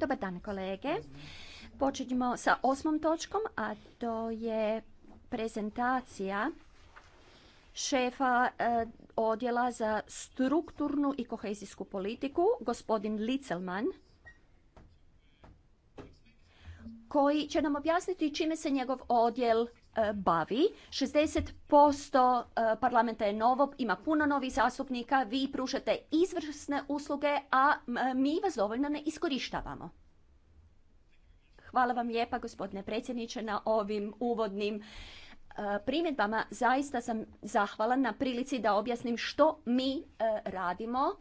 Dobar dan kolege. Počinjemo sa osmom točkom, a to je prezentacija šefa e, odjela za strukturnu i kohezijsku politiku, gospodin Litzelman, koji će nam objasniti čime se njegov odjel E, bavi. 60% e, parlamenta je novo, ima puno novih zastupnika, vi pružate izvrsne usluge, a mi vas dovoljno ne iskorištavamo. Hvala vam lijepa gospodine predsjedniče na ovim uvodnim e, primjedbama. Zaista sam zahvala na prilici da objasnim što mi radimo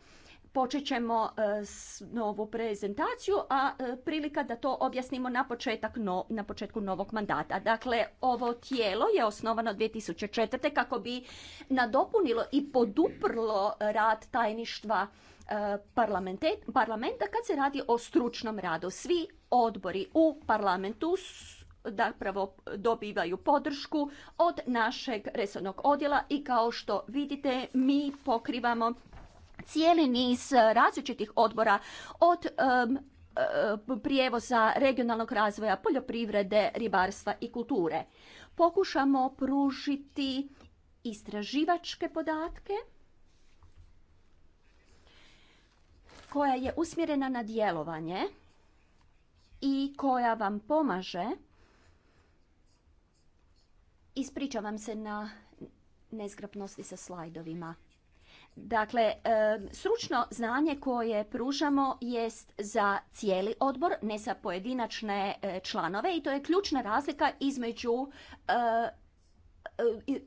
počet ćemo e, s novu prezentaciju, a e, prilika da to objasnimo na, početak no, na početku novog mandata. Dakle, ovo tijelo je osnovano 2004. kako bi nadopunilo i poduprlo rad tajništva e, parlamenta kad se radi o stručnom radu. Svi odbori u parlamentu da pravo dobivaju podršku od našeg resornog odjela i kao što vidite mi pokrivamo cijeli niz e, različitih odbora od e, prijevoza, regionalnog razvoja, poljoprivrede, ribarstva i kulture. Pokušamo pružiti istraživačke podatke koja je usmjerena na djelovanje i koja vam pomaže Ispričavam se na nezgrapnosti sa slajdovima. Dakle, e, stručno znanje koje pružamo jest za cijeli odbor, ne za pojedinačne e, članove i to je ključna razlika između e,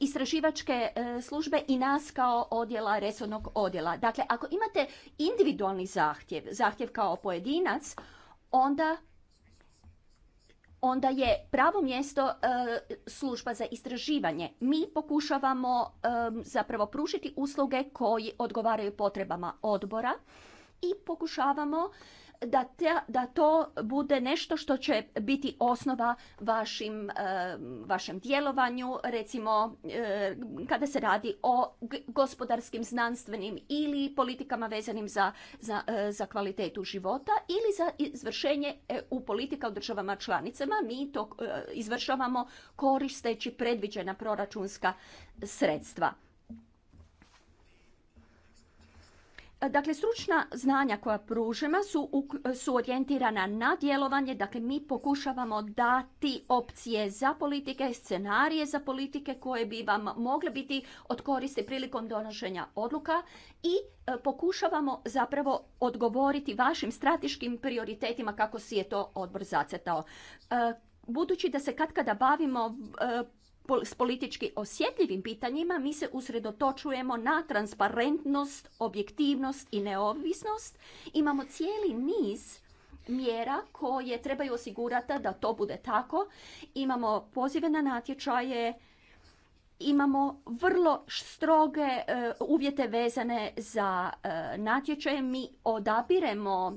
istraživačke službe i nas kao odjela, resornog odjela. Dakle, ako imate individualni zahtjev, zahtjev kao pojedinac, onda onda je pravo mjesto e, služba za istraživanje. Mi pokušavamo e, zapravo pružiti usluge koji odgovaraju potrebama odbora i pokušavamo da, te, da to bude nešto što će biti osnova vašim, e, vašem djelovanju, recimo e, kada se radi o gospodarskim, znanstvenim ili politikama vezanim za, za, e, za kvalitetu života ili za izvršenje u politika u državama članicama. Mi to izvršavamo koristeći predviđena proračunska sredstva. Dakle, stručna znanja koja pružima su, su orijentirana na djelovanje, dakle mi pokušavamo dati opcije za politike, scenarije za politike koje bi vam mogle biti od koriste prilikom donošenja odluka i e, pokušavamo zapravo odgovoriti vašim strateškim prioritetima kako si je to odbor zacetao e, budući da se katkada bavimo e, s politički osjetljivim pitanjima mi se usredotočujemo na transparentnost, objektivnost i neovisnost. Imamo cijeli niz mjera koje trebaju osigurati da to bude tako. Imamo pozive na natječaje, imamo vrlo stroge e, uvjete vezane za e, natječaje. Mi odabiremo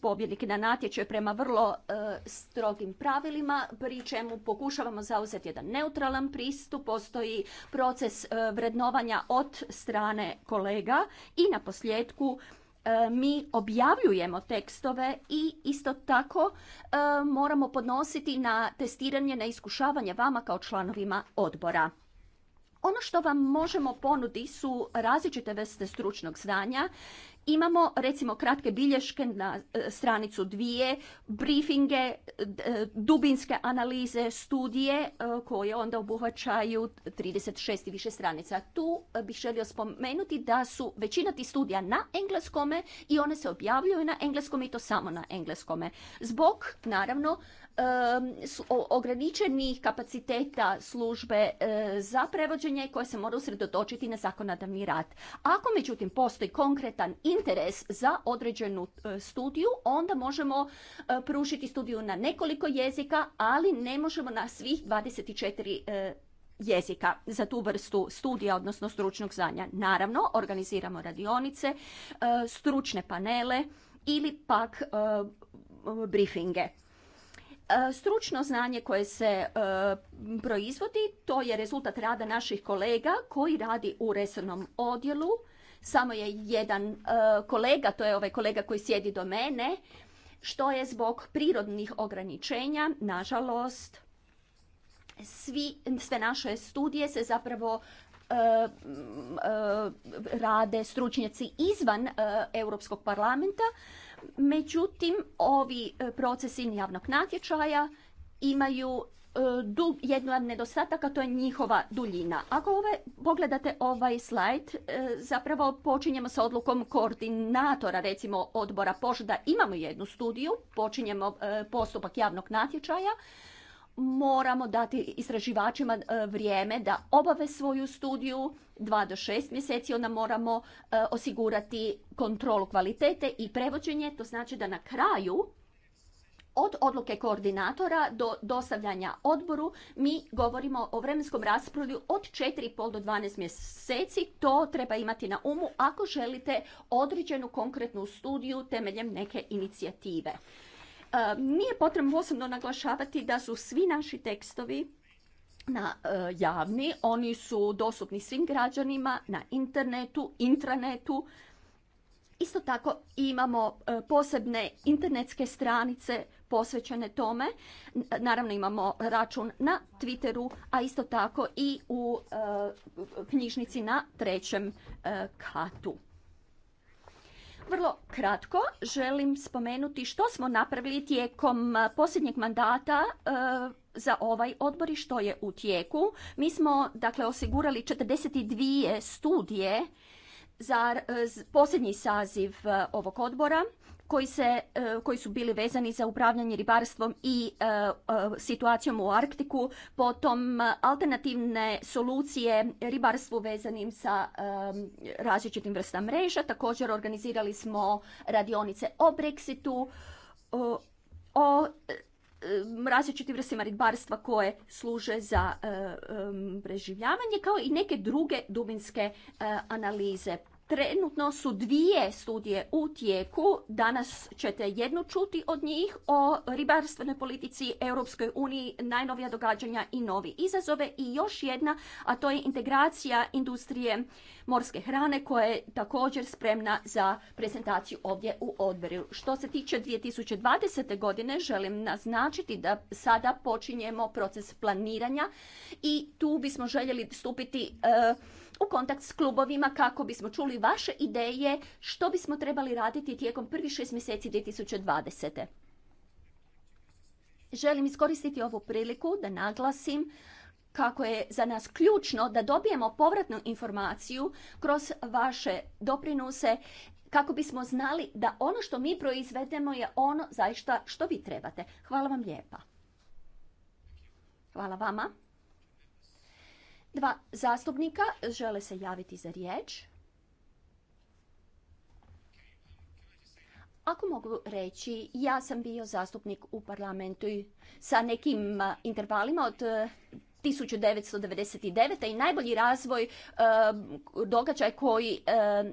pobjednik na natječaj prema vrlo e, strogim pravilima, pri čemu pokušavamo zauzeti jedan neutralan pristup, postoji proces e, vrednovanja od strane kolega i na posljedku e, mi objavljujemo tekstove i isto tako moramo podnositi na testiranje, na iskušavanje vama kao članovima odbora. Ono što vam možemo ponuditi su različite vrste stručnog znanja Imamo recimo kratke bilješke na e, stranicu dvije, briefinge, e, dubinske analize, studije e, koje onda obuhvaćaju 36 i više stranica. Tu bih želio spomenuti da su većina tih studija na engleskome i one se objavljuju na engleskom i to samo na engleskome. Zbog, naravno, Um, ograničenih kapaciteta službe uh, za prevođenje koje se mora usredotočiti na zakonodavni rad. Ako međutim postoji konkretan interes za određenu uh, studiju, onda možemo uh, pružiti studiju na nekoliko jezika, ali ne možemo na svih 24 jezika za tu vrstu studija, odnosno stručnog znanja. Naravno, organiziramo radionice, stručne panele ili pak briefinge. E, stručno znanje koje se e, proizvodi, to je rezultat rada naših kolega koji radi u resornom odjelu. Samo je jedan e, kolega, to je ovaj kolega koji sjedi do mene, što je zbog prirodnih ograničenja, nažalost, sve naše studije se zapravo rade stručnjaci izvan Europskog parlamenta Međutim, ovi e, procesi javnog natječaja imaju e, dug, jednu od nedostataka, to je njihova duljina. Ako ove, pogledate ovaj slajd, e, zapravo počinjemo sa odlukom koordinatora, recimo odbora pošta, imamo jednu studiju, počinjemo postupak javnog natječaja, moramo dati istraživačima e, vrijeme da obave svoju studiju, dva do šest mjeseci, onda moramo e, osigurati kontrolu kvalitete i prevođenje, to znači da na kraju od odluke koordinatora do dostavljanja odboru mi govorimo o vremenskom rasporedu od 4,5 do 12 mjeseci. To treba imati na umu ako želite određenu konkretnu studiju temeljem neke inicijative. E, nije potrebno posebno naglašavati da su svi naši tekstovi na e, javni, oni su dostupni svim građanima na internetu, intranetu. Isto tako imamo e, posebne internetske stranice posvećene tome. Naravno imamo račun na Twitteru, a isto tako i u knjižnici na trećem katu. Vrlo kratko želim spomenuti što smo napravili tijekom eh, posljednjeg mandata eh, za ovaj odbor i što je u tijeku. Mi smo dakle osigurali 42 studije za eh, posljednji saziv ovog odbora koji, se, e, koji su bili vezani za upravljanje ribarstvom i e, e, situacijom u Arktiku, potom alternativne solucije ribarstvu vezanim sa različitim vrstama mreža. Također organizirali smo radionice o Brexitu, o, o različitim vrstima ribarstva koje služe za preživljavanje, kao i neke druge dubinske analize Trenutno su dvije studije u tijeku. Danas ćete jednu čuti od njih o ribarstvenoj politici Europskoj uniji, najnovija događanja i novi izazove i još jedna, a to je integracija industrije morske hrane koja je također spremna za prezentaciju ovdje u odberu. Što se tiče 2020. godine želim naznačiti da sada počinjemo proces planiranja i tu bismo željeli stupiti e, u kontakt s klubovima kako bismo čuli vaše ideje što bismo trebali raditi tijekom prvih šest mjeseci 2020. Želim iskoristiti ovu priliku da naglasim kako je za nas ključno da dobijemo povratnu informaciju kroz vaše doprinose kako bismo znali da ono što mi proizvedemo je ono zaista što vi trebate. Hvala vam lijepa. Hvala vama. Dva zastupnika žele se javiti za riječ. Ako mogu reći, ja sam bio zastupnik u parlamentu sa nekim intervalima od 1999. i najbolji razvoj e, događaj koji e,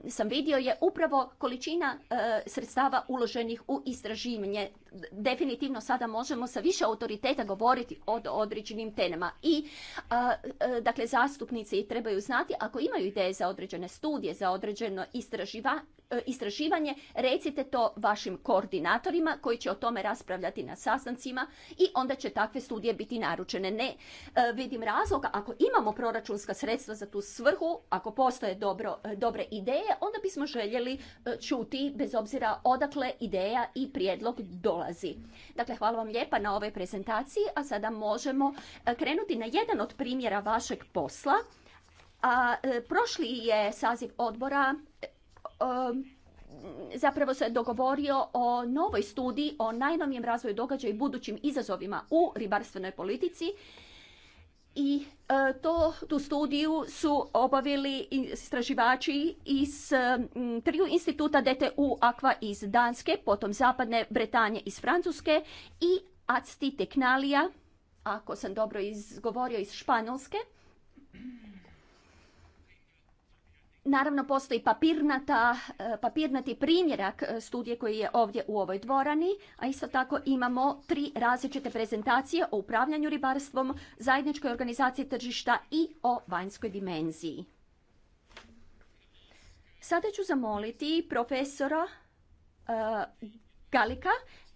sam vidio je upravo količina e, sredstava uloženih u istraživanje. Definitivno sada možemo sa više autoriteta govoriti o određenim temama. I dakle zastupnici trebaju znati ako imaju ideje za određene studije, za određeno istraživa, E, istraživanje, recite to vašim koordinatorima koji će o tome raspravljati na sastancima i onda će takve studije biti naručene. Ne e, vidim razloga, ako imamo proračunska sredstva za tu svrhu, ako postoje dobro, e, dobre ideje, onda bismo željeli čuti bez obzira odakle ideja i prijedlog dolazi. Dakle, hvala vam lijepa na ovoj prezentaciji, a sada možemo krenuti na jedan od primjera vašeg posla. A, prošli je saziv odbora zapravo se dogovorio o novoj studiji o najnovijem razvoju događaja i budućim izazovima u ribarstvenoj politici i e, to, tu studiju su obavili istraživači iz triju instituta DTU Aqua iz Danske, potom Zapadne Bretanje iz Francuske i Acti Teknalija, ako sam dobro izgovorio, iz Španjolske. Naravno, postoji papirnata, e, papirnati primjerak e, studije koji je ovdje u ovoj dvorani, a isto tako imamo tri različite prezentacije o upravljanju ribarstvom, zajedničkoj organizaciji tržišta i o vanjskoj dimenziji. Sada ću zamoliti profesora e, Galika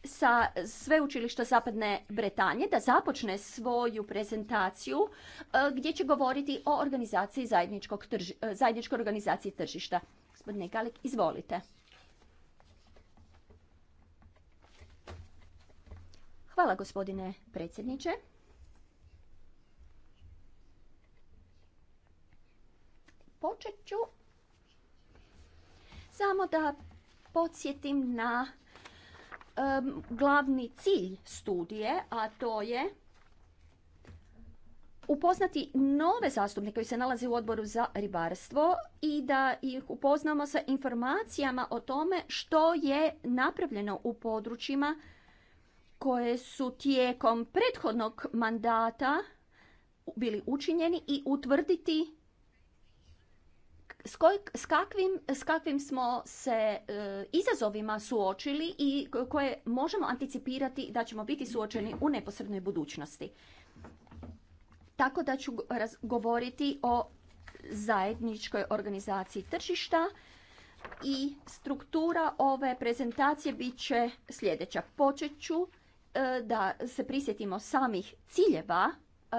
sa sveučilišta Zapadne Bretanje da započne svoju prezentaciju e, gdje će govoriti o organizaciji zajedničkog trži, e, zajedničkoj organizaciji tržišta. Gospodine Galik, izvolite. Hvala gospodine predsjedniče. Počet ću samo da podsjetim na glavni cilj studije, a to je upoznati nove zastupnike koji se nalaze u odboru za ribarstvo i da ih upoznamo sa informacijama o tome što je napravljeno u područjima koje su tijekom prethodnog mandata bili učinjeni i utvrditi s, kakvim, smo se e, izazovima suočili i koje možemo anticipirati da ćemo biti suočeni u neposrednoj budućnosti. Tako da ću govoriti o zajedničkoj organizaciji tržišta i struktura ove prezentacije bit će sljedeća. Počet ću e, da se prisjetimo samih ciljeva e,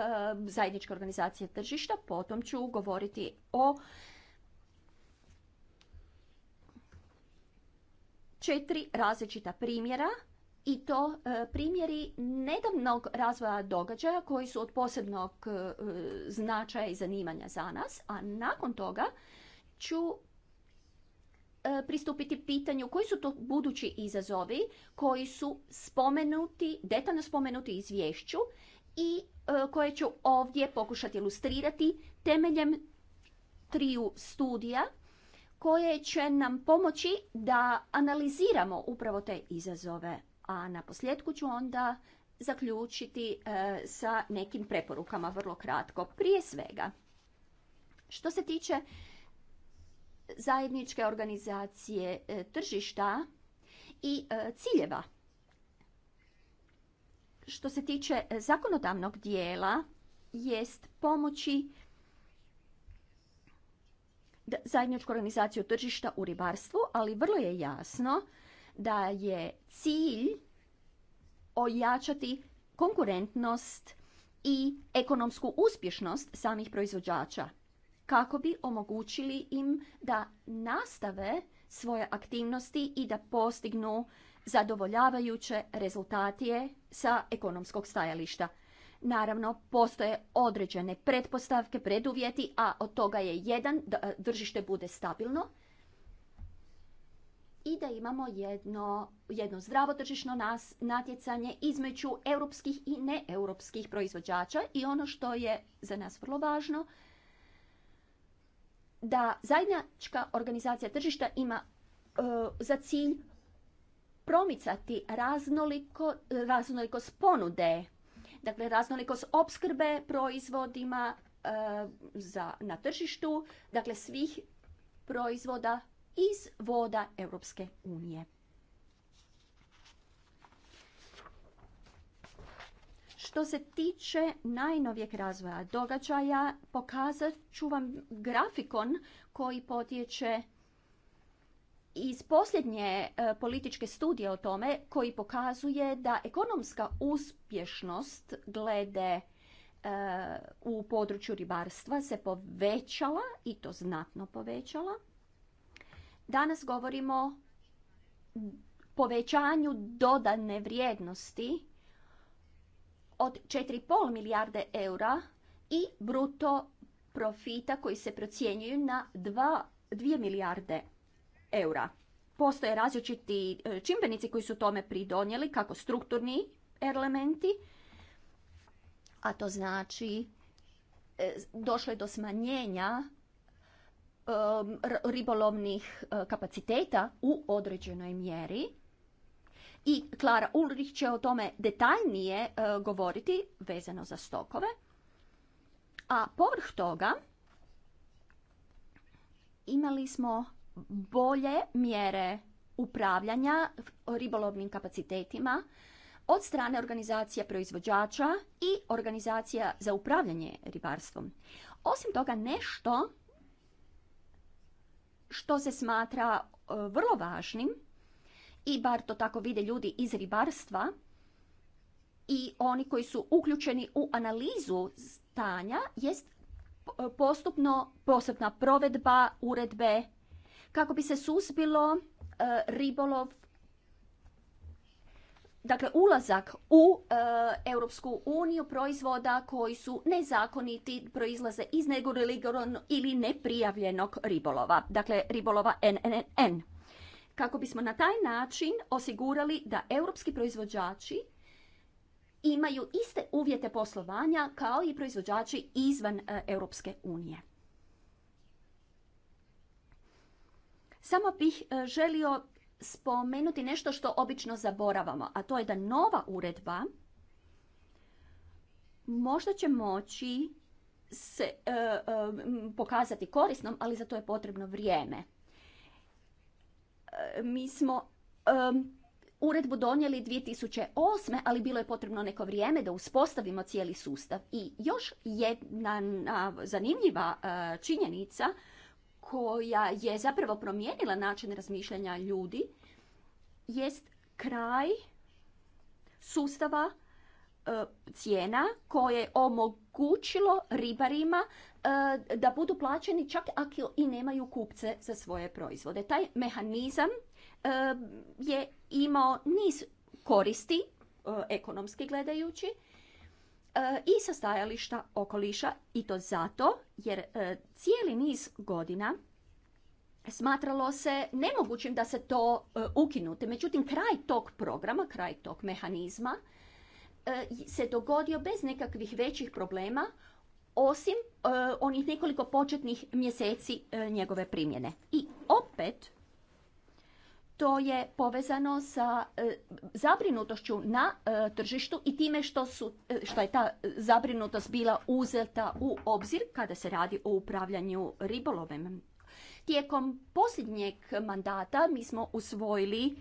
zajedničke organizacije tržišta, potom ću govoriti o četiri različita primjera i to e, primjeri nedavnog razvoja događaja koji su od posebnog e, značaja i zanimanja za nas, a nakon toga ću e, pristupiti pitanju koji su to budući izazovi koji su spomenuti, detaljno spomenuti izvješću i koje ću ovdje pokušati ilustrirati temeljem triju studija koje će nam pomoći da analiziramo upravo te izazove. A na posljedku ću onda zaključiti e, sa nekim preporukama vrlo kratko. Prije svega, što se tiče zajedničke organizacije e, tržišta i e, ciljeva. Što se tiče zakonodavnog dijela, jest pomoći zajedničku organizaciju tržišta u ribarstvu, ali vrlo je jasno da je cilj ojačati konkurentnost i ekonomsku uspješnost samih proizvođača kako bi omogućili im da nastave svoje aktivnosti i da postignu zadovoljavajuće rezultatije sa ekonomskog stajališta. Naravno, postoje određene pretpostavke, preduvjeti, a od toga je jedan da e, držište bude stabilno i da imamo jedno, jedno zdravo tržišno nas, natjecanje između europskih i neeuropskih proizvođača i ono što je za nas vrlo važno, da zajednička organizacija tržišta ima e, za cilj promicati raznoliko, e, raznolikost ponude dakle raznolikost opskrbe proizvodima e, za, na tržištu, dakle svih proizvoda iz voda Europske unije. Što se tiče najnovijeg razvoja događaja, pokazat ću vam grafikon koji potječe iz posljednje e, političke studije o tome koji pokazuje da ekonomska uspješnost glede e, u području ribarstva se povećala i to znatno povećala. Danas govorimo povećanju dodane vrijednosti od 4,5 milijarde eura i bruto profita koji se procjenjuju na 2, 2 milijarde eura. Postoje različiti e, čimbenici koji su tome pridonijeli, kako strukturni elementi, a to znači e, došlo je do smanjenja ribolovnih e, kapaciteta u određenoj mjeri. I Klara Ulrich će o tome detaljnije govoriti vezano za stokove. A povrh toga imali smo bolje mjere upravljanja ribolovnim kapacitetima od strane organizacija proizvođača i organizacija za upravljanje ribarstvom. Osim toga nešto što se smatra e, vrlo važnim i bar to tako vide ljudi iz ribarstva i oni koji su uključeni u analizu stanja jest e, postupno posebna provedba uredbe kako bi se suzbilo e, ribolov dakle ulazak u e, Europsku uniju proizvoda koji su nezakoniti, proizlaze iz neregularnog ili neprijavljenog ribolova, dakle ribolova NNN. Kako bismo na taj način osigurali da europski proizvođači imaju iste uvjete poslovanja kao i proizvođači izvan e, Europske unije. Samo bih e, želio spomenuti nešto što obično zaboravamo, a to je da nova uredba možda će moći se e, e, pokazati korisnom, ali za to je potrebno vrijeme. mi smo uredbu donijeli 2008. ali bilo je potrebno neko vrijeme da uspostavimo cijeli sustav. I još jedna zanimljiva činjenica koja je zapravo promijenila način razmišljanja ljudi jest kraj sustava e, cijena koje je omogućilo ribarima e, da budu plaćeni čak ako i nemaju kupce za svoje proizvode. Taj mehanizam e, je imao niz koristi ekonomski gledajući, E, i sa stajališta okoliša i to zato jer e, cijeli niz godina smatralo se nemogućim da se to e, ukinute. Međutim, kraj tog programa, kraj tog mehanizma se dogodio bez nekakvih većih problema osim onih nekoliko početnih mjeseci njegove primjene. I opet to je povezano sa e, zabrinutošću na e, tržištu i time što, su, e, što je ta zabrinutost bila uzeta u obzir kada se radi o upravljanju ribolovem. Tijekom posljednjeg mandata mi smo usvojili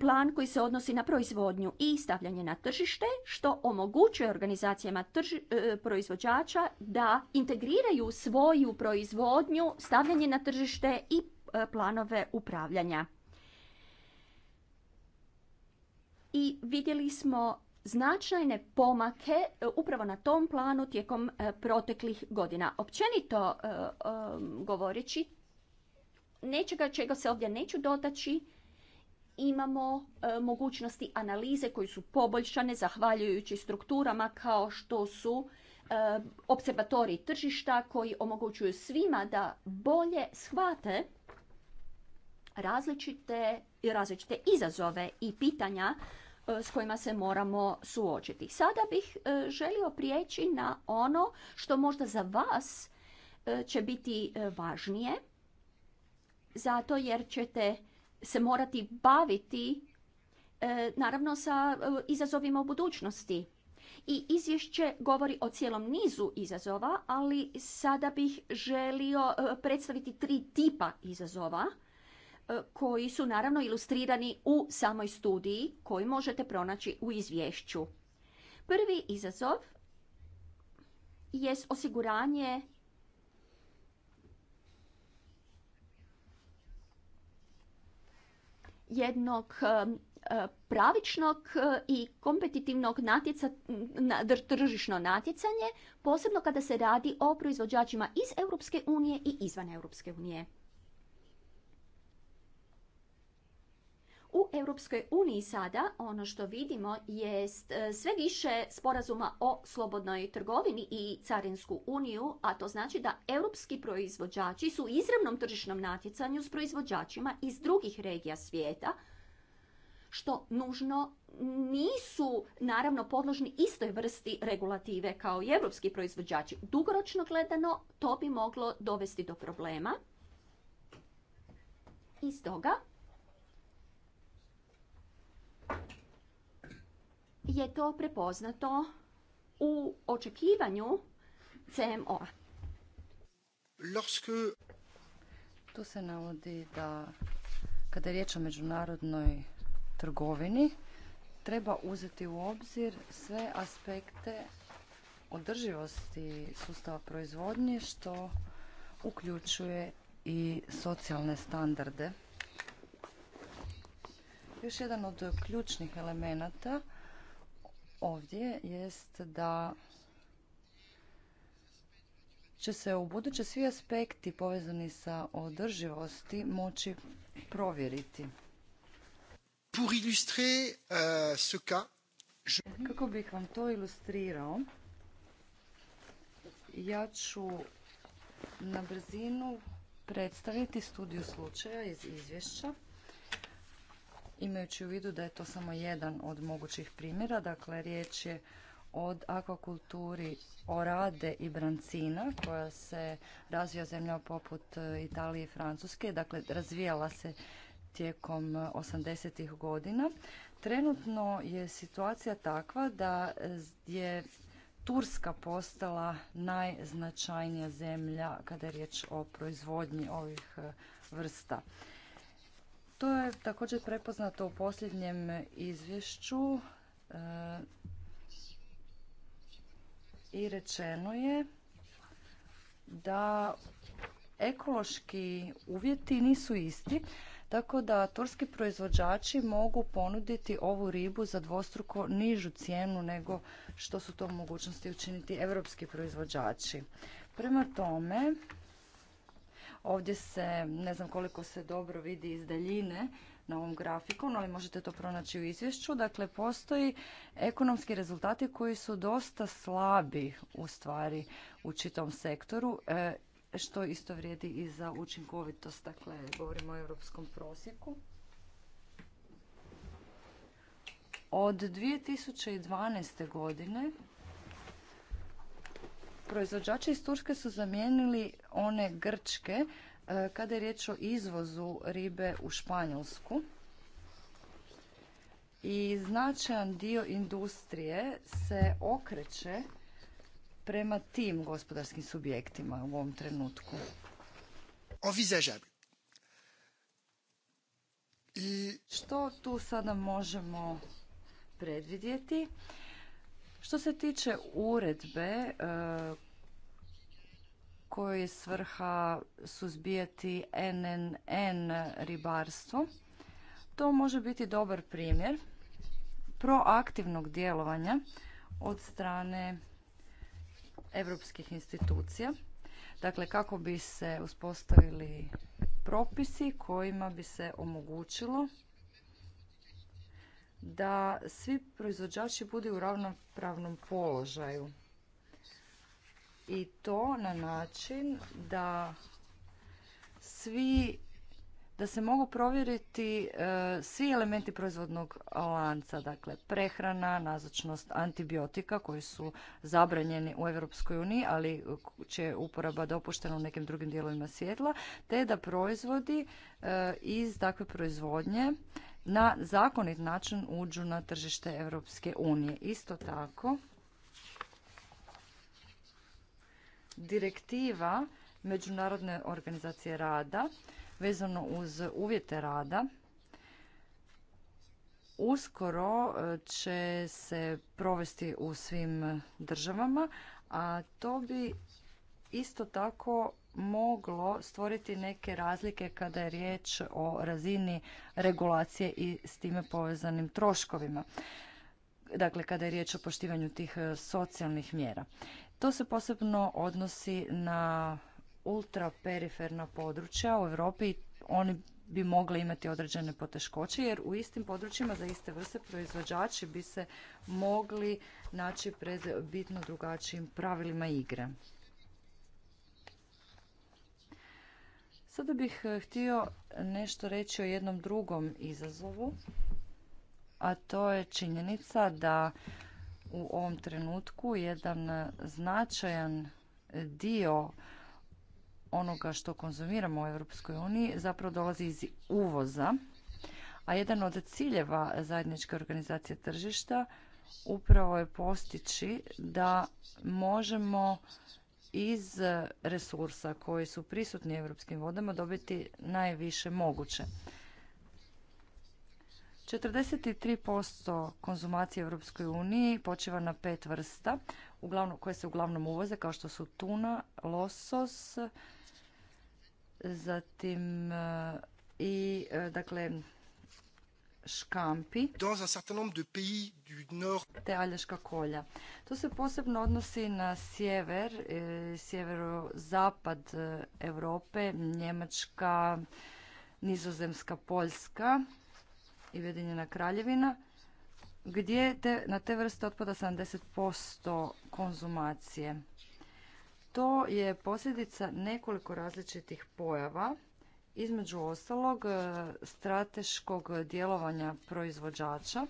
plan koji se odnosi na proizvodnju i stavljanje na tržište, što omogućuje organizacijama proizvođača da integriraju svoju proizvodnju, stavljanje na tržište i E, planove upravljanja. I vidjeli smo značajne pomake e, upravo na tom planu tijekom e, proteklih godina. Općenito govoreći, nečega čega se ovdje neću dotaći, imamo mogućnosti analize koje su poboljšane zahvaljujući strukturama kao što su observatoriji tržišta koji omogućuju svima da bolje shvate različite, različite izazove i pitanja e, s kojima se moramo suočiti. Sada bih e, želio prijeći na ono što možda za vas e, će biti važnije, zato jer ćete se morati baviti naravno sa izazovima u budućnosti. I izvješće govori o cijelom nizu izazova, ali sada bih želio predstaviti tri tipa izazova E, koji su naravno ilustrirani u samoj studiji koji možete pronaći u izvješću. Prvi izazov je osiguranje jednog e, e, pravičnog i kompetitivnog na tržišno natjecanje, posebno kada se radi o proizvođačima iz Europske unije i izvan Europske unije. U Europskoj uniji sada ono što vidimo jest e, sve više sporazuma o slobodnoj trgovini i carinsku uniju, a to znači da europski proizvođači su u izravnom tržišnom natjecanju s proizvođačima iz drugih regija svijeta, što nužno nisu naravno podložni istoj vrsti regulative kao i europski proizvođači. Dugoročno gledano to bi moglo dovesti do problema. I stoga je to prepoznato u očekivanju CMO-a. Tu se navodi da kada je riječ o međunarodnoj trgovini, treba uzeti u obzir sve aspekte održivosti sustava proizvodnje što uključuje i socijalne standarde. Još jedan od ključnih elemenata ovdje jest da će se u buduće svi aspekti povezani sa održivosti moći provjeriti. Euh, Kako bih vam to ilustrirao, ja ću na brzinu predstaviti studiju slučaja iz izvješća imajući u vidu da je to samo jedan od mogućih primjera. Dakle, riječ je od akvakulturi orade i brancina koja se razvija zemlja poput e, Italije i Francuske. Dakle, razvijala se tijekom 80. E, godina. Trenutno je situacija takva da e, je Turska postala najznačajnija zemlja kada je riječ o proizvodnji ovih vrsta. To je također prepoznato u posljednjem izvješću e, i rečeno je da ekološki uvjeti nisu isti, tako da turski proizvođači mogu ponuditi ovu ribu za dvostruko nižu cijenu nego što su to mogućnosti učiniti europski proizvođači. Prema tome, Ovdje se, ne znam koliko se dobro vidi iz daljine na ovom grafiku, ali možete to pronaći u izvješću. Dakle, postoji ekonomski rezultati koji su dosta slabi u stvari u čitom sektoru e, što isto vrijedi i za učinkovitost, dakle govorimo o europskom prosjeku. Od 2012. godine proizvođači iz Turske su zamijenili one grčke e, kada je riječ o izvozu ribe u Španjolsku. I značajan dio industrije se okreće prema tim gospodarskim subjektima u ovom trenutku. Envisageable. Što tu sada možemo predvidjeti? Što se tiče uredbe e, koji je svrha suzbijati NNN ribarstvo, to može biti dobar primjer proaktivnog djelovanja od strane europskih institucija. Dakle, kako bi se uspostavili propisi kojima bi se omogućilo da svi proizvođači budu u ravnopravnom položaju. I to na način da svi da se mogu provjeriti e, svi elementi proizvodnog lanca, dakle prehrana, nazočnost antibiotika koji su zabranjeni u Europskoj uniji, ali će uporaba dopuštena u nekim drugim dijelovima svijetla, te da proizvodi e, iz takve proizvodnje na zakonit način uđu na tržište Europske unije. Isto tako, direktiva Međunarodne organizacije rada vezano uz uvjete rada uskoro e, će se provesti u svim državama, a to bi isto tako moglo stvoriti neke razlike kada je riječ o razini regulacije i s time povezanim troškovima. Dakle, kada je riječ o poštivanju tih e, socijalnih mjera. To se posebno odnosi na ultraperiferna područja u Europi. Oni bi mogli imati određene poteškoće jer u istim područjima za iste vrste proizvođači bi se mogli naći pred bitno drugačijim pravilima igre. Sada bih e, htio nešto reći o jednom drugom izazovu, a to je činjenica da u ovom trenutku jedan značajan dio onoga što konzumiramo u Europskoj uniji zapravo dolazi iz uvoza, a jedan od ciljeva zajedničke organizacije tržišta upravo je postići da možemo iz e, resursa koji su prisutni europskim vodama dobiti najviše moguće. 43% konzumacije Europskoj uniji počiva na pet vrsta, uglavnom, koje se uglavnom uvoze, kao što su tuna, losos, zatim e, i, e, dakle, škampi te aljaška kolja. To se posebno odnosi na sjever, e, sjeverozapad e, Europe, Njemačka, Nizozemska, Poljska i Ujedinjena kraljevina, gdje na te vrste otpada 70% konzumacije. To je posljedica nekoliko različitih pojava između ostalog e, strateškog djelovanja proizvođača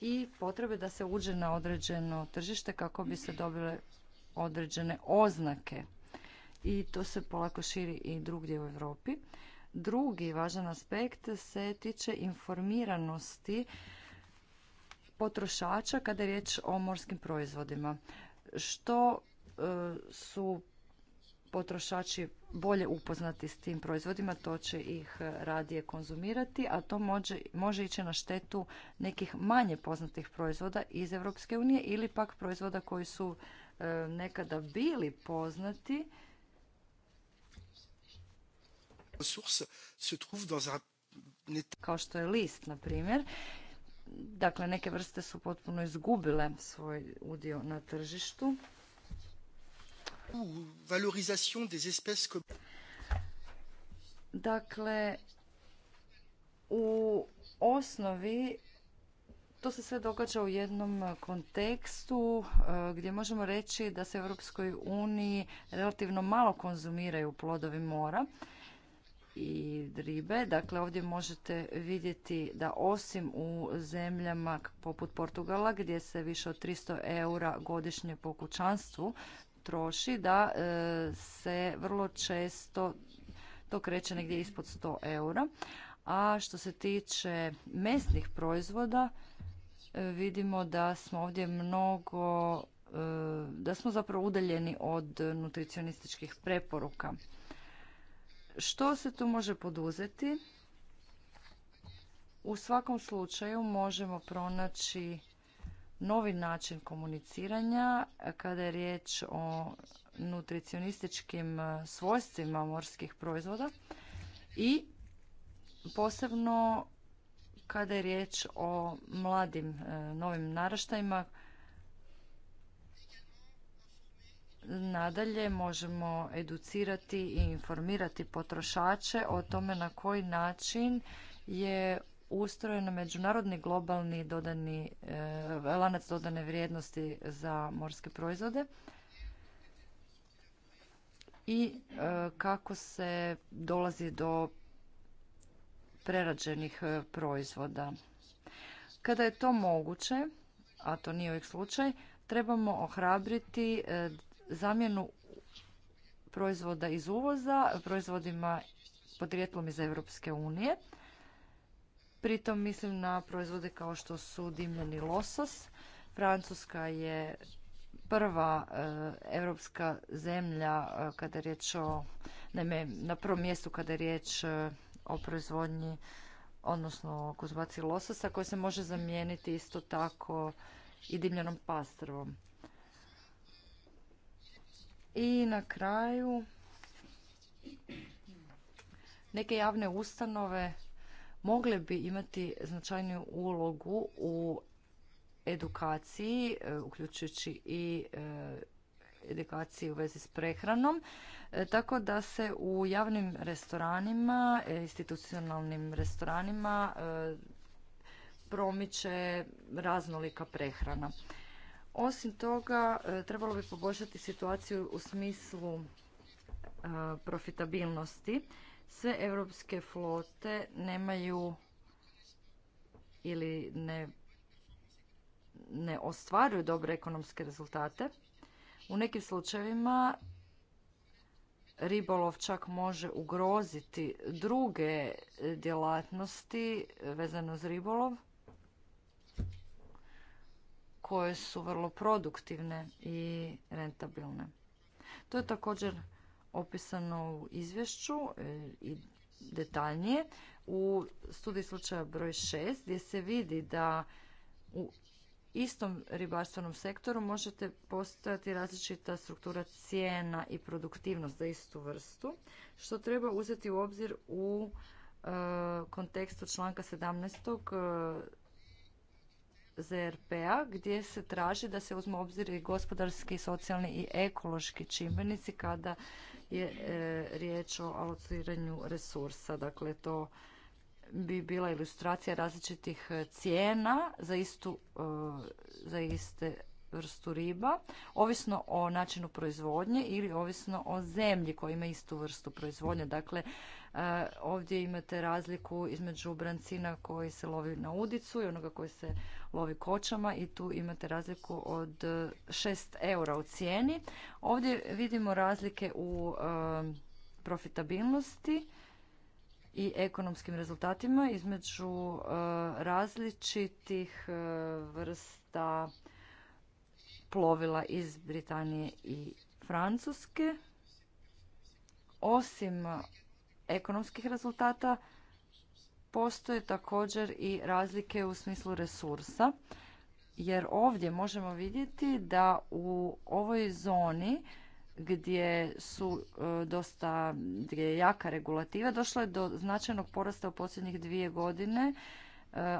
i potrebe da se uđe na određeno tržište kako bi se dobile određene oznake i to se polako širi i drugdje u Europi. Drugi važan aspekt se tiče informiranosti potrošača kada je riječ o morskim proizvodima. Što e, su potrošači bolje upoznati s tim proizvodima, to će ih e, radije konzumirati, a to može, može ići na štetu nekih manje poznatih proizvoda iz Europske unije ili pak proizvoda koji su e, nekada bili poznati. Kao što je list, na primjer. Dakle, neke vrste su potpuno izgubile svoj udio na tržištu. Dakle, u osnovi to se sve događa u jednom kontekstu e, gdje možemo reći da se u Europskoj uniji relativno malo konzumiraju plodovi mora i ribe. Dakle, ovdje možete vidjeti da osim u zemljama poput Portugala gdje se više od 300 eura godišnje po kućanstvu troši, da e, se vrlo često to kreće negdje ispod 100 eura. A što se tiče mesnih proizvoda, e, vidimo da smo ovdje mnogo, e, da smo zapravo udaljeni od nutricionističkih preporuka. Što se tu može poduzeti? U svakom slučaju možemo pronaći novi način komuniciranja kada je riječ o nutricionističkim e, svojstvima morskih proizvoda i posebno kada je riječ o mladim e, novim naraštajima Nadalje možemo educirati i informirati potrošače o tome na koji način je ustrojen međunarodni globalni dodani, e, lanac dodane vrijednosti za morske proizvode i e, kako se dolazi do prerađenih e, proizvoda. Kada je to moguće, a to nije uvijek slučaj, trebamo ohrabriti zamjenu proizvoda iz uvoza proizvodima podrijetlom iz Europske unije Pritom mislim na proizvode kao što su dimljeni losos. Francuska je prva europska eh, zemlja eh, kada je riječ o, na prvom mjestu kada je riječ eh, o proizvodnji odnosno o lososa koji se može zamijeniti isto tako i dimljenom pastrvom. I na kraju neke javne ustanove mogle bi imati značajnu ulogu u edukaciji, e, uključujući i e, edukaciji u vezi s prehranom, e, tako da se u javnim restoranima, institucionalnim restoranima promiče raznolika prehrana. Osim toga, trebalo bi poboljšati situaciju u smislu profitabilnosti sve evropske flote nemaju ili ne, ne ostvaruju dobre ekonomske rezultate. U nekim slučajevima ribolov čak može ugroziti druge djelatnosti vezano uz ribolov koje su vrlo produktivne i rentabilne. To je također opisano u izvješću e, i detaljnije u studiji slučaja broj 6 gdje se vidi da u istom ribarstvenom sektoru možete postojati različita struktura cijena i produktivnost za istu vrstu, što treba uzeti u obzir u e, kontekstu članka 17. E, ZRP-a gdje se traži da se uzme u obzir i gospodarski, socijalni i ekološki čimbenici kada je e, riječ o alociranju resursa. Dakle, to bi bila ilustracija različitih cijena za istu, e, za iste vrstu riba, ovisno o načinu proizvodnje ili ovisno o zemlji koja ima istu vrstu proizvodnje. Dakle, E, ovdje imate razliku između brancina koji se lovi na udicu i onoga koji se lovi kočama i tu imate razliku od 6 eura u cijeni. Ovdje vidimo razlike u e, profitabilnosti i ekonomskim rezultatima između e, različitih vrsta plovila iz Britanije i Francuske. Osim ekonomskih rezultata, postoje također i razlike u smislu resursa, jer ovdje možemo vidjeti da u ovoj zoni gdje su e, dosta, gdje je jaka regulativa, došlo je do značajnog porasta u posljednjih dvije godine e,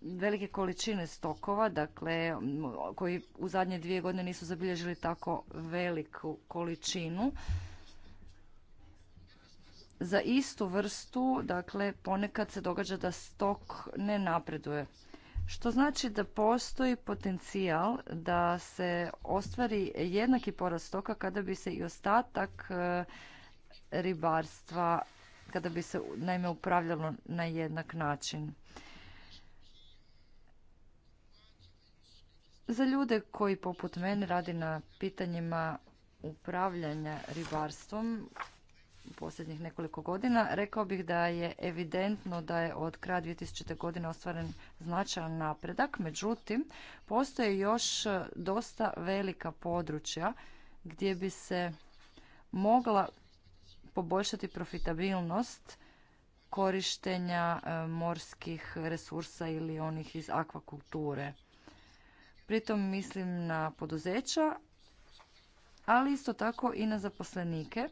velike količine stokova, dakle koji u zadnje dvije godine nisu zabilježili tako veliku količinu za istu vrstu, dakle ponekad se događa da stok ne napreduje. Što znači da postoji potencijal da se ostvari jednaki porast stoka kada bi se i ostatak e, ribarstva, kada bi se naime upravljalo na jednak način. Za ljude koji poput mene radi na pitanjima upravljanja ribarstvom, posljednjih nekoliko godina. Rekao bih da je evidentno da je od kraja 2000. godine ostvaren značajan napredak, međutim postoje još dosta velika područja gdje bi se mogla poboljšati profitabilnost korištenja e, morskih resursa ili onih iz akvakulture. Pritom mislim na poduzeća, ali isto tako i na zaposlenike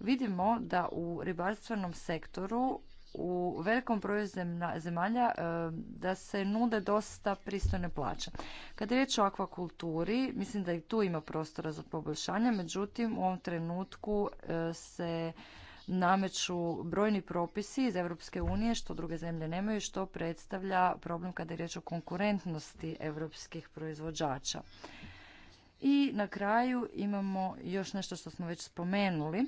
vidimo da u ribarstvenom sektoru u velikom broju zemalja e, da se nude dosta pristojne plaće. Kada je riječ o akvakulturi, mislim da i tu ima prostora za poboljšanje, međutim u ovom trenutku e, se nameću brojni propisi iz Europske unije što druge zemlje nemaju što predstavlja problem kada je riječ o konkurentnosti europskih proizvođača. I na kraju imamo još nešto što smo već spomenuli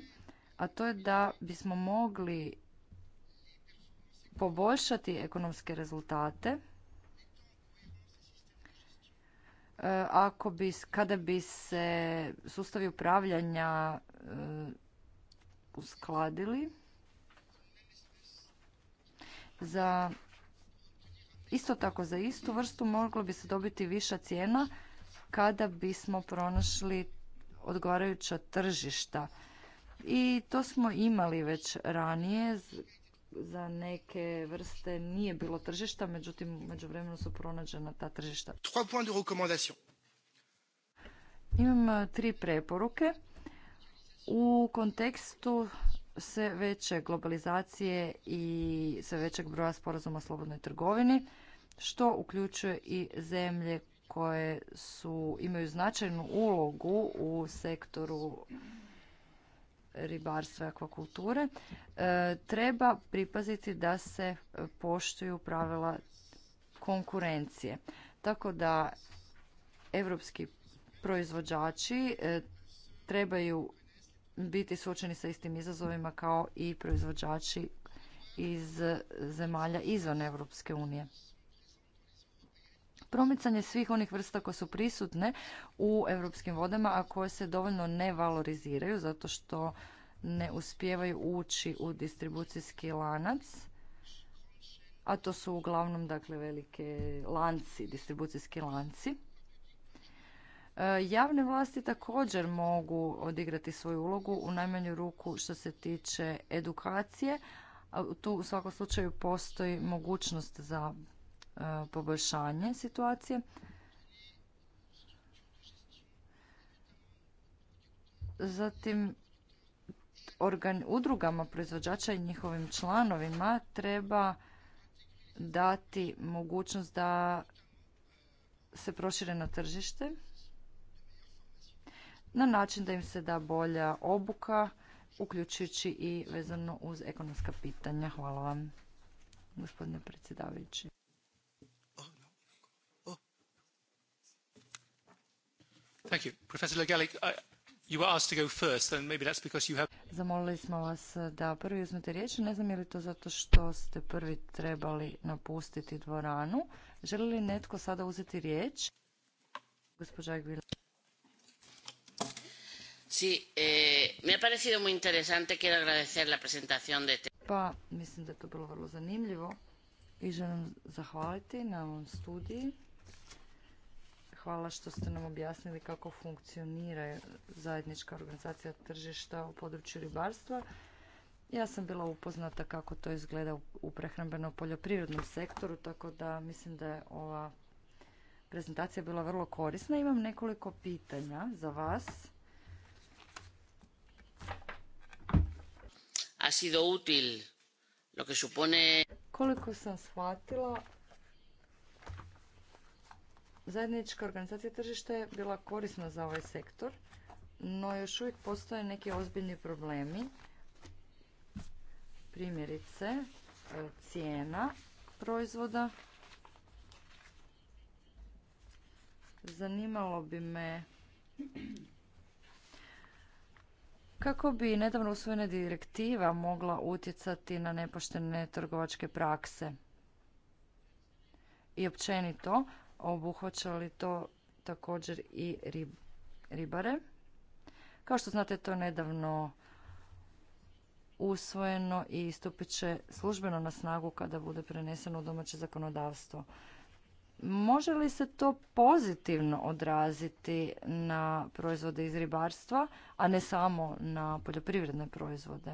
a to je da bismo mogli poboljšati ekonomske rezultate e, kada bi se sustavi upravljanja e, uskladili za isto tako za istu vrstu moglo bi se dobiti viša cijena kada bismo pronašli odgovarajuća tržišta i to smo imali već ranije za neke vrste nije bilo tržišta, međutim međuvremeno su pronađena ta tržišta. Imam e, tri preporuke. U kontekstu sve veće globalizacije i sve većeg broja sporazuma o slobodnoj trgovini, što uključuje i zemlje koje su, imaju značajnu ulogu u sektoru ribarstva i akvakulture, e, treba pripaziti da se poštuju pravila konkurencije. Tako da evropski proizvođači e, trebaju biti suočeni sa istim izazovima kao i proizvođači iz zemalja izvan Europske unije promicanje svih onih vrsta koje su prisutne u europskim vodama, a koje se dovoljno ne valoriziraju zato što ne uspijevaju ući u distribucijski lanac a to su uglavnom dakle velike lanci, distribucijski lanci. E, javne vlasti također mogu odigrati svoju ulogu u najmanju ruku što se tiče edukacije. Tu u svakom slučaju postoji mogućnost za poboljšanje situacije. Zatim, udrugama proizvođača i njihovim članovima treba dati mogućnost da se prošire na tržište na način da im se da bolja obuka, uključujući i vezano uz ekonomska pitanja. Hvala vam, gospodine predsjedavajući. Zamolili smo vas uh, da prvi uzmete riječ. Ne znam je li to zato što ste prvi trebali napustiti dvoranu. Želi li netko sada uzeti riječ? Gospođa Pa, mislim da je to bilo vrlo zanimljivo i želim zahvaliti na ovom studiji hvala što ste nam objasnili kako funkcionira zajednička organizacija tržišta u području ribarstva. Ja sam bila upoznata kako to izgleda u prehrambeno poljoprivrednom sektoru, tako da mislim da je ova prezentacija bila vrlo korisna. Imam nekoliko pitanja za vas. Ha sido Koliko sam shvatila, Zajednička organizacija tržišta je bila korisna za ovaj sektor, no još uvijek postoje neki ozbiljni problemi. Primjerice, e, cijena proizvoda. Zanimalo bi me kako bi nedavno usvojena direktiva mogla utjecati na nepoštene trgovačke prakse i općenito obuhvaća li to također i ribare. Kao što znate, to je nedavno usvojeno i stupit će službeno na snagu kada bude preneseno u domaće zakonodavstvo. Može li se to pozitivno odraziti na proizvode iz ribarstva, a ne samo na poljoprivredne proizvode?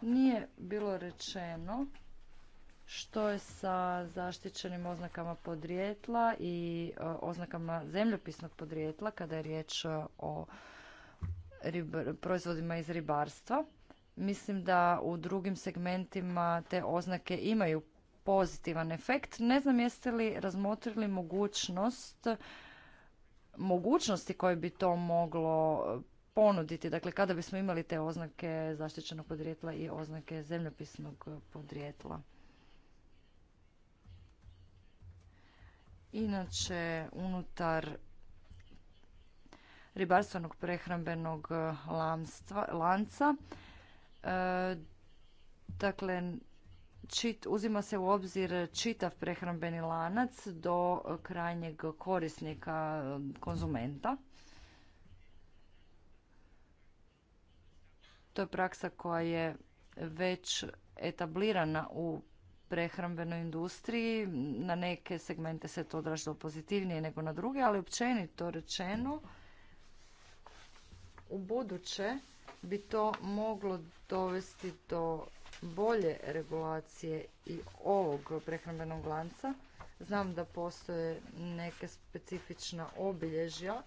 nije bilo rečeno što je sa zaštićenim oznakama podrijetla i e, oznakama zemljopisnog podrijetla kada je riječ e, o proizvodima iz ribarstva. Mislim da u drugim segmentima te oznake imaju pozitivan efekt. Ne znam jeste li razmotrili mogućnost mogućnosti koje bi to moglo ponuditi. Dakle, kada bismo imali te oznake zaštićenog podrijetla i oznake zemljopisnog podrijetla. Inače, unutar ribarstvenog prehrambenog e, lanca, e, dakle, čit, uzima se u obzir čitav prehrambeni lanac do krajnjeg korisnika, konzumenta. To je praksa koja je već etablirana u prehrambenoj industriji. Na neke segmente se to odražalo pozitivnije nego na druge, ali općenito rečeno u buduće bi to moglo dovesti do bolje regulacije i ovog prehrambenog lanca. Znam da postoje neke specifična obilježja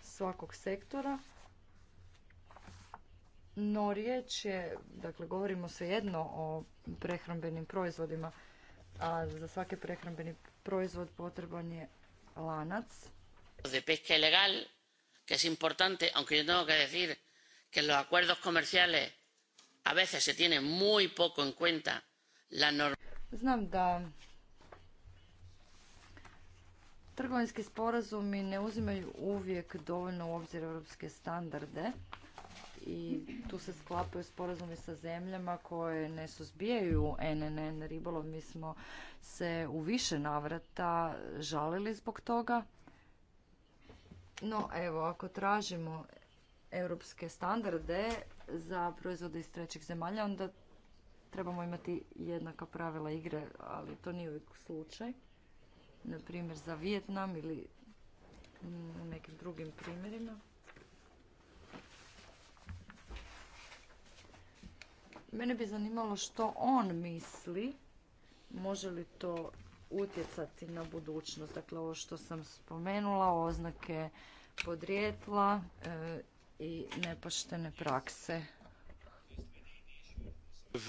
svakog sektora, no riječ je, dakle govorimo svejedno o prehrambenim proizvodima, a za svaki prehrambeni proizvod potreban je lanac. De pesca ilegal, que es importante, aunque yo tengo que decir que los acuerdos comerciales a veces se tiene muy poco en cuenta la norma. Znam da trgovinski sporazumi ne uzimaju uvijek dovoljno u obzir europske standarde i tu se sklapaju sporazumi sa zemljama koje ne suzbijaju NNN ribolov. Mi smo se u više navrata žalili zbog toga. No evo, ako tražimo europske standarde za proizvode iz trećih zemalja, onda trebamo imati jednaka pravila igre, ali to nije uvijek slučaj. Na primjer za Vijetnam ili u nekim drugim primjerima. Mene bi zanimalo što on misli, može li to utjecati na budućnost. Dakle, ovo što sam spomenula, oznake podrijetla e, i nepoštene prakse. Uh,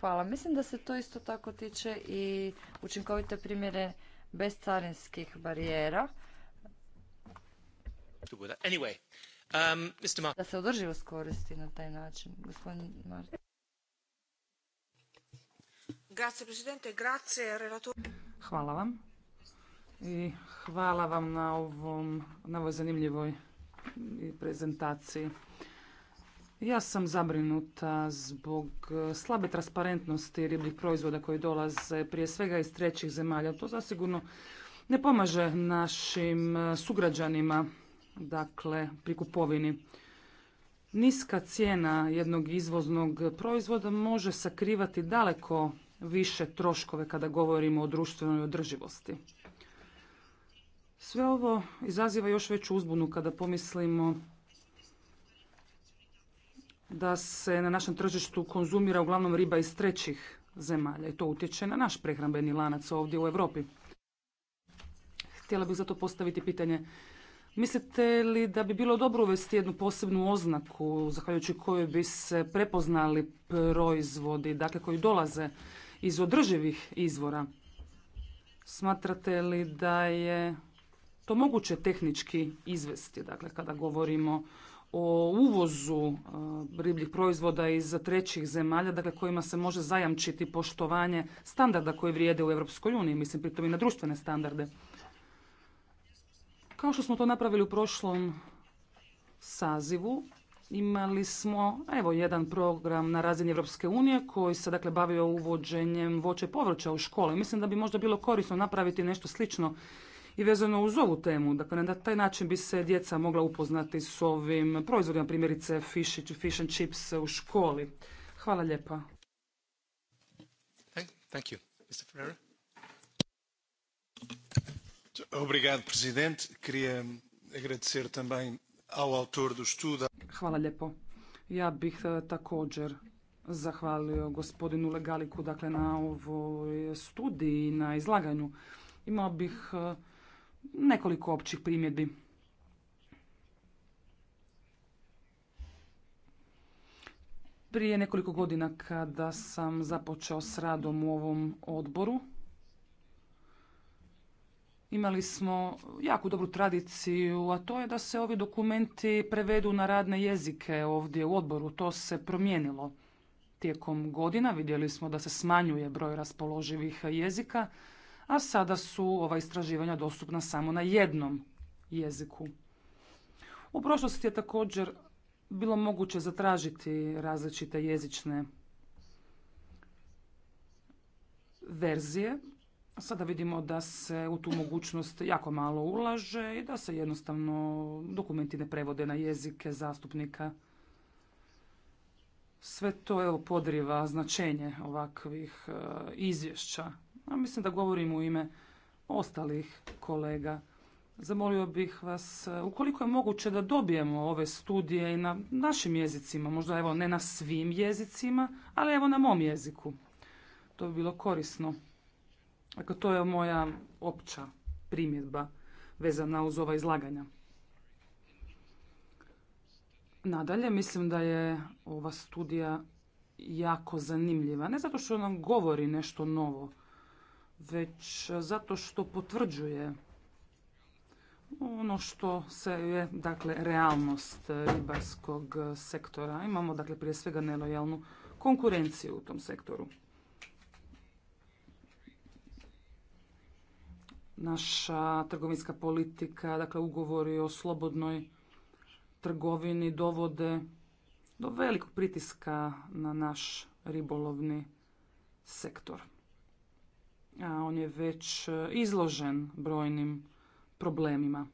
Hvala. Mislim da se to isto tako tiče i učinkovite primjere bez carinskih barijera. Anyway, Um, da se održivost koristi na taj način. Hvala vam. I hvala vam na ovom, na ovoj zanimljivoj prezentaciji. Ja sam zabrinuta zbog slabe transparentnosti ribljih proizvoda koji dolaze prije svega iz trećih zemalja. To zasigurno ne pomaže našim sugrađanima dakle pri kupovini. Niska cijena jednog izvoznog proizvoda može sakrivati daleko više troškove kada govorimo o društvenoj održivosti. Sve ovo izaziva još veću uzbunu kada pomislimo da se na našem tržištu konzumira uglavnom riba iz trećih zemalja i to utječe na naš prehrambeni lanac ovdje u Europi. Htjela bih zato postaviti pitanje Mislite li da bi bilo dobro uvesti jednu posebnu oznaku zahvaljujući kojoj bi se prepoznali proizvodi, dakle koji dolaze iz održivih izvora? Smatrate li da je to moguće tehnički izvesti, dakle kada govorimo o uvozu e, ribljih proizvoda iz trećih zemalja, dakle kojima se može zajamčiti poštovanje standarda koji vrijede u Europskoj uniji, mislim pritom i na društvene standarde. Kao što smo to napravili u prošlom sazivu, imali smo evo jedan program na razini Europske unije koji se dakle bavio uvođenjem voća i povrća u škole. Mislim da bi možda bilo korisno napraviti nešto slično i vezano uz ovu temu. Dakle, na taj način bi se djeca mogla upoznati s ovim proizvodima, primjerice fish, and chips u školi. Hvala lijepa. Hvala lijepo. Ja bih eh, također zahvalio gospodinu Legaliku dakle, na ovoj studiji, i na izlaganju. Imao bih eh, nekoliko općih primjedbi. Prije nekoliko godina kada sam započeo s radom u ovom odboru, Imali smo jako dobru tradiciju, a to je da se ovi dokumenti prevedu na radne jezike ovdje u odboru. To se promijenilo tijekom godina. Vidjeli smo da se smanjuje broj raspoloživih jezika, a sada su ova istraživanja dostupna samo na jednom jeziku. U prošlosti je također bilo moguće zatražiti različite jezične verzije Sada vidimo da se u tu mogućnost jako malo ulaže i da se jednostavno dokumenti ne prevode na jezike zastupnika. Sve to evo podriva značenje ovakvih e, izvješća. A mislim da govorim u ime ostalih kolega. Zamolio bih vas, e, ukoliko je moguće da dobijemo ove studije i na našim jezicima, možda evo ne na svim jezicima, ali evo na mom jeziku. To bi bilo korisno. Dakle, to je moja opća primjedba vezana uz ova izlaganja. Nadalje, mislim da je ova studija jako zanimljiva. Ne zato što nam govori nešto novo, već zato što potvrđuje ono što se je, dakle, realnost ribarskog sektora. Imamo, dakle, prije svega nelojalnu konkurenciju u tom sektoru. naša trgovinska politika, dakle ugovori o slobodnoj trgovini dovode do velikog pritiska na naš ribolovni sektor. A on je već izložen brojnim problemima.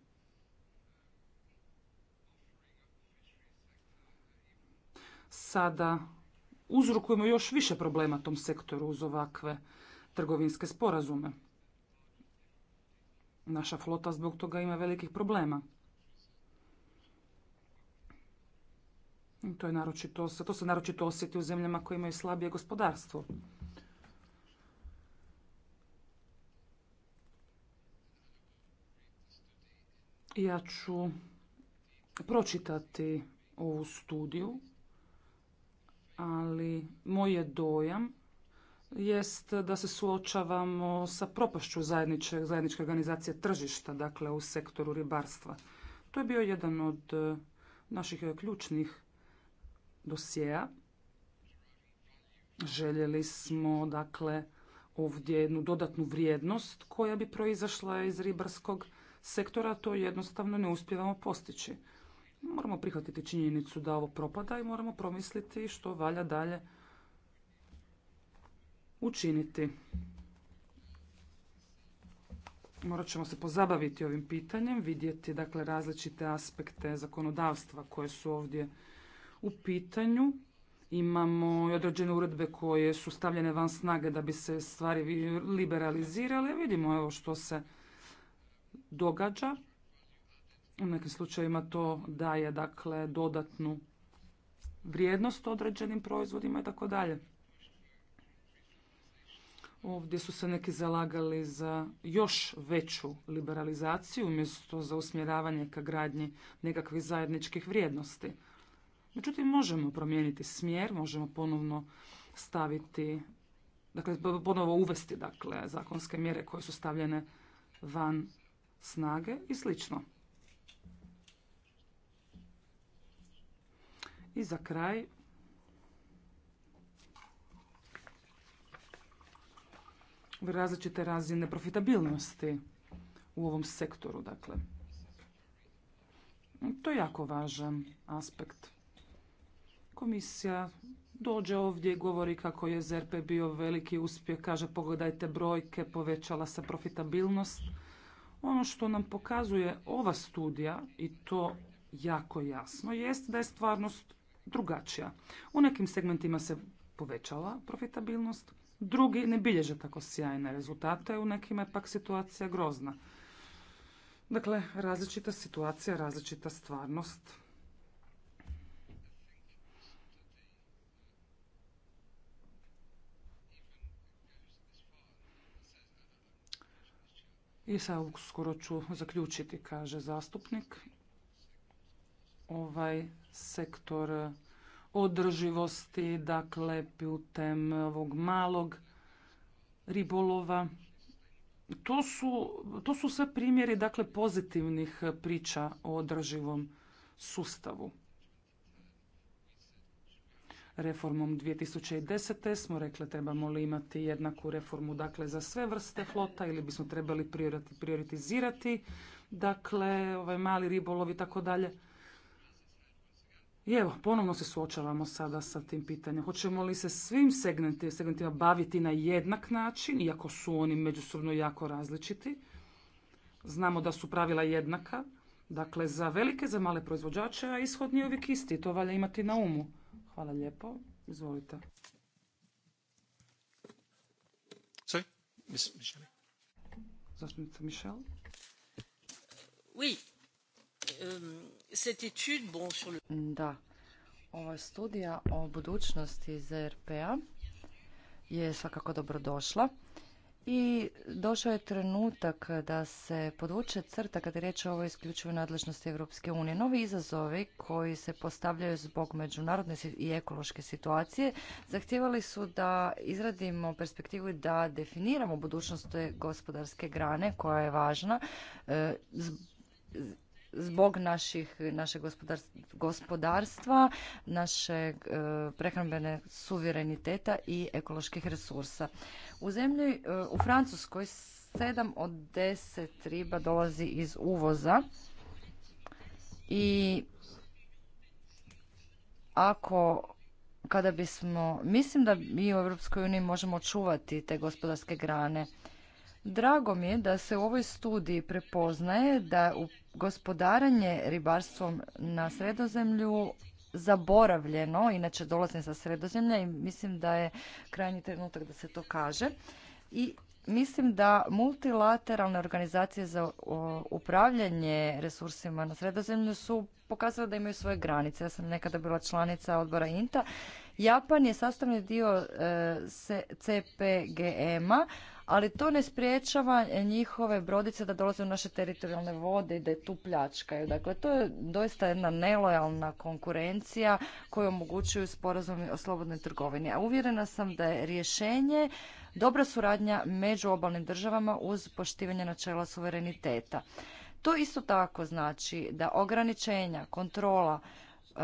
Sada uzrokujemo još više problema tom sektoru uz ovakve trgovinske sporazume. Naša flota zbog toga ima velikih problema. To, je to se naročito osjeti u zemljama koje imaju slabije gospodarstvo. Ja ću pročitati ovu studiju, ali moj je dojam jest da se suočavamo sa propašću zajedničke, organizacije tržišta, dakle u sektoru ribarstva. To je bio jedan od e, naših e, ključnih dosjeja. Željeli smo dakle ovdje jednu dodatnu vrijednost koja bi proizašla iz ribarskog sektora, to jednostavno ne uspjevamo postići. Moramo prihvatiti činjenicu da ovo propada i moramo promisliti što valja dalje učiniti. Morat ćemo se pozabaviti ovim pitanjem, vidjeti dakle različite aspekte zakonodavstva koje su ovdje u pitanju. Imamo i određene uredbe koje su stavljene van snage da bi se stvari liberalizirale. Vidimo evo što se događa. U nekim slučajevima to daje dakle dodatnu vrijednost određenim proizvodima i tako dalje. Ovdje su se neki zalagali za još veću liberalizaciju umjesto za usmjeravanje ka gradnji nekakvih zajedničkih vrijednosti. Međutim, možemo promijeniti smjer, možemo ponovno staviti, dakle, ponovo uvesti dakle, zakonske mjere koje su stavljene van snage i slično. I za kraj, različite razine profitabilnosti u ovom sektoru. Dakle. To je jako važan aspekt. Komisija dođe ovdje i govori kako je ZRP bio veliki uspjeh, kaže pogledajte brojke, povećala se profitabilnost. Ono što nam pokazuje ova studija, i to jako jasno, jest da je stvarnost drugačija. U nekim segmentima se povećala profitabilnost, drugi ne bilježe tako sjajne rezultate, u nekima je pak situacija grozna. Dakle, različita situacija, različita stvarnost. I sad uskoro ću zaključiti, kaže zastupnik. Ovaj sektor održivosti, dakle putem ovog malog ribolova. To su, to su sve primjeri dakle pozitivnih priča o održivom sustavu. Reformom 2010. smo rekli trebamo li imati jednaku reformu dakle za sve vrste flota ili bismo trebali prioritizirati dakle ovaj mali ribolov i tako dalje. I evo, ponovno se suočavamo sada sa tim pitanjem. Hoćemo li se svim segmentima segmentima baviti na jednak način, iako su oni međusobno jako različiti? Znamo da su pravila jednaka, dakle za velike, za male proizvođače, a ishod nije uvijek isti. To valja imati na umu. Hvala lijepo. Izvolite. Sorry, Miss Michelle. Zastupnica Oui. Euh, da, ova studija o budućnosti ZRP-a je svakako dobrodošla. I došao je trenutak da se podvuče crta kada je riječ o ovoj isključivoj nadležnosti Europske unije. Novi izazovi koji se postavljaju zbog međunarodne i ekološke situacije zahtijevali su da izradimo perspektivu i da definiramo budućnost te gospodarske grane koja je važna e, zbog naših, našeg gospodarstva, našeg e, prehrambene suvereniteta i ekoloških resursa. U zemlji, e, u Francuskoj sedam od deset riba dolazi iz uvoza i ako kada bismo, mislim da mi u Europskoj uniji možemo čuvati te gospodarske grane. Drago mi je da se u ovoj studiji prepoznaje da u gospodarenje ribarstvom na sredozemlju zaboravljeno, inače dolazim sa sredozemlja i mislim da je krajnji trenutak da se to kaže. I mislim da multilateralne organizacije za upravljanje resursima na sredozemlju su pokazale da imaju svoje granice. Ja sam nekada bila članica odbora INTA. Japan je sastavni dio e, CPGM-a, ali to ne spriječava njihove brodice da dolaze u naše teritorijalne vode i da je tu pljačkaju. Dakle, to je doista jedna nelojalna konkurencija koju omogućuju sporazumi o slobodnoj trgovini. A uvjerena sam da je rješenje dobra suradnja među obalnim državama uz poštivanje načela suvereniteta. To isto tako znači da ograničenja, kontrola, e,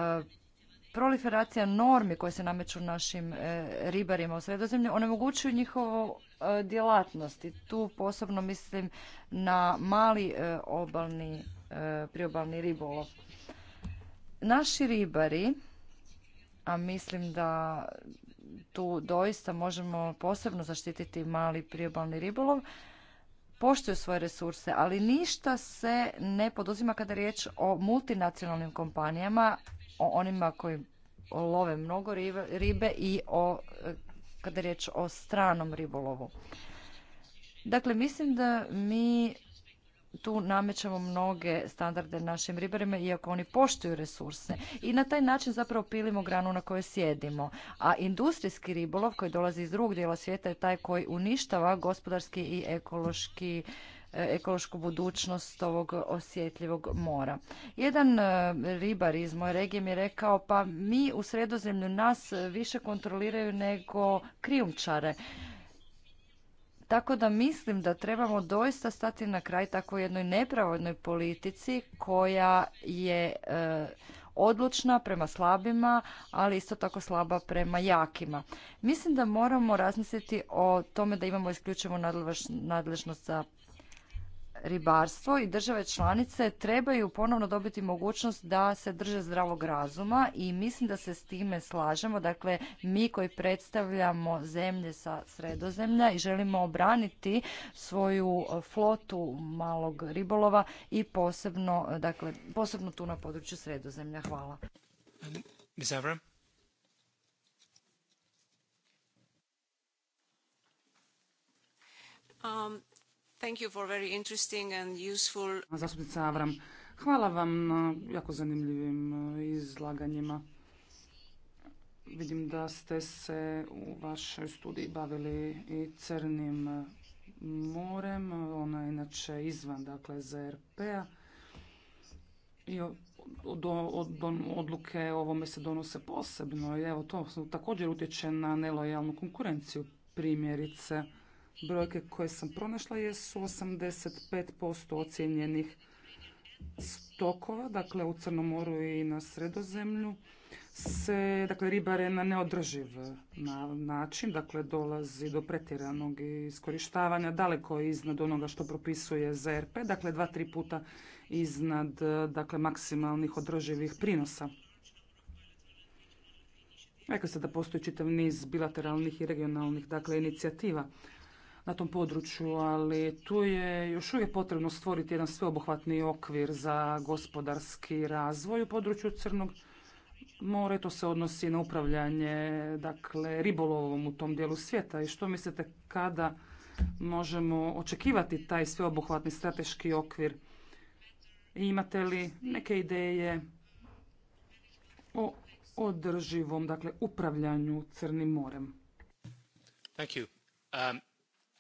proliferacija normi koje se nameću našim e, ribarima u sredozemlju onemogućuju njihovu e, djelatnost i tu posebno mislim na mali e, obalni priobalni ribolov. Naši ribari, a mislim da tu doista možemo posebno zaštititi mali priobalni ribolov, poštuju svoje resurse, ali ništa se ne poduzima kada je riječ o multinacionalnim kompanijama o onima koji love mnogo ribe i o e, kada je riječ o stranom ribolovu. Dakle, mislim da mi tu namećemo mnoge standarde našim ribarima, iako oni poštuju resurse. I na taj način zapravo pilimo granu na kojoj sjedimo. A industrijski ribolov koji dolazi iz drugog dijela svijeta je taj koji uništava gospodarski i ekološki E, ekološku budućnost ovog osjetljivog mora. Jedan e, ribar iz moje regije mi je rekao pa mi u sredozemlju nas više kontroliraju nego krijumčare. Tako da mislim da trebamo doista stati na kraj tako jednoj nepravodnoj politici koja je e, odlučna prema slabima, ali isto tako slaba prema jakima. Mislim da moramo razmisliti o tome da imamo isključivo nadležnost za ribarstvo i države članice trebaju ponovno dobiti mogućnost da se drže zdravog razuma i mislim da se s time slažemo. Dakle, mi koji predstavljamo zemlje sa sredozemlja i želimo obraniti svoju flotu malog ribolova i posebno, dakle, posebno tu na području sredozemlja. Hvala. Um, Thank you Zastupnica Avram, hvala vam na jako zanimljivim e, izlaganjima. Vidim da ste se u vašoj studiji bavili i crnim e, morem. Ona je inače izvan dakle, ZRP-a. I odluke ovome se donose posebno. I evo, to također utječe na nelojalnu konkurenciju primjerice brojke koje sam pronašla jesu 85% ocijenjenih stokova, dakle u Crnom moru i na Sredozemlju se dakle, ribare na neodrživ način, dakle dolazi do pretjeranog iskorištavanja daleko iznad onoga što propisuje ZRP, dakle dva, tri puta iznad dakle, maksimalnih održivih prinosa. Rekli ste da postoji čitav niz bilateralnih i regionalnih dakle, inicijativa na tom području, ali tu je još uvijek potrebno stvoriti jedan sveobuhvatni okvir za gospodarski razvoj u području Crnog more. To se odnosi na upravljanje dakle, ribolovom u tom dijelu svijeta. I što mislite kada možemo očekivati taj sveobuhvatni strateški okvir? imate li neke ideje o održivom dakle, upravljanju Crnim morem? Thank um,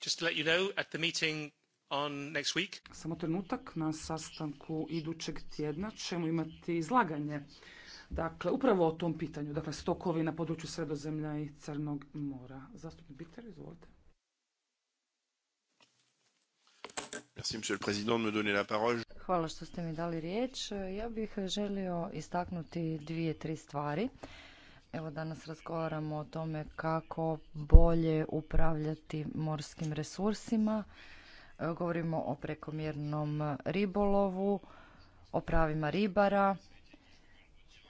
Just to let you know, at the meeting on next week. Samo trenutak, na sastanku idućeg tjedna ćemo imati izlaganje. Dakle, upravo o tom pitanju, dakle, stokovi na području Sredozemlja i Crnog mora. Zastupnik Biter, izvolite. Hvala što ste mi dali riječ. Ja bih želio istaknuti dvije, tri stvari. Evo danas razgovaramo o tome kako bolje upravljati morskim resursima. E, govorimo o prekomjernom ribolovu, o pravima ribara.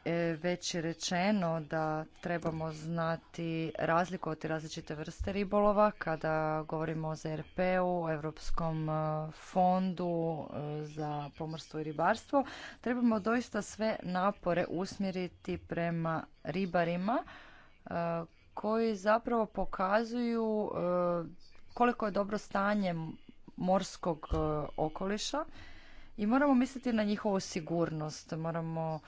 E, već je rečeno da trebamo znati od različite vrste ribolova kada govorimo o ZRP-u, Europskom e, fondu za pomorstvo i ribarstvo. Trebamo doista sve napore usmjeriti prema ribarima e, koji zapravo pokazuju e, koliko je dobro stanje morskog e, okoliša i moramo misliti na njihovu sigurnost, moramo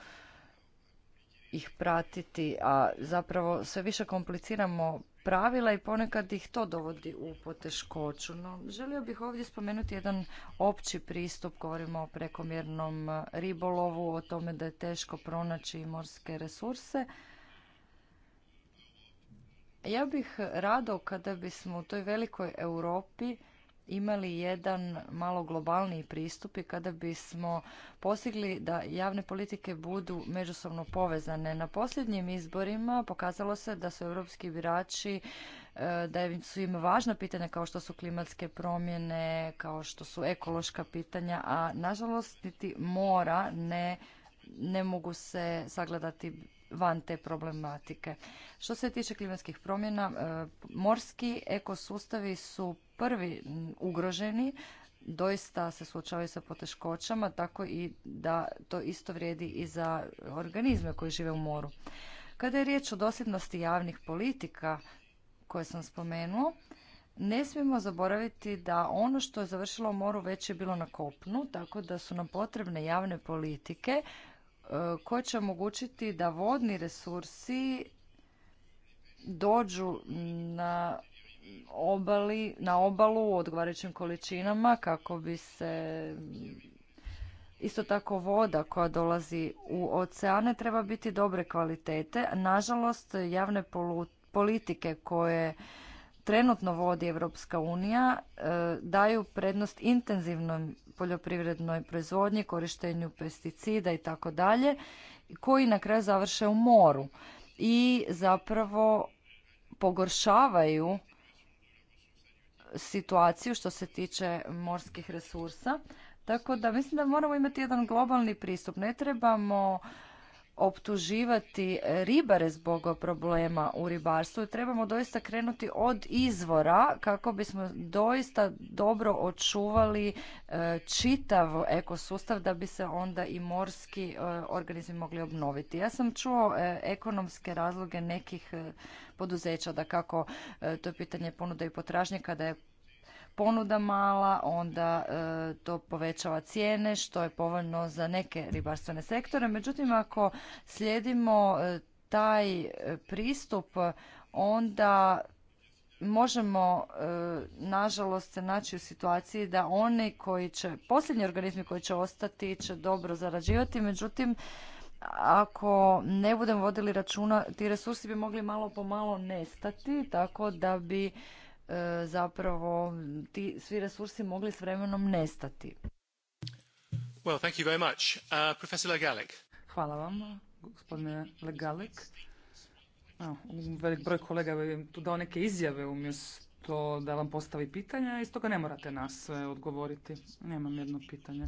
ih pratiti, a zapravo sve više kompliciramo pravila i ponekad ih to dovodi u poteškoću. No, želio bih ovdje spomenuti jedan opći pristup, govorimo o prekomjernom ribolovu, o tome da je teško pronaći morske resurse, ja bih rado kada bismo u toj velikoj Europi imali jedan malo globalniji pristup i kada bismo postigli da javne politike budu međusobno povezane. Na posljednjim izborima pokazalo se da su europski birači e, da su im važna pitanja kao što su klimatske promjene, kao što su ekološka pitanja, a nažalost niti mora ne ne mogu se sagledati van te problematike. Što se tiče klimatskih promjena, e, morski ekosustavi su prvi ugroženi, doista se suočavaju sa poteškoćama, tako i da to isto vrijedi i za organizme koji žive u moru. Kada je riječ o dosljednosti javnih politika koje sam spomenuo, ne smijemo zaboraviti da ono što je završilo u moru već je bilo na kopnu, tako da su nam potrebne javne politike koje će omogućiti da vodni resursi dođu na obali, na obalu u odgovarajućim količinama kako bi se isto tako voda koja dolazi u oceane treba biti dobre kvalitete. Nažalost, javne politike koje trenutno vodi Evropska unija e, daju prednost intenzivnoj poljoprivrednoj proizvodnji, korištenju pesticida i tako dalje, koji na kraju završe u moru i zapravo pogoršavaju situaciju što se tiče morskih resursa. Tako da mislim da moramo imati jedan globalni pristup. Ne trebamo optuživati ribare zbog problema u ribarstvu. Trebamo doista krenuti od izvora kako bismo doista dobro očuvali e, čitav ekosustav da bi se onda i morski e, organizmi mogli obnoviti. Ja sam čuo e, ekonomske razloge nekih poduzeća da kako to je pitanje ponude i potražnje kada je ponuda mala, onda e, to povećava cijene što je povoljno za neke ribarstvene sektore. Međutim, ako slijedimo e, taj e, pristup, onda možemo nažalost se naći u situaciji da oni koji će, posljednji organizmi koji će ostati će dobro zarađivati, međutim ako ne budemo vodili računa, ti resursi bi mogli malo po malo nestati, tako da bi E, zapravo ti svi resursi mogli s vremenom nestati. Well, thank you very much. Uh, professor Hvala vam, gospodine velik broj kolega je tu dao neke izjave umjesto da vam postavi pitanja i stoga ne morate nas sve odgovoriti. Nemam jedno pitanje.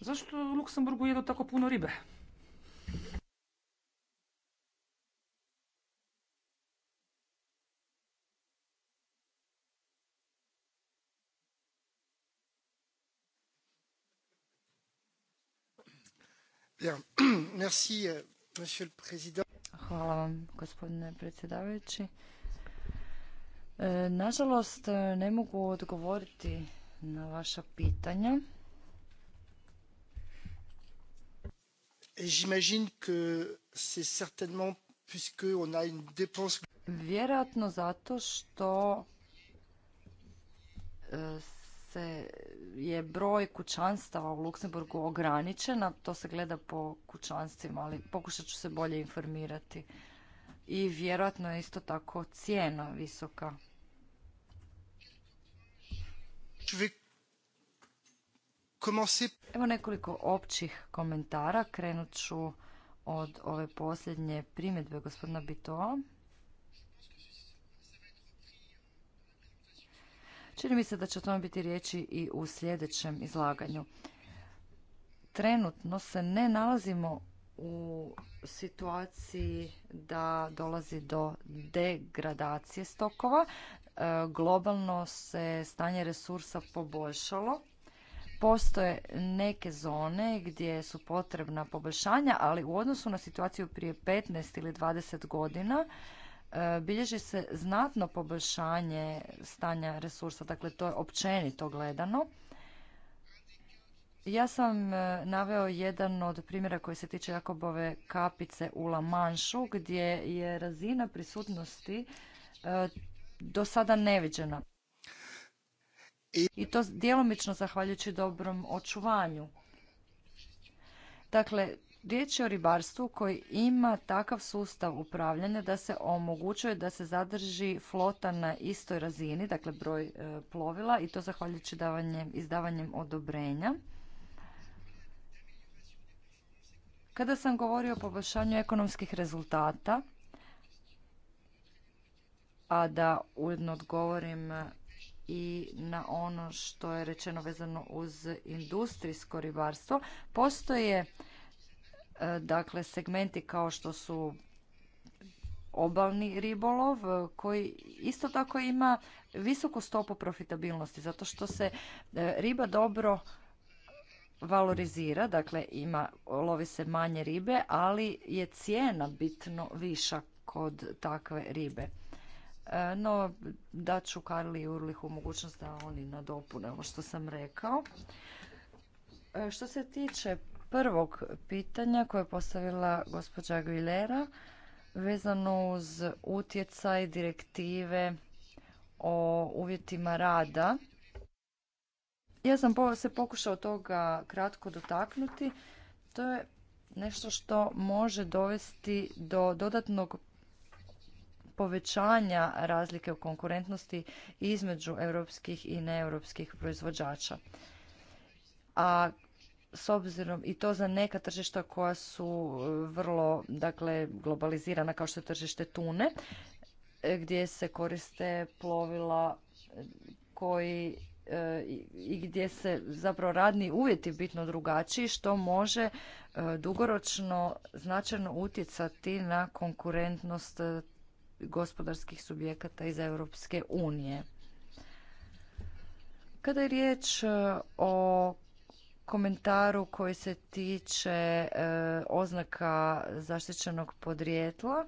Zašto u Luksemburgu jedu tako puno ribe? Euh, Hvala vam, gospodine predsjedavajući. E, nažalost, e, ne mogu odgovoriti na vaša pitanja. Vjerojatno zato što e, se je broj kućanstava u Luksemburgu ograničena. to se gleda po kućanstvima, ali pokušat ću se bolje informirati. I vjerojatno je isto tako cijena visoka. Evo nekoliko općih komentara. Krenut ću od ove posljednje primjedbe gospodina Bitoa. Čini mi se da će o tome biti riječi i u sljedećem izlaganju. Trenutno se ne nalazimo u situaciji da dolazi do degradacije stokova. E, globalno se stanje resursa poboljšalo. Postoje neke zone gdje su potrebna poboljšanja, ali u odnosu na situaciju prije 15 ili 20 godina E, bilježi se znatno poboljšanje stanja resursa, dakle to je općenito gledano. Ja sam e, naveo jedan od primjera koji se tiče Jakobove kapice u La Manšu, gdje je razina prisutnosti e, do sada neviđena. I to djelomično zahvaljujući dobrom očuvanju. Dakle, Riječ je o ribarstvu koji ima takav sustav upravljanja da se omogućuje da se zadrži flota na istoj razini, dakle broj e, plovila i to zahvaljujući davanjem, izdavanjem odobrenja. Kada sam govorio o poboljšanju ekonomskih rezultata, a da ujedno odgovorim i na ono što je rečeno vezano uz industrijsko ribarstvo, postoje E, dakle segmenti kao što su obalni ribolov e, koji isto tako ima visoku stopu profitabilnosti zato što se e, riba dobro valorizira, dakle ima lovi se manje ribe, ali je cijena bitno viša kod takve ribe. No, dat ću Karli i Urlihu mogućnost da oni nadopune ovo što sam rekao. Što se tiče prvog pitanja koje je postavila gospođa Aguilera vezano uz utjecaj direktive o uvjetima rada. Ja sam se pokušao toga kratko dotaknuti. To je nešto što može dovesti do dodatnog povećanja razlike u konkurentnosti između europskih i neeuropskih proizvođača. A s obzirom i to za neka tržišta koja su e, vrlo dakle globalizirana kao što je tržište tune e, gdje se koriste plovila e, koji i gdje se zapravo radni uvjeti bitno drugačiji što može dugoročno značajno utjecati na konkurentnost gospodarskih subjekata iz Europske unije. Kada je riječ o komentaru koji se tiče e, oznaka zaštićenog podrijetla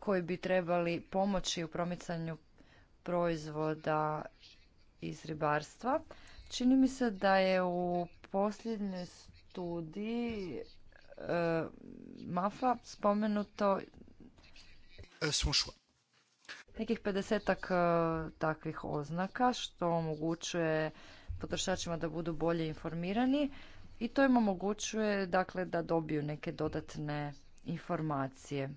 koji bi trebali pomoći u promicanju proizvoda iz ribarstva. Čini mi se da je u posljednjoj studiji e, MAFA spomenuto e, nekih pedesetak takvih oznaka što omogućuje potrošačima da budu bolje informirani i to im omogućuje dakle da dobiju neke dodatne informacije.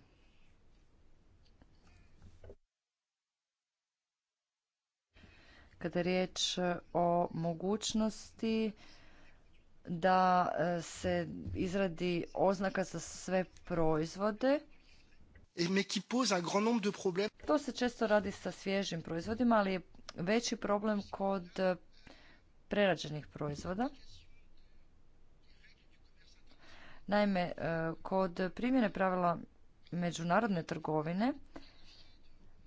Kada je riječ o mogućnosti da e, se izradi oznaka za sve proizvode, to se često radi sa svježim proizvodima, ali je veći problem kod prerađenih proizvoda. Naime, e, kod primjene pravila međunarodne trgovine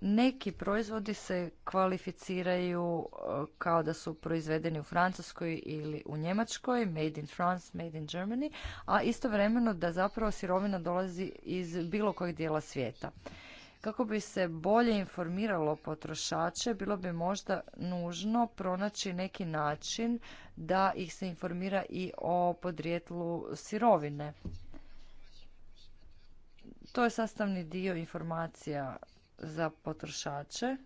neki proizvodi se kvalificiraju e, kao da su proizvedeni u Francuskoj ili u Njemačkoj, made in France, made in Germany, a istovremeno da zapravo sirovina dolazi iz bilo kojeg dijela svijeta. Kako bi se bolje informiralo potrošače, bilo bi možda nužno pronaći neki način da ih se informira i o podrijetlu sirovine. To je sastavni dio informacija za potrošače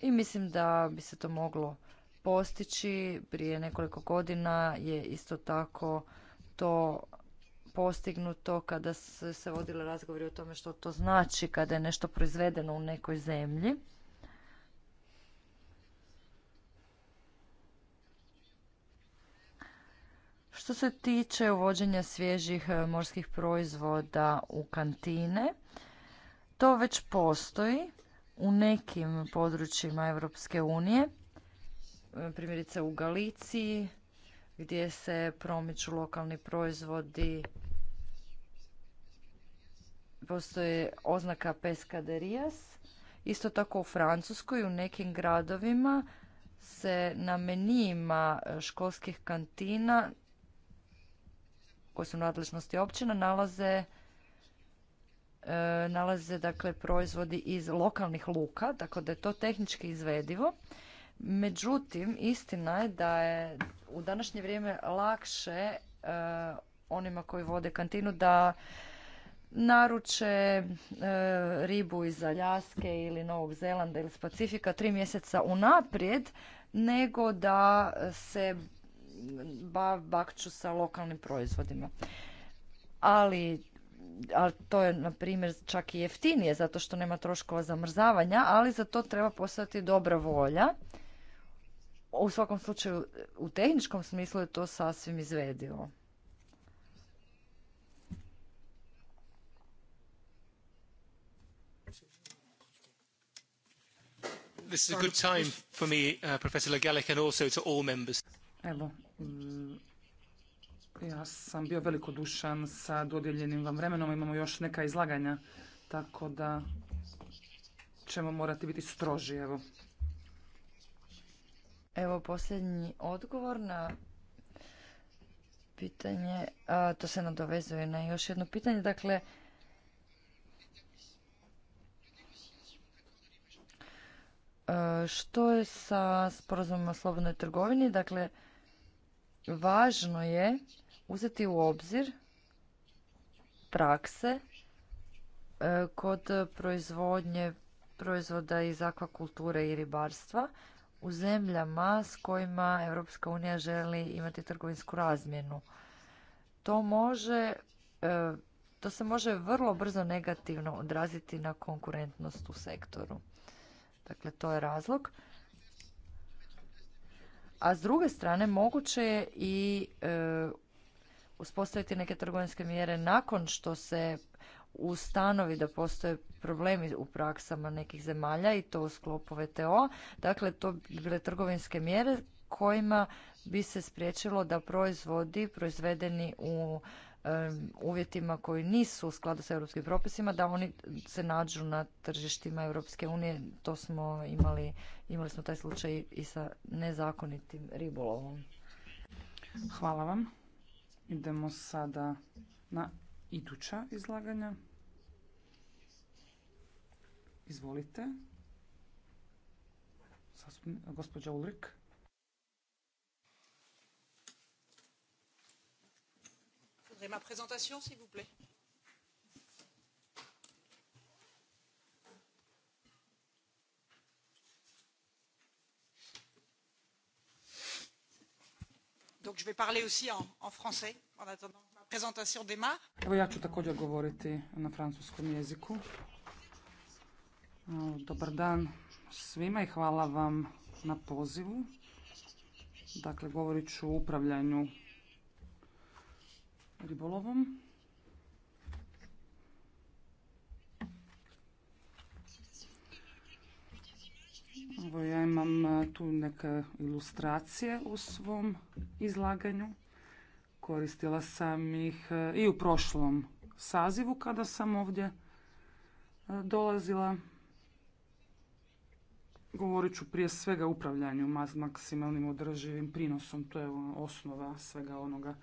i mislim da bi se to moglo postići. Prije nekoliko godina je isto tako to postignuto kada su se vodile razgovori o tome što to znači kada je nešto proizvedeno u nekoj zemlji. Što se tiče uvođenja svježih e, morskih proizvoda u kantine, to već postoji u nekim područjima Europske unije, e, primjerice u Galiciji, gdje se promiču lokalni proizvodi postoje oznaka Pescaderias. Isto tako u Francuskoj u nekim gradovima se na menijima e, školskih kantina koje su nadležnosti općina nalaze e, nalaze dakle proizvodi iz lokalnih luka, tako da je to tehnički izvedivo. Međutim, istina je da je u današnje vrijeme lakše e, onima koji vode kantinu da naruče e, ribu iz Aljaske ili Novog Zelanda ili Pacifika tri mjeseca unaprijed, nego da se bav bakću sa lokalnim proizvodima. Ali, ali to je, na primjer, čak i jeftinije, zato što nema troškova zamrzavanja, ali za to treba postati dobra volja. U svakom slučaju, u tehničkom smislu je to sasvim izvedivo. This is a good time for me, uh, Professor and also to all members. Evo, mm, ja sam bio veliko dušan sa dodijeljenim vam vremenom. Imamo još neka izlaganja, tako da ćemo morati biti stroži. Evo, evo posljednji odgovor na pitanje. to se nadovezuje na još jedno pitanje. Dakle, E, što je sa sporazumima o slobodnoj trgovini? Dakle, važno je uzeti u obzir prakse e, kod proizvodnje proizvoda iz akvakulture i ribarstva u zemljama s kojima Europska unija želi imati trgovinsku razmjenu. To može e, to se može vrlo brzo negativno odraziti na konkurentnost u sektoru. Dakle, to je razlog. A s druge strane, moguće je i e, uspostaviti neke trgovinske mjere nakon što se ustanovi da postoje problemi u praksama nekih zemalja i to u sklopu VTO. Dakle, to bi bile trgovinske mjere kojima bi se spriječilo da proizvodi proizvedeni u uvjetima koji nisu u skladu sa europskim propisima da oni se nađu na tržištima Europske unije. To smo imali, imali smo taj slučaj i sa nezakonitim ribolovom. Hvala vam. Idemo sada na iduća izlaganja. Izvolite. Gospođa Ulrik. Regardez ma présentation, s'il vous plaît. Donc je vais parler aussi en, en français en attendant que ma présentation démarre. Evo ja ću također govoriti na francuskom jeziku. Dobar dan svima i hvala vam na pozivu. Dakle, govorit ću o upravljanju ribolovom. ja imam e, tu neke ilustracije u svom izlaganju. Koristila sam ih e, i u prošlom sazivu kada sam ovdje e, dolazila. Govorit ću prije svega upravljanju maksimalnim održivim prinosom. To je osnova svega onoga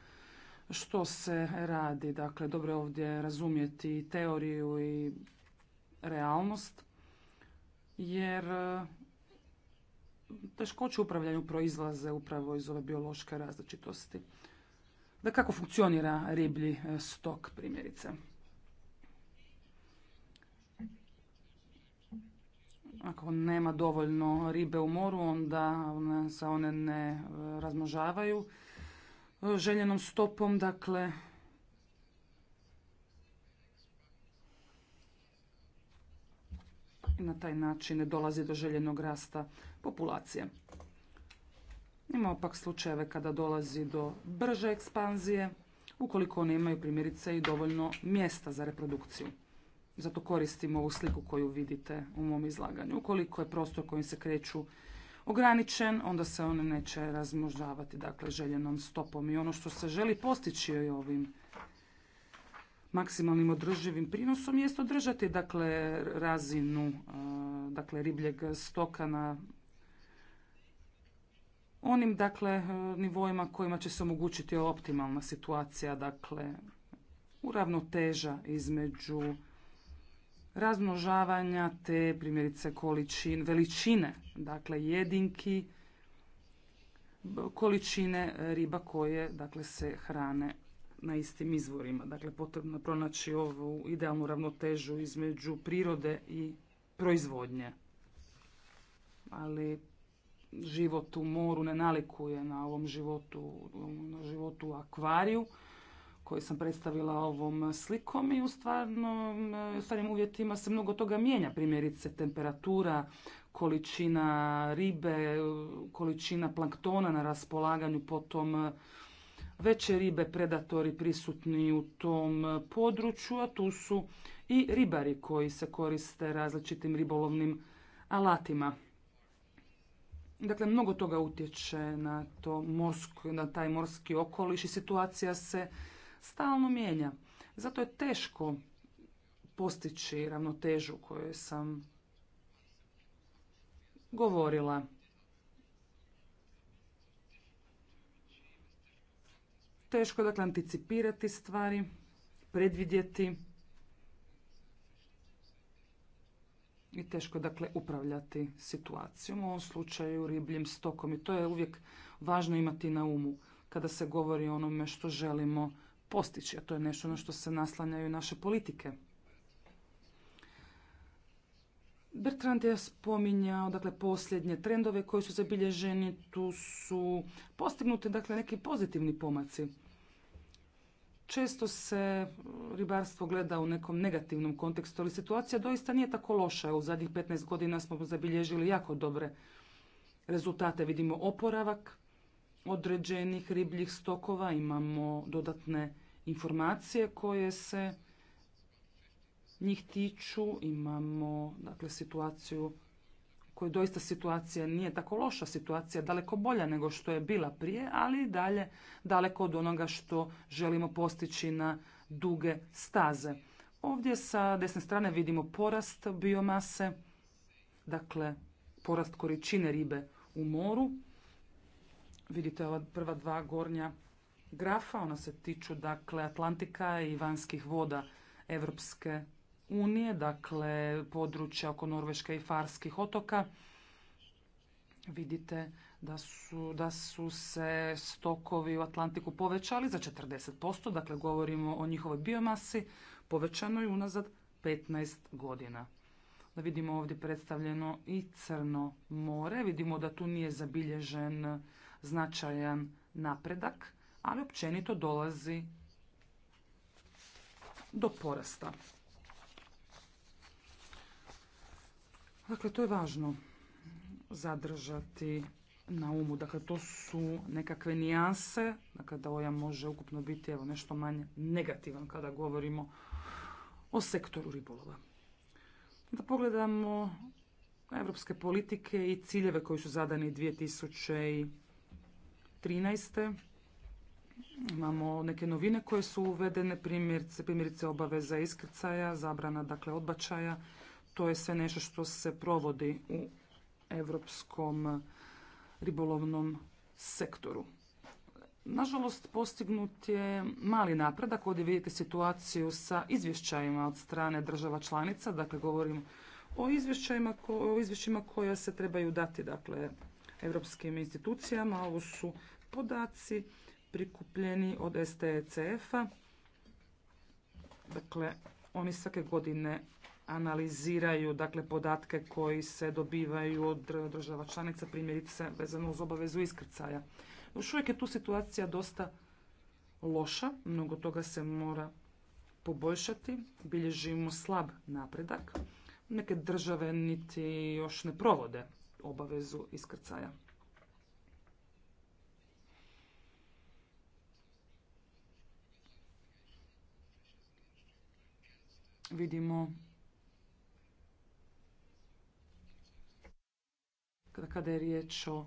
što se radi. Dakle, dobro je ovdje razumjeti teoriju i realnost, jer e, teškoće u upravljanju proizlaze upravo iz ove biološke različitosti. Da kako funkcionira riblji e, stok, primjerice. Ako nema dovoljno ribe u moru, onda se one ne e, razmnožavaju željenom stopom, dakle i na taj način ne dolazi do željenog rasta populacije. Imamo pak slučajeve kada dolazi do brže ekspanzije, ukoliko one imaju primjerice i dovoljno mjesta za reprodukciju. Zato koristim ovu sliku koju vidite u mom izlaganju. Ukoliko je prostor kojim se kreću ograničen, onda se on neće razmnožavati dakle, željenom stopom. I ono što se želi postići ovim maksimalnim održivim prinosom jest održati dakle, razinu e, dakle, ribljeg stoka na onim dakle, e, nivoima kojima će se omogućiti optimalna situacija, dakle, uravnoteža između razmnožavanja te primjerice količin, veličine, dakle jedinki, količine riba koje dakle, se hrane na istim izvorima. Dakle, potrebno je pronaći ovu idealnu ravnotežu između prirode i proizvodnje. Ali život u moru ne nalikuje na ovom životu, na životu u akvariju koji sam predstavila ovom slikom i u stvarnom, e, stvarnim uvjetima se mnogo toga mijenja, primjerice temperatura, količina ribe, količina planktona na raspolaganju, potom e, veće ribe, predatori prisutni u tom području, a tu su i ribari koji se koriste različitim ribolovnim alatima. Dakle, mnogo toga utječe na, to na taj morski okoliš i situacija se stalno mijenja. Zato je teško postići ravnotežu koju sam govorila. Teško je dakle anticipirati stvari, predvidjeti i teško je dakle upravljati situacijom, u ovom slučaju ribljim stokom i to je uvijek važno imati na umu kada se govori o onome što želimo postići, a to je nešto na što se naslanjaju naše politike. Bertrand je spominjao dakle, posljednje trendove koji su zabilježeni, tu su postignuti dakle, neki pozitivni pomaci. Često se ribarstvo gleda u nekom negativnom kontekstu, ali situacija doista nije tako loša. U zadnjih 15 godina smo zabilježili jako dobre rezultate. Vidimo oporavak određenih ribljih stokova, imamo dodatne informacije koje se njih tiču. Imamo dakle, situaciju koju doista situacija nije tako loša situacija, daleko bolja nego što je bila prije, ali i dalje daleko od onoga što želimo postići na duge staze. Ovdje sa desne strane vidimo porast biomase, dakle porast količine ribe u moru. Vidite ova prva dva gornja grafa. Ona se tiču dakle Atlantika i vanjskih voda Evropske unije, dakle područja oko Norveške i Farskih otoka. Vidite da su, da su se stokovi u Atlantiku povećali za 40%, dakle govorimo o njihovoj biomasi, povećanoj unazad 15 godina. Da vidimo ovdje predstavljeno i Crno more, vidimo da tu nije zabilježen značajan napredak ali općenito dolazi do porasta. Dakle, to je važno zadržati na umu. Dakle, to su nekakve nijanse, dakle, da OJA može ukupno biti evo, nešto manje negativan kada govorimo o sektoru ribolova. Da pogledamo evropske politike i ciljeve koji su zadani 2013. Imamo neke novine koje su uvedene, primjerice, primjerice obaveza iskrcaja, zabrana dakle odbačaja. To je sve nešto što se provodi u europskom ribolovnom sektoru. Nažalost, postignut je mali napredak. Ovdje vidite situaciju sa izvješćajima od strane država članica. Dakle, govorim o izvješćajima, o izvješćima koja se trebaju dati dakle, europskim institucijama. Ovo su podaci prikupljeni od STECF-a. Dakle, oni svake godine analiziraju dakle, podatke koji se dobivaju od država članica, primjerice vezano uz obavezu iskrcaja. Još uvijek je tu situacija dosta loša, mnogo toga se mora poboljšati, bilježimo slab napredak. Neke države niti još ne provode obavezu iskrcaja. Vidimo kada je riječ o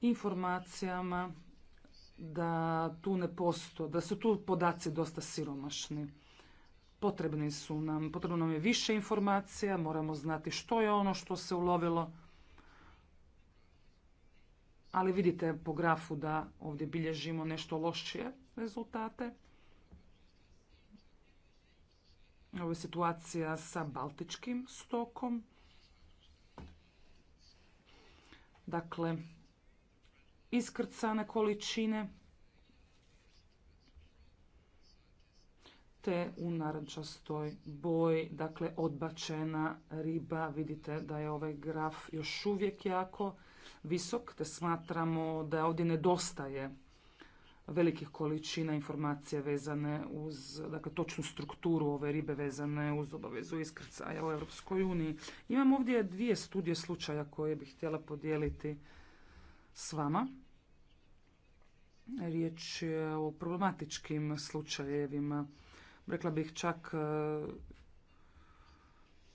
informacijama da tu ne postoje, da su tu podaci dosta siromašni. Potrebni su nam, potrebno nam je više informacija, moramo znati što je ono što se ulovilo. Ali vidite po grafu da ovdje bilježimo nešto lošije rezultate. Ovo je situacija sa baltičkim stokom. Dakle, iskrcane količine te u narančastoj boji, dakle odbačena riba. Vidite da je ovaj graf još uvijek jako visok, te smatramo da ovdje nedostaje velikih količina informacija vezane uz, dakle, točnu strukturu ove ribe vezane uz obavezu iskrcaja u Europskoj uniji. Imam ovdje dvije studije slučaja koje bih htjela podijeliti s vama. Riječ je o problematičkim slučajevima. Rekla bih čak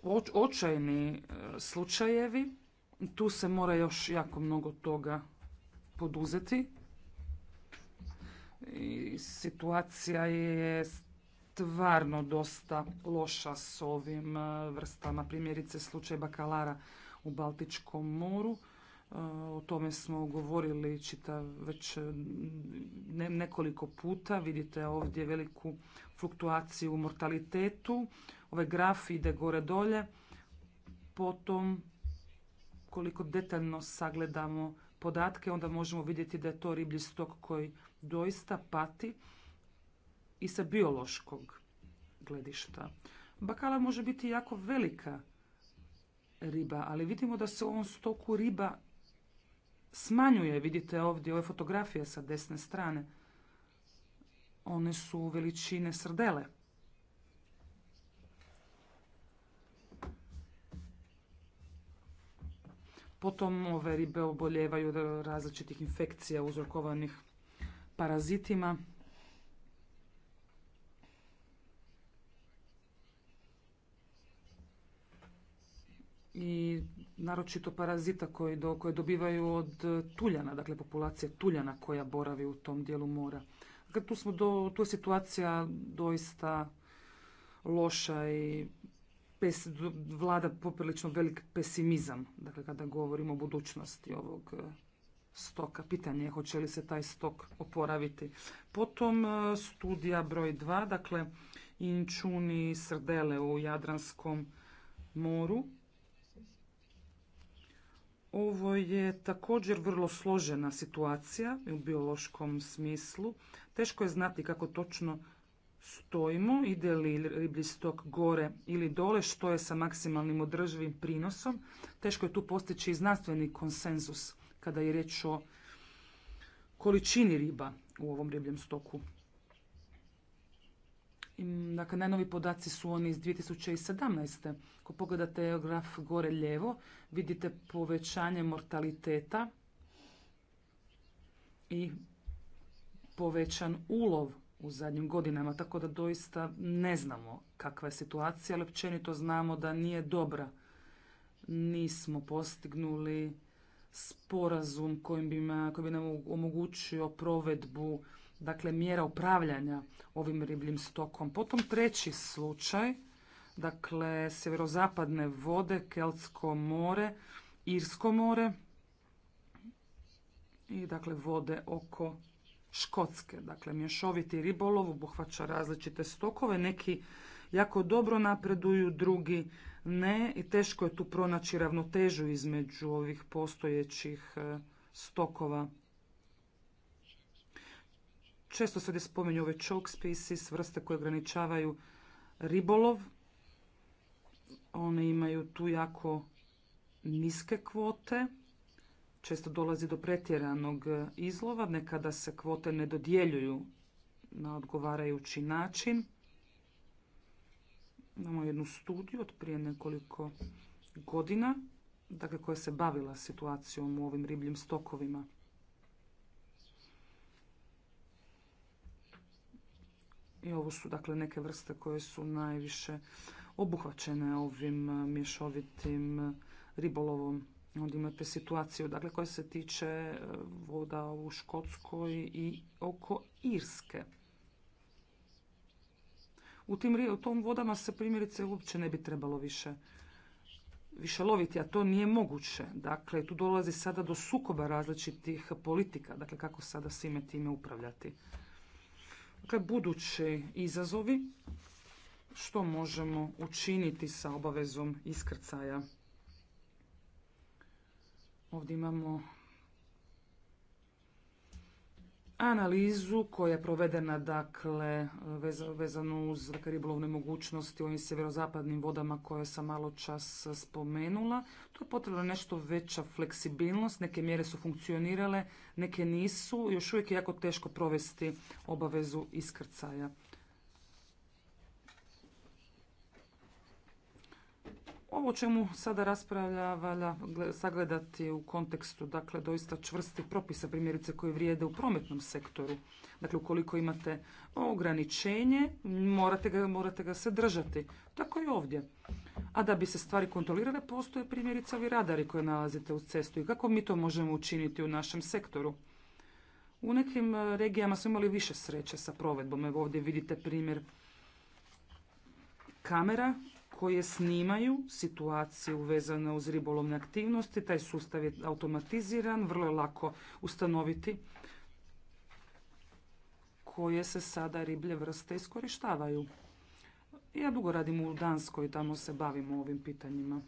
e, očajni e, slučajevi. Tu se mora još jako mnogo toga poduzeti. I situacija je stvarno dosta loša s ovim e, vrstama, primjerice slučaj bakalara u Baltičkom moru. E, o tome smo govorili čitav već e, nekoliko puta. Vidite ovdje veliku fluktuaciju u mortalitetu. Ovaj graf ide gore dolje. Potom koliko detaljno sagledamo podatke, onda možemo vidjeti da je to riblji stok koji doista pati i sa biološkog gledišta. Bakala može biti jako velika riba, ali vidimo da se u ovom stoku riba smanjuje. Vidite ovdje ove fotografije sa desne strane. One su veličine srdele. Potom ove ribe oboljevaju različitih infekcija uzrokovanih parazitima. I naročito parazita koji koje dobivaju od e, tuljana, dakle populacije tuljana koja boravi u tom dijelu mora. Dakle, tu, smo do, tu je situacija doista loša i pes, vlada poprilično velik pesimizam, dakle kada govorimo o budućnosti ovog e, stoka. Pitanje je hoće li se taj stok oporaviti. Potom e, studija broj dva, dakle inčuni srdele u Jadranskom moru. Ovo je također vrlo složena situacija u biološkom smislu. Teško je znati kako točno stojimo, ide li riblji stok gore ili dole, što je sa maksimalnim održivim prinosom. Teško je tu postići i znanstveni konsenzus kada je reč o količini riba u ovom ribljem stoku. Dakle, najnovi podaci su oni iz 2017. Ako pogledate graf gore lijevo, vidite povećanje mortaliteta i povećan ulov u zadnjim godinama, tako da doista ne znamo kakva je situacija, ali općenito znamo da nije dobra. Nismo postignuli sporazum kojim bi, koji bi nam omogućio provedbu dakle mjera upravljanja ovim ribljim stokom. Potom treći slučaj, dakle sjeverozapadne vode, Keltsko more, Irsko more i dakle vode oko Škotske. Dakle, mješoviti ribolov obuhvaća različite stokove, neki jako dobro napreduju, drugi ne i teško je tu pronaći ravnotežu između ovih postojećih e, stokova. Često se ovdje spominju ove choke species, vrste koje ograničavaju ribolov. One imaju tu jako niske kvote. Često dolazi do pretjeranog e, izlova, nekada se kvote ne dodjeljuju na odgovarajući način. Imamo jednu studiju od prije nekoliko godina dakle, koja se bavila situacijom u ovim ribljim stokovima. I ovo su dakle neke vrste koje su najviše obuhvaćene ovim e, mješovitim e, ribolovom. Onda imate situaciju dakle, koja se tiče e, voda u Škotskoj i oko Irske u tim tom vodama se primjerice uopće ne bi trebalo više više loviti, a to nije moguće. Dakle, tu dolazi sada do sukoba različitih politika, dakle kako sada svime time upravljati. Dakle, budući izazovi, što možemo učiniti sa obavezom iskrcaja. Ovdje imamo analizu koja je provedena dakle vezano uz dakle, ribolovne mogućnosti u ovim sjeverozapadnim vodama koje sam malo čas spomenula. Tu je potrebna nešto veća fleksibilnost, neke mjere su funkcionirale, neke nisu, još uvijek je jako teško provesti obavezu iskrcaja. Ovo čemu sada raspravlja valja sagledati u kontekstu dakle doista čvrstih propisa primjerice koji vrijede u prometnom sektoru. Dakle ukoliko imate ograničenje morate ga, morate ga se držati. Tako i ovdje. A da bi se stvari kontrolirale postoje primjerice ovi radari koje nalazite u cestu i kako mi to možemo učiniti u našem sektoru. U nekim e, regijama smo imali više sreće sa provedbom. Evo ovdje vidite primjer kamera koje snimaju situaciju vezanu uz ribolovne aktivnosti. Taj sustav je automatiziran, vrlo je lako ustanoviti koje se sada riblje vrste iskorištavaju. Ja dugo radim u Danskoj tamo se bavimo ovim pitanjima.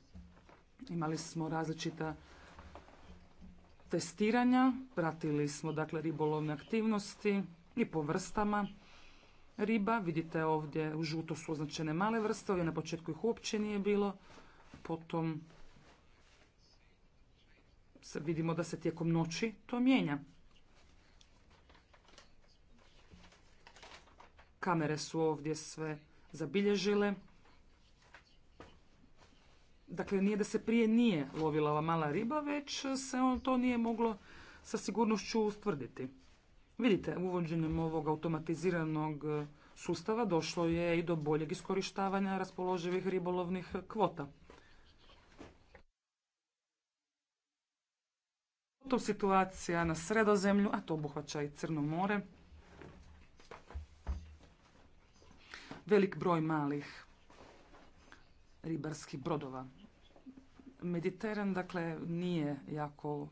Imali smo različita testiranja, pratili smo dakle ribolovne aktivnosti i po vrstama riba. Vidite ovdje u žuto su označene male vrste, ovdje na početku ih uopće nije bilo. Potom vidimo da se tijekom noći to mijenja. Kamere su ovdje sve zabilježile. Dakle, nije da se prije nije lovila ova mala riba, već se on to nije moglo sa sigurnošću ustvrditi. Vidite, uvođenjem ovog automatiziranog e, sustava došlo je i do boljeg iskorištavanja raspoloživih ribolovnih kvota. Potom situacija na sredozemlju, a to obuhvaća i Crno more. Velik broj malih ribarskih brodova. Mediteran, dakle, nije jako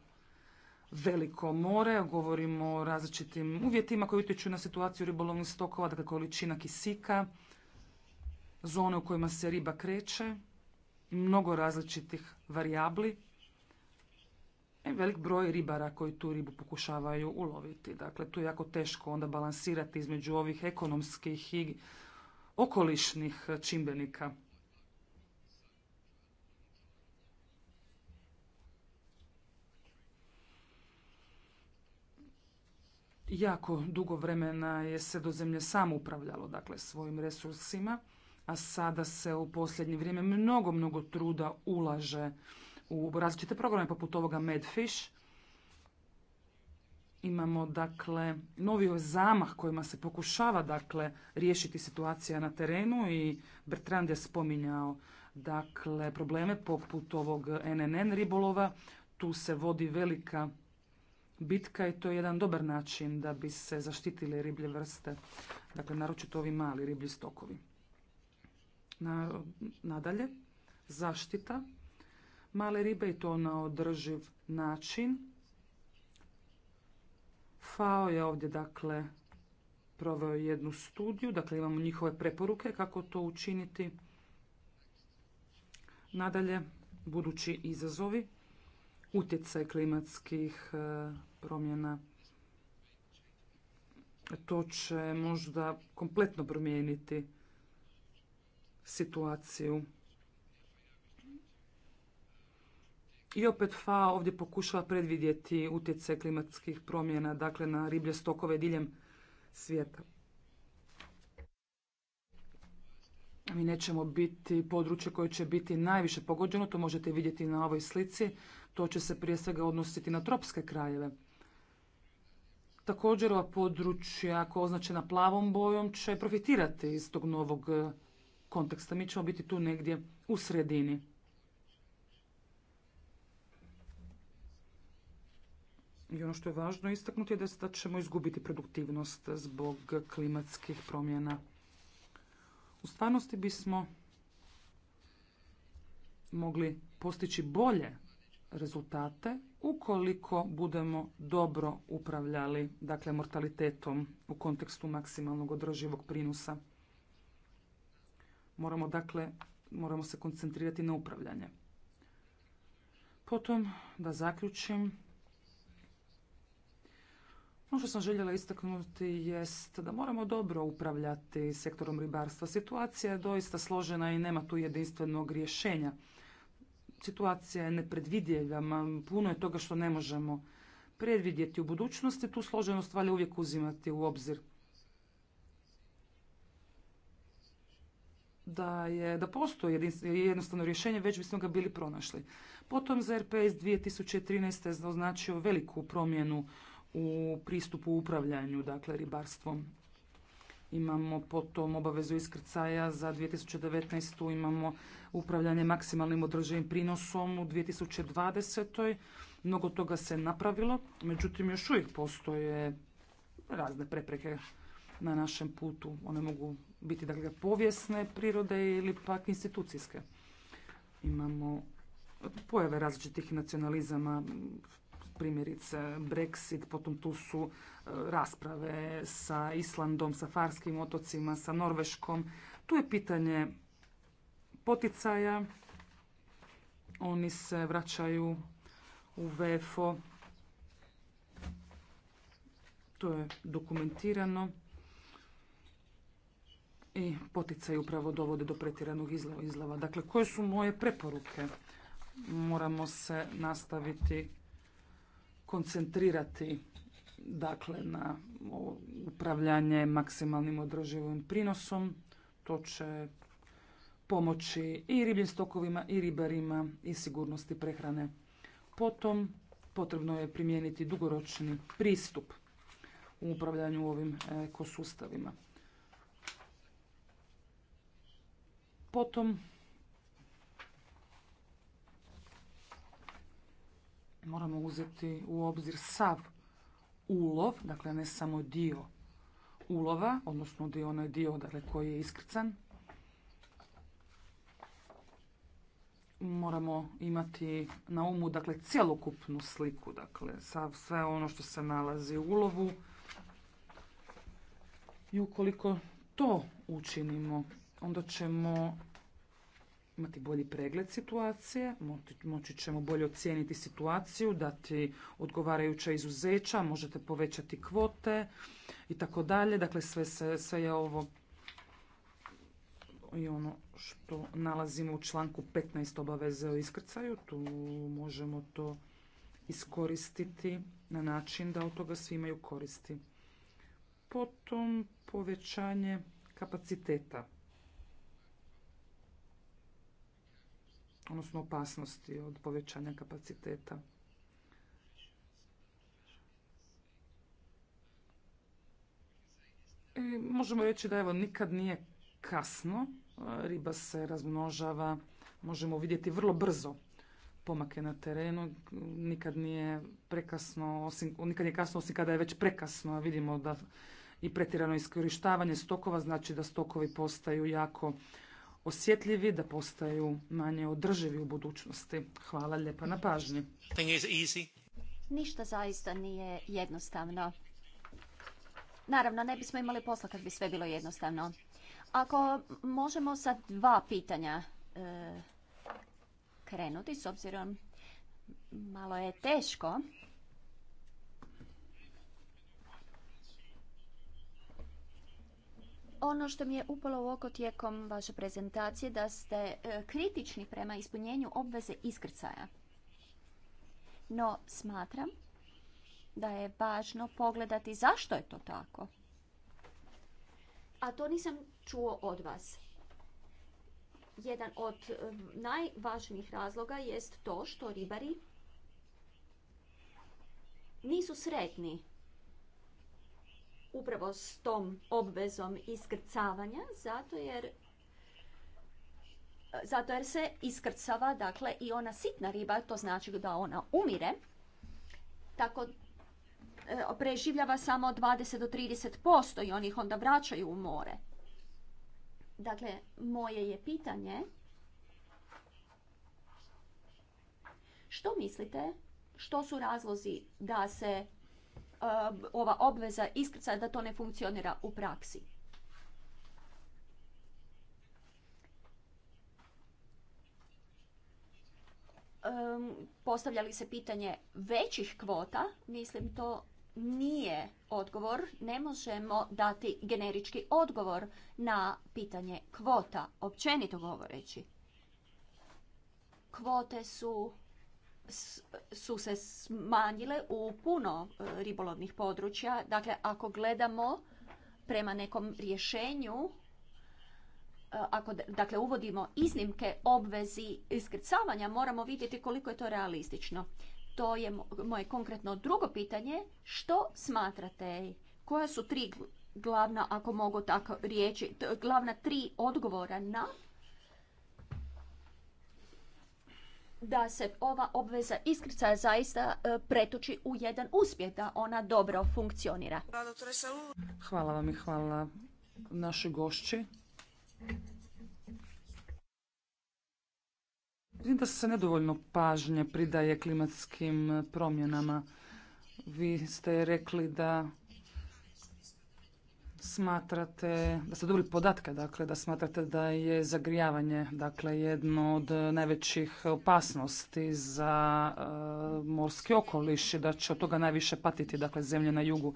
veliko more, govorimo o različitim uvjetima koji utječu na situaciju ribolovnih stokova, dakle količina kisika, zone u kojima se riba kreće, mnogo različitih varijabli i velik broj ribara koji tu ribu pokušavaju uloviti. Dakle, tu je jako teško onda balansirati između ovih ekonomskih i okolišnih čimbenika. Jako dugo vremena je zemlje samo upravljalo dakle, svojim resursima, a sada se u posljednje vrijeme mnogo, mnogo truda ulaže u različite programe poput ovoga Medfish. Imamo dakle novi zamah kojima se pokušava dakle riješiti situacija na terenu i Bertrand je spominjao dakle probleme poput ovog NNN ribolova. Tu se vodi velika bitka i to je jedan dobar način da bi se zaštitile riblje vrste, dakle naročito ovi mali riblji stokovi. Na, nadalje, zaštita male ribe i to na održiv način. FAO je ovdje dakle proveo jednu studiju, dakle imamo njihove preporuke kako to učiniti. Nadalje, budući izazovi, utjecaj klimatskih promjena to će možda kompletno promijeniti situaciju. I opet fa ovdje pokušava predvidjeti utjecaj klimatskih promjena dakle na riblje stokove diljem svijeta. Mi nećemo biti područje koje će biti najviše pogođeno, to možete vidjeti na ovoj slici. To će se prije svega odnositi na tropske krajeve. Također ova područja ako označena plavom bojom će profitirati iz tog novog e, konteksta. Mi ćemo biti tu negdje u sredini. I ono što je važno istaknuti je da ćemo izgubiti produktivnost zbog klimatskih promjena. U stvarnosti bismo mogli postići bolje rezultate ukoliko budemo dobro upravljali dakle mortalitetom u kontekstu maksimalnog održivog prinosa. Moramo dakle moramo se koncentrirati na upravljanje. Potom da zaključim ono što sam željela istaknuti jest da moramo dobro upravljati sektorom ribarstva. Situacija je doista složena i nema tu jedinstvenog rješenja situacija je nepredvidljiva, puno je toga što ne možemo predvidjeti u budućnosti, tu složenost valja uvijek uzimati u obzir. Da, je, da postoji jednostavno rješenje, već bismo ga bili pronašli. Potom za RPS 2013. je označio veliku promjenu u pristupu upravljanju, dakle ribarstvom. Imamo potom obavezu iskrcaja za 2019. imamo upravljanje maksimalnim održivim prinosom u 2020. Mnogo toga se napravilo, međutim još uvijek postoje razne prepreke na našem putu. One mogu biti dakle, povijesne prirode ili pak institucijske. Imamo pojave različitih nacionalizama, primjerice Brexit, potom tu su e, rasprave sa Islandom, sa Farskim otocima, sa Norveškom. Tu je pitanje poticaja. Oni se vraćaju u VFO. To je dokumentirano. I poticaj upravo dovode do pretjeranog izlava. Dakle, koje su moje preporuke? Moramo se nastaviti koncentrirati dakle na upravljanje maksimalnim održivim prinosom. To će pomoći i ribljim stokovima i ribarima i sigurnosti prehrane. Potom potrebno je primijeniti dugoročni pristup u upravljanju ovim ekosustavima. Potom moramo uzeti u obzir sav ulov, dakle ne samo dio ulova, odnosno dio onaj dio dakle, koji je iskrcan. Moramo imati na umu dakle cjelokupnu sliku, dakle sav, sve ono što se nalazi u ulovu. I ukoliko to učinimo, onda ćemo imati bolji pregled situacije, moći ćemo bolje ocijeniti situaciju, dati odgovarajuća izuzeća, možete povećati kvote i tako dalje. Dakle, sve, sve je ovo i ono što nalazimo u članku 15 obaveze o iskrcaju, tu možemo to iskoristiti na način da od toga svi imaju koristi. Potom povećanje kapaciteta odnosno opasnosti od povećanja kapaciteta. E, možemo reći da evo nikad nije kasno, e, riba se razmnožava, možemo vidjeti vrlo brzo pomake na terenu, nikad nije prekasno, osim, nikad nije kasno osim kada je već prekasno, a vidimo da i pretjerano iskorištavanje stokova znači da stokovi postaju jako osjetljivi, da postaju manje održivi u budućnosti. Hvala lijepa na pažnji. Ništa zaista nije jednostavno. Naravno, ne bismo imali posla kad bi sve bilo jednostavno. Ako možemo sa dva pitanja e, krenuti, s obzirom malo je teško ono što mi je upalo u oko tijekom vaše prezentacije da ste e, kritični prema ispunjenju obveze iskrcaja. No, smatram da je važno pogledati zašto je to tako. A to nisam čuo od vas. Jedan od e, najvažnijih razloga jest to što ribari nisu sretni upravo s tom obvezom iskrcavanja, zato jer zato jer se iskrcava dakle i ona sitna riba, to znači da ona umire. Tako e, preživljava samo 20 do 30% i oni ih onda vraćaju u more. Dakle, moje je pitanje što mislite što su razlozi da se Eh, ova obveza iskrca da to ne funkcionira u praksi. Postavljali se pitanje većih kvota, mislim to nije odgovor, ne možemo dati generički odgovor na pitanje kvota, općenito govoreći. Kvote su su se smanjile u puno e, ribolovnih područja. Dakle, ako gledamo prema nekom rješenju, e, ako dakle uvodimo iznimke obvezi iskrcavanja, moramo vidjeti koliko je to realistično. To je moje konkretno drugo pitanje. Što smatrate? Koja su tri glavna, ako mogu tako riječi, glavna tri odgovora na da se ova obveza iskrcaja zaista e, pretoči u jedan uspjeh, da ona dobro funkcionira. Hvala vam i hvala našoj gošći. Vidim da se nedovoljno pažnje pridaje klimatskim promjenama. Vi ste rekli da smatrate, da ste dobili podatke, dakle, da smatrate da je zagrijavanje, dakle, jedno od najvećih opasnosti za eh, morski okoliš i da će od toga najviše patiti, dakle, zemlje na jugu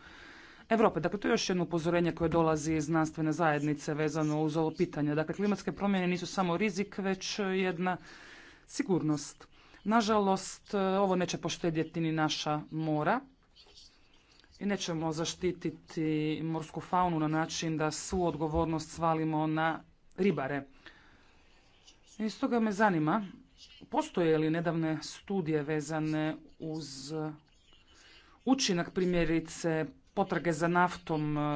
Europe. Dakle, to je još jedno upozorenje koje dolazi iz znanstvene zajednice vezano uz ovo pitanje. Dakle, klimatske promjene nisu samo rizik, već jedna sigurnost. Nažalost, eh, ovo neće poštedjeti ni naša mora i nećemo zaštititi morsku faunu na način da svu odgovornost svalimo na ribare. I stoga me zanima, postoje li nedavne studije vezane uz učinak primjerice potrage za naftom, e,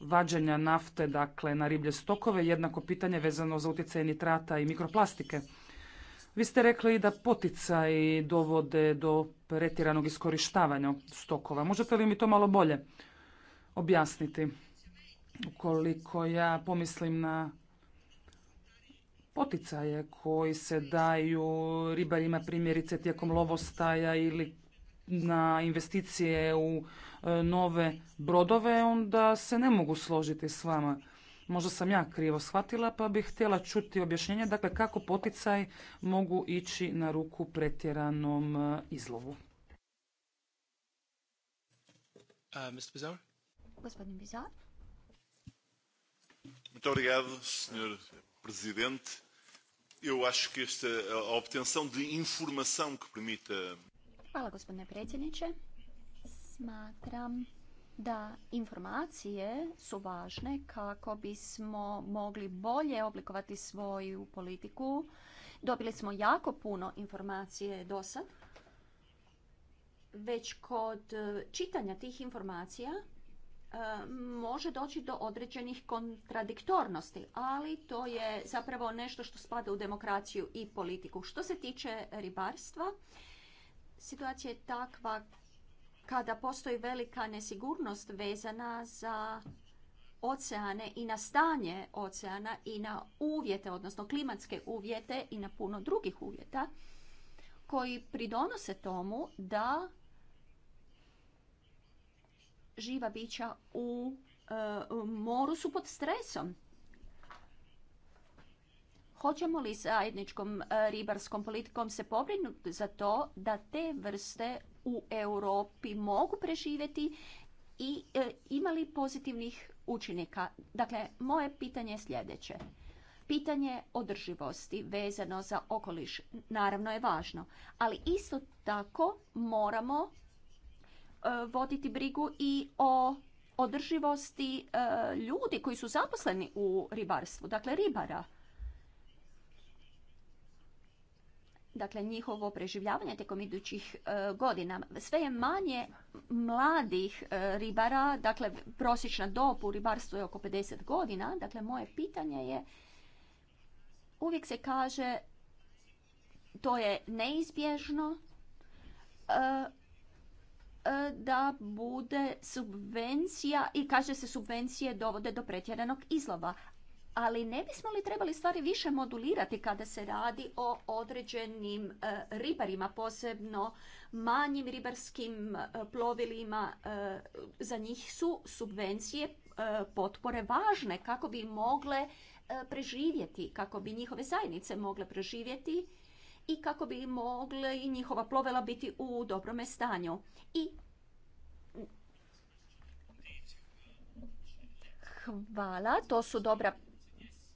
vađenja nafte dakle, na riblje stokove, jednako pitanje vezano za utjecaj nitrata i mikroplastike. Vi ste rekli da poticaji dovode do pretjeranog iskorištavanja stokova. Možete li mi to malo bolje objasniti? Ukoliko ja pomislim na poticaje koji se daju ribarima primjerice tijekom lovostaja ili na investicije u e, nove brodove, onda se ne mogu složiti s vama. Možda sam ja krivo shvatila pa bih htjela čuti objašnjenje dakle kako poticaj mogu ići na ruku pretjeranom e, izlovu. Uh, Mr. Bizarre? Gospodin Bizar. Muito obrigado, Sr. Presidente. Eu acho que esta, a obtenção de informação que permita... Hvala, gospodine predsjedniče. Smatram da informacije su važne kako bismo mogli bolje oblikovati svoju politiku. Dobili smo jako puno informacije do sad. Već kod e, čitanja tih informacija e, može doći do određenih kontradiktornosti, ali to je zapravo nešto što spada u demokraciju i politiku. Što se tiče ribarstva, situacija je takva kada postoji velika nesigurnost vezana za oceane i na stanje oceana i na uvjete, odnosno klimatske uvjete i na puno drugih uvjeta koji pridonose tomu da živa bića u e, moru su pod stresom. Hoćemo li zajedničkom e, ribarskom politikom se pobrinuti za to da te vrste u Europi mogu preživjeti i e, imali pozitivnih učinika. Dakle, moje pitanje je sljedeće. Pitanje održivosti vezano za okoliš naravno je važno, ali isto tako moramo e, voditi brigu i o održivosti e, ljudi koji su zaposleni u ribarstvu, dakle ribara. dakle njihovo preživljavanje tijekom idućih e, godina. Sve je manje mladih e, ribara, dakle prosječna dob u ribarstvu je oko 50 godina, dakle moje pitanje je uvijek se kaže to je neizbježno e, da bude subvencija i kaže se subvencije dovode do pretjeranog izlova ali ne bismo li trebali stvari više modulirati kada se radi o određenim e, ribarima, posebno manjim ribarskim e, plovilima, e, za njih su subvencije potpore važne kako bi mogle preživjeti, kako bi njihove zajednice mogle preživjeti i kako bi mogle i njihova plovela biti u dobrome stanju. I Hvala, to su dobra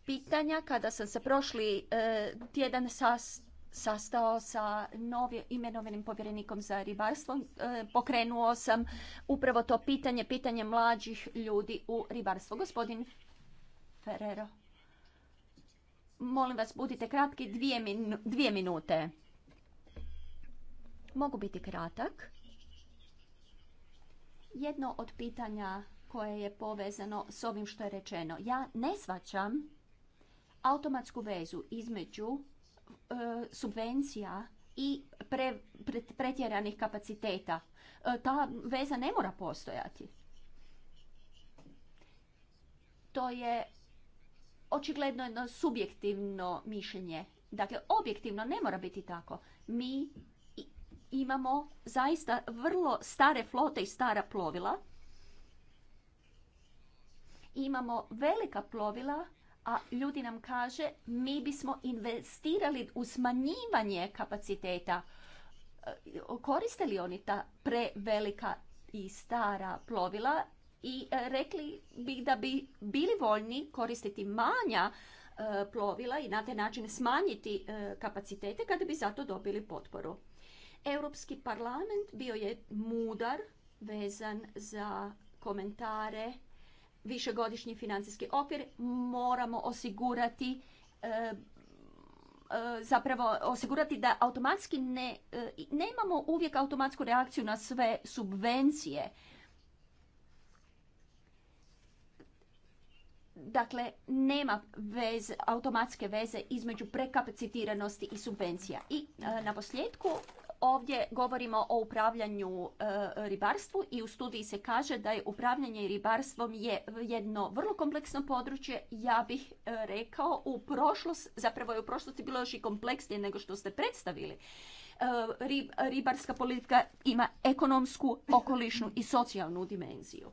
pitanja kada sam se prošli e, tjedan sastao sa imenovanim povjerenikom za ribarstvo. E, pokrenuo sam upravo to pitanje, pitanje mlađih ljudi u ribarstvu. Gospodin Ferrero, molim vas budite kratki, dvije, dvije minute. Mogu biti kratak. Jedno od pitanja koje je povezano s ovim što je rečeno. Ja ne svačam automatsku vezu između e, subvencija i pretjeranih kapaciteta. E, ta veza ne mora postojati. To je očigledno jedno subjektivno mišljenje. Dakle, objektivno ne mora biti tako. Mi imamo zaista vrlo stare flote i stara plovila. Imamo velika plovila a ljudi nam kaže mi bismo investirali u smanjivanje kapaciteta. E, koriste li oni ta prevelika i stara plovila i e, rekli bi da bi bili voljni koristiti manja e, plovila i na taj način smanjiti kapacitete kada bi zato dobili potporu. Europski parlament bio je mudar vezan za komentare višegodišnji financijski okvir moramo osigurati e, e, zapravo osigurati da automatski ne, e, nemamo uvijek automatsku reakciju na sve subvencije. Dakle, nema vez, automatske veze između prekapacitiranosti i subvencija. I na posljedku Ovdje govorimo o upravljanju e, ribarstvu i u studiji se kaže da je upravljanje ribarstvom je jedno vrlo kompleksno područje. Ja bih e, rekao u prošlost, zapravo je u prošlosti bilo još i kompleksnije nego što ste predstavili. E, ribarska politika ima ekonomsku, okolišnu i socijalnu dimenziju.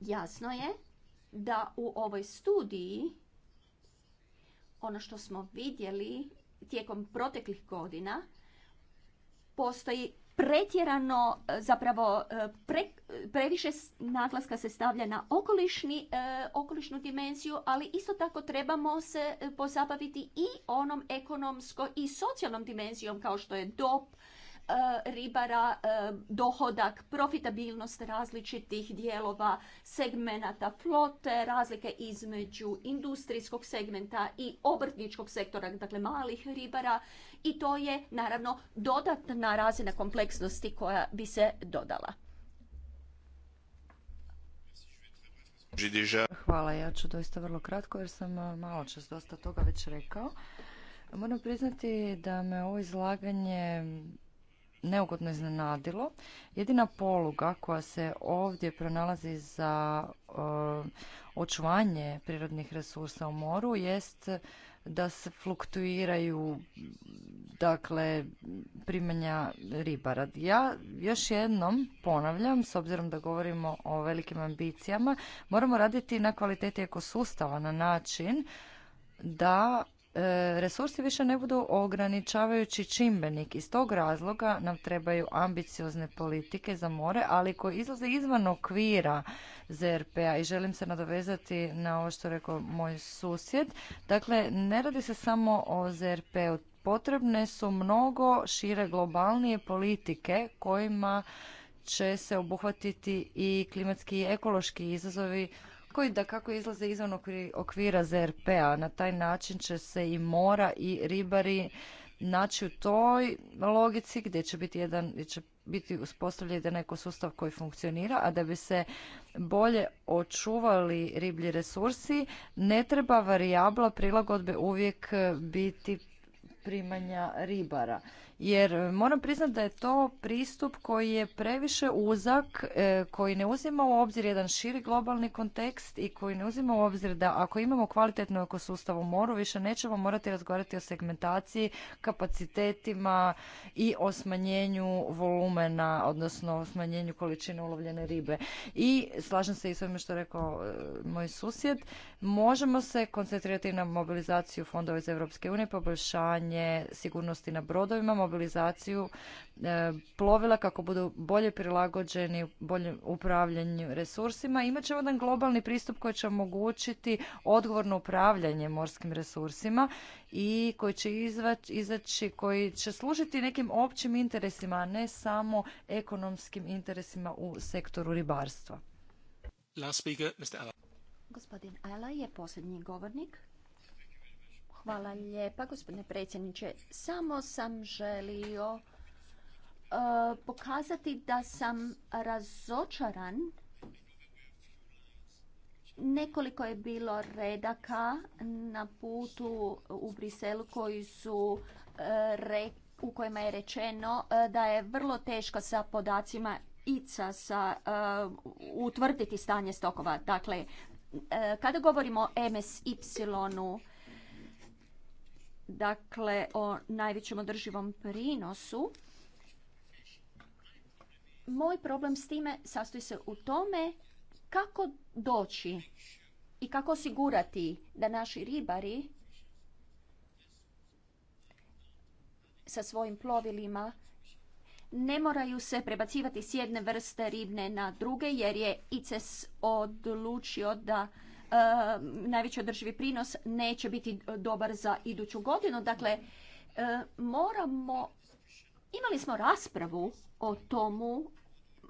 Jasno je da u ovoj studiji ono što smo vidjeli tijekom proteklih godina postoji pretjerano, e, zapravo e, previše naglaska se stavlja na okolišni, e, okolišnu dimenziju, ali isto tako trebamo se pozabaviti i onom ekonomsko i socijalnom dimenzijom kao što je DOP Eh, ribara, eh, dohodak, profitabilnost različitih dijelova segmenata flote, razlike između industrijskog segmenta i obrtničkog sektora, dakle malih ribara i to je naravno dodatna razina kompleksnosti koja bi se dodala. Hvala, ja ću doista vrlo kratko jer sam eh, malo čas dosta toga već rekao. Moram priznati da me ovo izlaganje neugodno iznenadilo. Jedina poluga koja se ovdje pronalazi za e, očuvanje prirodnih resursa u moru jest da se fluktuiraju dakle primanja ribara. Ja još jednom ponavljam, s obzirom da govorimo o velikim ambicijama, moramo raditi na kvaliteti ekosustava na način da E, resursi više ne budu ograničavajući čimbenik. Iz tog razloga nam trebaju ambiciozne politike za more, ali koje izlaze izvan okvira ZRP-a i želim se nadovezati na ovo što rekao moj susjed. Dakle, ne radi se samo o ZRP-u. Potrebne su mnogo šire globalnije politike kojima će se obuhvatiti i klimatski i ekološki izazovi i da kako izlaze izvan okvira ZRP-a. Na taj način će se i mora i ribari naći u toj logici gdje će biti jedan, gdje će biti uspostavljen neko sustav koji funkcionira, a da bi se bolje očuvali riblji resursi, ne treba varijabla prilagodbe uvijek biti primanja ribara jer moram priznati da je to pristup koji je previše uzak, e, koji ne uzima u obzir jedan širi globalni kontekst i koji ne uzima u obzir da ako imamo kvalitetno ekosustav u moru, više nećemo morati razgovarati o segmentaciji, kapacitetima i o smanjenju volumena, odnosno o smanjenju količine ulovljene ribe. I slažem se i s ovime što je rekao e, moj susjed, možemo se koncentrirati na mobilizaciju fondova iz Europske unije, poboljšanje sigurnosti na brodovima, mobilizaciju e, plovila kako budu bolje prilagođeni boljem upravljanju resursima. Imat ćemo jedan globalni pristup koji će omogućiti odgovorno upravljanje morskim resursima i koji će izaći, koji će služiti nekim općim interesima, a ne samo ekonomskim interesima u sektoru ribarstva. Last Gospodin Ala je posljednji govornik. Hvala lijepa, gospodine predsjedniče. Samo sam želio e, pokazati da sam razočaran. Nekoliko je bilo redaka na putu u Briselu koji su e, u kojima je rečeno e, da je vrlo teško sa podacima ica sa utvrditi stanje stokova. Dakle, kada govorimo o MSY-u, dakle o najvećem održivom prinosu. Moj problem s time sastoji se u tome kako doći i kako osigurati da naši ribari sa svojim plovilima ne moraju se prebacivati s jedne vrste ribne na druge jer je ICES odlučio da Eh, najveći održivi prinos neće biti dobar za iduću godinu. Dakle, eh, moramo, imali smo raspravu o tomu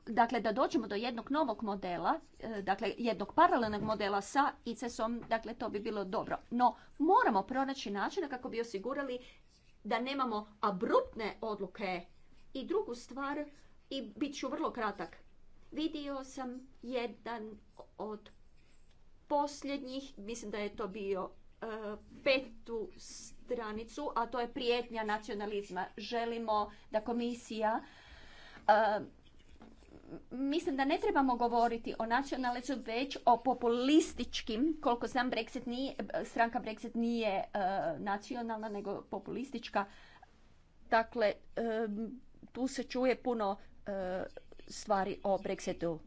dakle da dođemo do jednog novog modela, eh, dakle jednog paralelnog modela sa ICES-om, dakle to bi bilo dobro. No moramo pronaći način kako bi osigurali da nemamo abruptne odluke. I drugu stvar, i bit ću vrlo kratak, vidio sam jedan od posljednjih, mislim da je to bio e, petu stranicu, a to je prijetnja nacionalizma. Želimo da komisija e, mislim da ne trebamo govoriti o nacionalizmu, već o populističkim, koliko znam, Brexit stranka Brexit nije e, nacionalna, nego populistička. Dakle, tu se čuje puno stvari o Brexitu.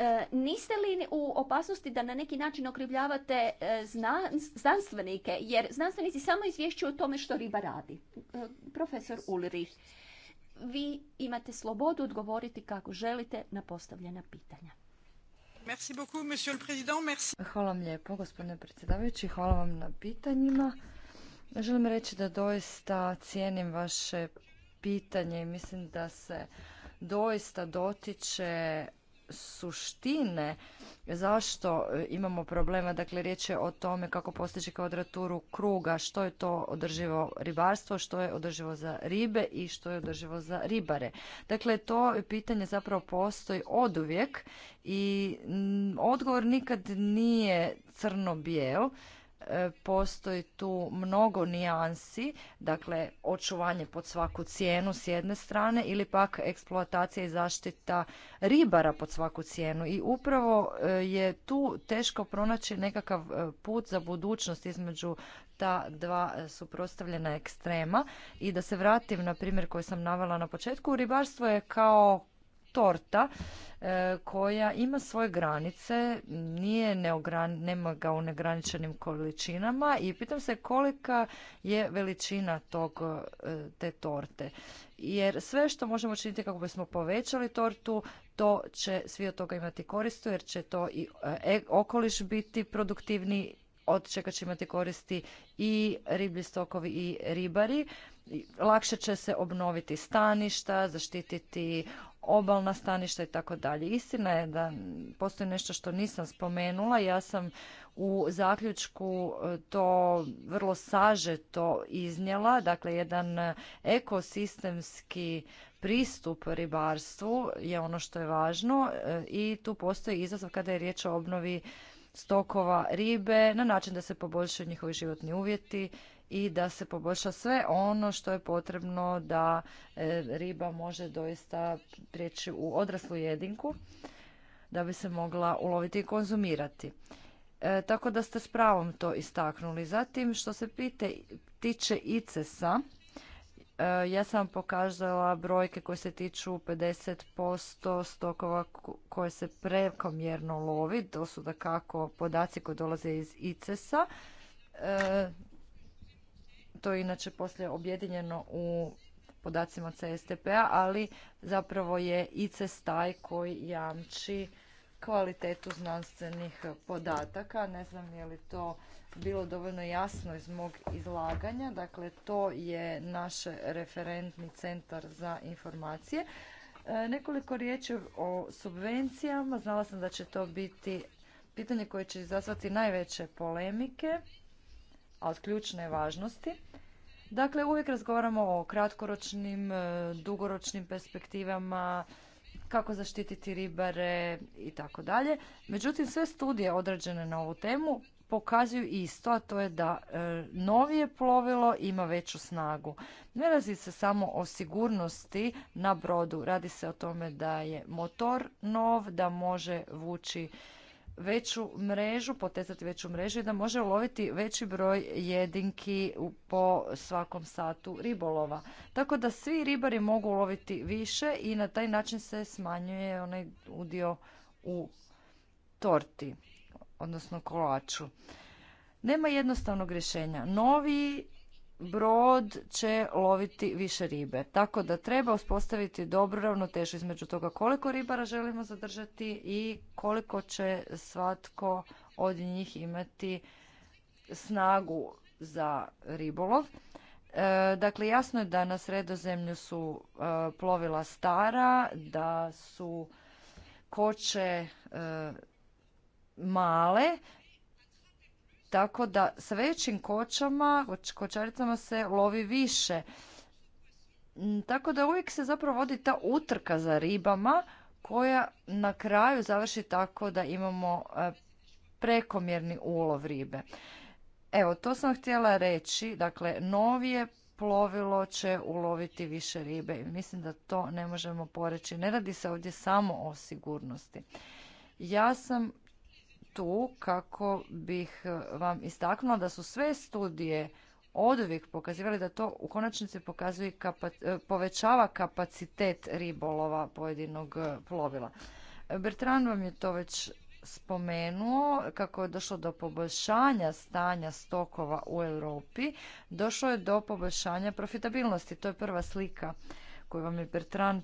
E, niste li u opasnosti da na neki način okrivljavate e, znanstvenike, jer znanstvenici samo izvješćuju o tome što riba radi? E, profesor Ulrich, vi imate slobodu odgovoriti kako želite na postavljena pitanja. Hvala vam lijepo, gospodine predsjedavajući. Hvala vam na pitanjima. Želim reći da doista cijenim vaše pitanje i mislim da se doista dotiče suštine zašto e, imamo problema. Dakle, riječ je o tome kako postići kvadraturu kruga, što je to održivo ribarstvo, što je održivo za ribe i što je održivo za ribare. Dakle, to pitanje zapravo postoji oduvijek i odgovor nikad nije crno-bijel E, postoji tu mnogo nijansi, dakle očuvanje pod svaku cijenu s jedne strane ili pak eksploatacija i zaštita ribara pod svaku cijenu i upravo e, je tu teško pronaći nekakav e, put za budućnost između ta dva suprotstavljena ekstrema i da se vratim na primjer koji sam navela na početku, ribarstvo je kao torta e, koja ima svoje granice, nije nema ga u neograničenim količinama i pitam se kolika je veličina tog, e, te torte. Jer sve što možemo činiti kako bismo povećali tortu, to će svi od toga imati koristu jer će to i e, okoliš biti produktivni, od čega će imati koristi i riblji stokovi i ribari. Lakše će se obnoviti staništa, zaštititi obalna staništa i tako dalje. Istina je da postoji nešto što nisam spomenula. Ja sam u zaključku e, to vrlo sažeto iznjela. Dakle, jedan ekosistemski pristup ribarstvu je ono što je važno e, i tu postoji izazov kada je riječ o obnovi stokova ribe na način da se poboljšaju njihovi životni uvjeti i da se poboljša sve ono što je potrebno da e, riba može doista prijeći u odraslu jedinku da bi se mogla uloviti i konzumirati. E, tako da ste s pravom to istaknuli. Zatim što se pite, tiče ICES-a, e, ja sam pokazala brojke koje se tiču 50% stokova koje se prekomjerno lovi. To su da kako podaci koji dolaze iz ICES-a to je inače poslije objedinjeno u podacima CSTP-a, ali zapravo je i taj koji jamči kvalitetu znanstvenih podataka. Ne znam je li to bilo dovoljno jasno iz mog izlaganja. Dakle, to je naš referentni centar za informacije. E, nekoliko riječi o subvencijama. Znala sam da će to biti pitanje koje će izazvati najveće polemike, a od ključne važnosti. Dakle, uvijek razgovaramo o kratkoročnim, e, dugoročnim perspektivama, kako zaštititi ribare i tako dalje. Međutim, sve studije odrađene na ovu temu pokazuju isto, a to je da e, novije plovilo ima veću snagu. Ne razi se samo o sigurnosti na brodu, radi se o tome da je motor nov, da može vući veću mrežu, potezati veću mrežu i da može uloviti veći broj jedinki po svakom satu ribolova. Tako da svi ribari mogu uloviti više i na taj način se smanjuje onaj udio u torti, odnosno kolaču. Nema jednostavnog rješenja. Novi brod će loviti više ribe. Tako da treba uspostaviti dobru ravnotežu između toga koliko ribara želimo zadržati i koliko će svatko od njih imati snagu za ribolov. E, dakle, jasno je da na sredozemlju su e, plovila stara, da su koče e, male, tako da s većim kočama, kočaricama se lovi više. Mm, tako da uvijek se zapravo vodi ta utrka za ribama koja na kraju završi tako da imamo e, prekomjerni ulov ribe. Evo, to sam htjela reći. Dakle, novije plovilo će uloviti više ribe. Mislim da to ne možemo poreći. Ne radi se ovdje samo o sigurnosti. Ja sam tu kako bih vam istaknula da su sve studije odvijek pokazivali da to u konačnici pokazuje e, povećava kapacitet ribolova pojedinog e, plovila. Bertrand vam je to već spomenuo kako je došlo do poboljšanja stanja stokova u Europi, došlo je do poboljšanja profitabilnosti. To je prva slika koju vam je Bertrand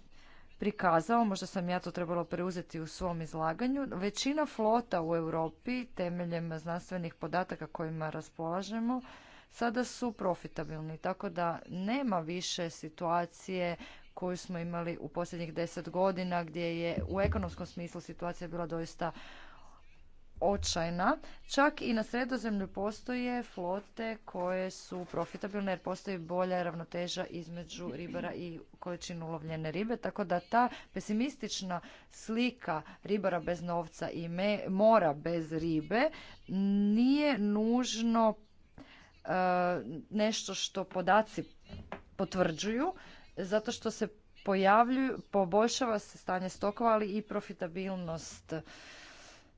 prikazao, možda sam ja to trebalo preuzeti u svom izlaganju, većina flota u Europi temeljem znanstvenih podataka kojima raspolažemo sada su profitabilni, tako da nema više situacije koju smo imali u posljednjih deset godina gdje je u ekonomskom smislu situacija bila doista očajna. Čak i na sredozemlju postoje flote koje su profitabilne jer postoji bolja ravnoteža između ribara i količinu ulovljene ribe. Tako da ta pesimistična slika ribara bez novca i mora bez ribe nije nužno e, nešto što podaci potvrđuju zato što se pojavljuju, poboljšava se stanje stokova, ali i profitabilnost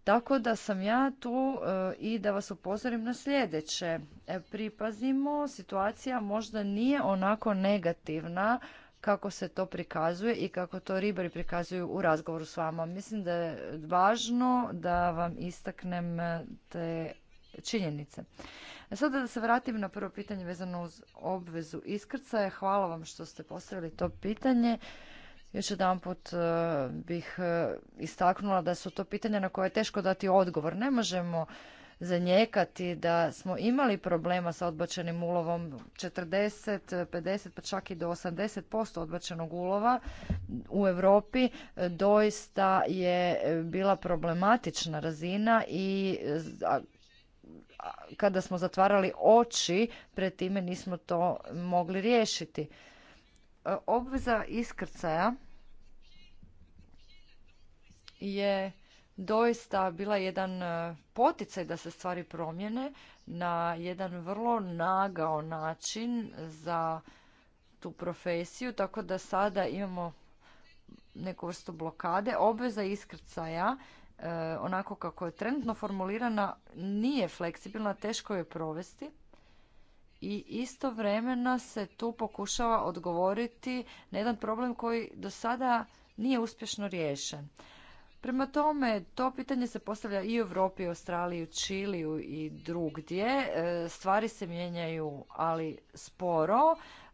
tako da sam ja tu e, i da vas upozorim na sljedeće. E, pripazimo, situacija možda nije onako negativna kako se to prikazuje i kako to ribari prikazuju u razgovoru s vama. Mislim da je važno da vam istaknem e, te činjenice. Sada da se vratim na prvo pitanje vezano uz obvezu iskrcaja. Hvala vam što ste postavili to pitanje. Još jedan put e, bih e, istaknula da su to pitanja na koje je teško dati odgovor. Ne možemo zanijekati da smo imali problema sa odbačenim ulovom 40, 50 pa čak i do 80% odbačenog ulova u Europi e, doista je bila problematična razina i kada smo zatvarali oči pred time nismo to mogli riješiti. E, obveza iskrcaja je doista bila jedan e, poticaj da se stvari promjene na jedan vrlo nagao način za tu profesiju, tako da sada imamo neku vrstu blokade. Obveza iskrcaja, e, onako kako je trenutno formulirana, nije fleksibilna, teško je provesti i istovremeno se tu pokušava odgovoriti na jedan problem koji do sada nije uspješno riješen. Prema tome, to pitanje se postavlja i u Europi, Australiji, Čiliju i drugdje. E, stvari se mijenjaju, ali sporo.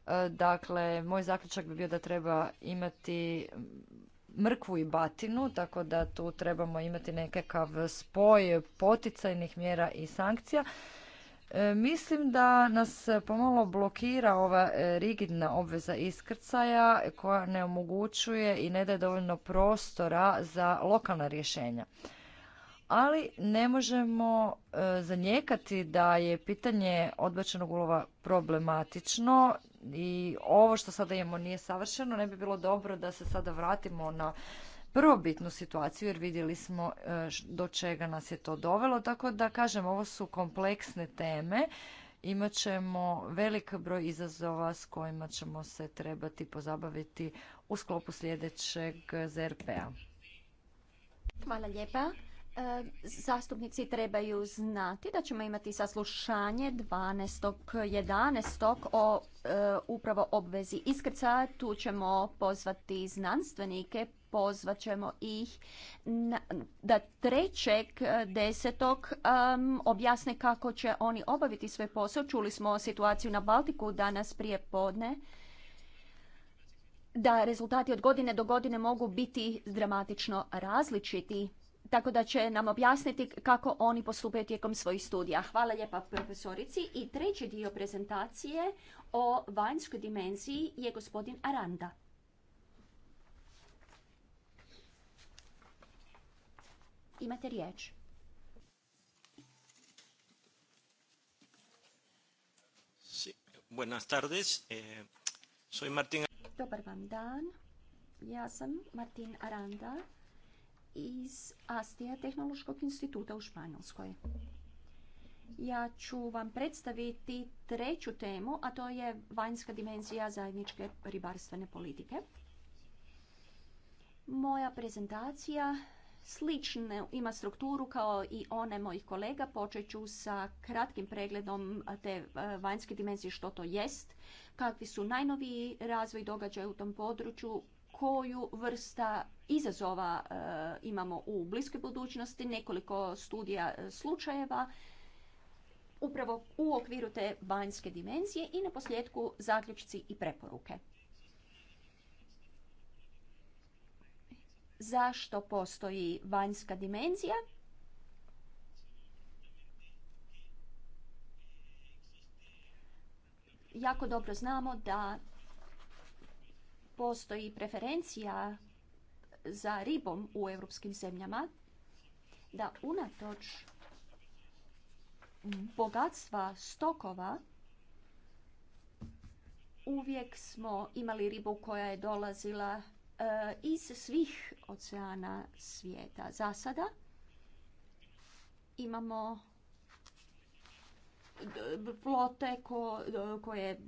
E, dakle, moj zaključak bi bio da treba imati mrkvu i batinu, tako da tu trebamo imati nekakav spoj poticajnih mjera i sankcija. E, mislim da nas pomalo blokira ova e, rigidna obveza iskrcaja koja ne omogućuje i ne daje dovoljno prostora za lokalna rješenja. Ali ne možemo e, zanijekati da je pitanje odbačenog ulova problematično i ovo što sada imamo nije savršeno. Ne bi bilo dobro da se sada vratimo na prvobitnu situaciju jer vidjeli smo e, do čega nas je to dovelo. Tako da kažem, ovo su kompleksne teme. Imat ćemo velik broj izazova s kojima ćemo se trebati pozabaviti u sklopu sljedećeg ZRP-a. Hvala lijepa. E, zastupnici trebaju znati da ćemo imati saslušanje 12.11. o e, upravo obvezi iskrca. Tu ćemo pozvati znanstvenike, pozvat ćemo ih na, da trećeg desetog um, objasne kako će oni obaviti svoj posao. Čuli smo situaciju na Baltiku danas prije podne da rezultati od godine do godine mogu biti dramatično različiti, tako da će nam objasniti kako oni postupaju tijekom svojih studija. Hvala lijepa profesorici. I treći dio prezentacije o vanjskoj dimenziji je gospodin Aranda. imate riječ. Eh, Dobar vam dan. Ja sam Martin Aranda iz Astija Tehnološkog instituta u Španjolskoj. Ja ću vam predstaviti treću temu, a to je vanjska dimenzija zajedničke ribarstvene politike. Moja prezentacija sličnu ima strukturu kao i one mojih kolega. Počet ću sa kratkim pregledom te e, vanjske dimenzije što to jest, kakvi su najnoviji razvoj događaja u tom području, koju vrsta izazova e, imamo u bliskoj budućnosti, nekoliko studija e, slučajeva upravo u okviru te vanjske dimenzije i na posljedku zaključci i preporuke. zašto postoji vanjska dimenzija jako dobro znamo da postoji preferencija za ribom u europskim zemljama da unatoč bogatstva stokova uvijek smo imali ribu koja je dolazila E, iz svih oceana svijeta. Za sada imamo flote koje e,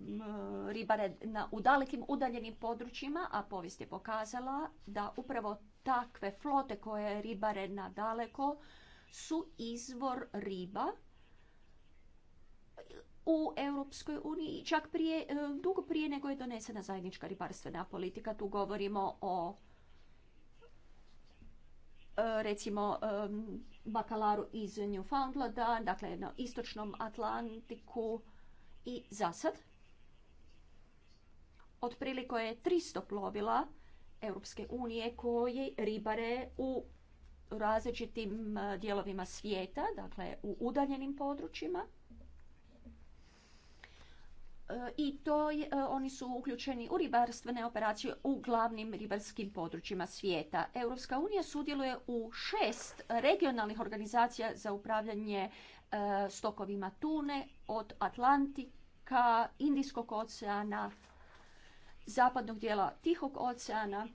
ribare na, u dalekim udaljenim područjima, a povijest je pokazala da upravo takve flote koje ribare na daleko su izvor riba u Europskoj uniji, čak prije, e, dugo prije nego je donesena zajednička ribarstvena politika. Tu govorimo o e, recimo e, bakalaru iz Newfoundlanda, dakle na istočnom Atlantiku i zasad. Otprilike je 300 plovila Europske unije koje ribare u različitim dijelovima svijeta, dakle u udaljenim područjima. E, i to je, e, oni su uključeni u ribarstvene operacije u glavnim ribarskim područjima svijeta. Europska unija sudjeluje u šest regionalnih organizacija za upravljanje e, stokovima tune od Atlantika, Indijskog oceana, zapadnog dijela Tihog oceana,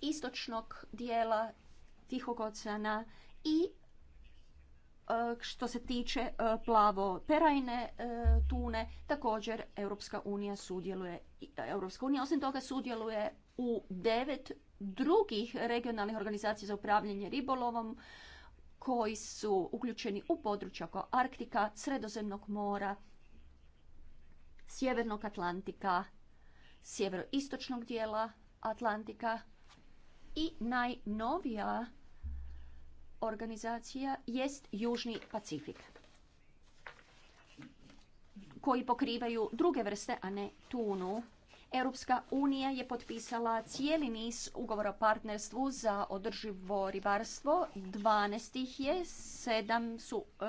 istočnog dijela Tihog oceana i Eh, što se tiče eh, plavo perajne eh, tune, također Europska unija sudjeluje, Europska unija osim toga sudjeluje u devet drugih regionalnih organizacija za upravljanje ribolovom koji su uključeni u područja kao Arktika, Sredozemnog mora, Sjevernog Atlantika, sjeveroistočnog dijela Atlantika i najnovija organizacija jest Južni Pacifik koji pokrivaju druge vrste, a ne tunu. Europska unija je potpisala cijeli niz ugovora o partnerstvu za održivo ribarstvo. 12 ih je, 7 su e,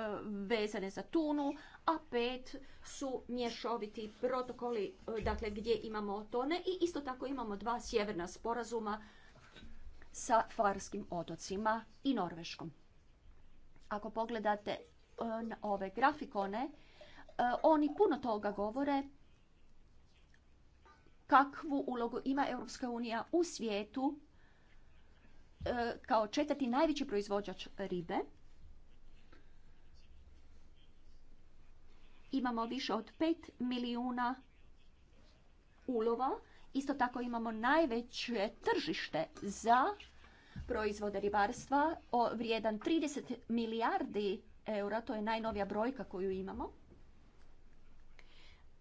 vezane za tunu, a 5 su mješoviti protokoli, e, dakle gdje imamo tone i isto tako imamo dva sjeverna sporazuma sa Farskim otocima i Norveškom. Ako pogledate e, ove grafikone, e, oni puno toga govore kakvu ulogu ima Europska unija u svijetu e, kao četvrti najveći proizvođač ribe. Imamo više od 5 milijuna ulova Isto tako imamo najveće tržište za proizvode ribarstva o vrijedan 30 milijardi eura, to je najnovija brojka koju imamo.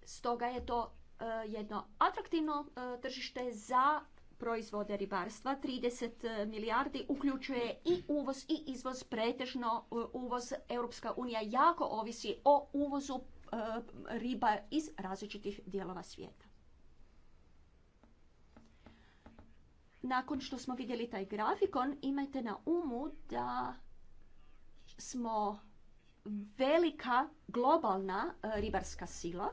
Stoga je to e, jedno atraktivno e, tržište za proizvode ribarstva. 30 e, milijardi uključuje i uvoz i izvoz, pretežno uvoz. Europska unija jako ovisi o uvozu riba iz različitih dijelova svijeta. Nakon što smo vidjeli taj grafikon, imajte na umu da smo velika globalna e, ribarska sila.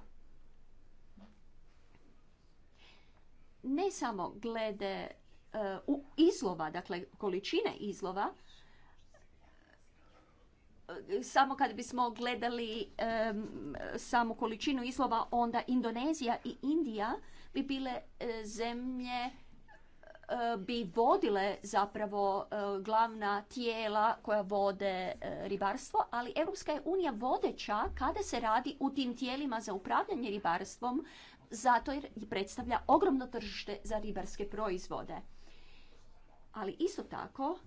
Ne samo glede e, izlova, dakle količine izlova, e, samo kad bismo gledali samu samo količinu izlova, onda Indonezija i Indija bi bile zemlje E, bi vodile zapravo e, glavna tijela koja vode e, ribarstvo, ali Europska je unija vodeća kada se radi u tim tijelima za upravljanje ribarstvom, zato jer predstavlja ogromno tržište za ribarske proizvode. Ali isto tako,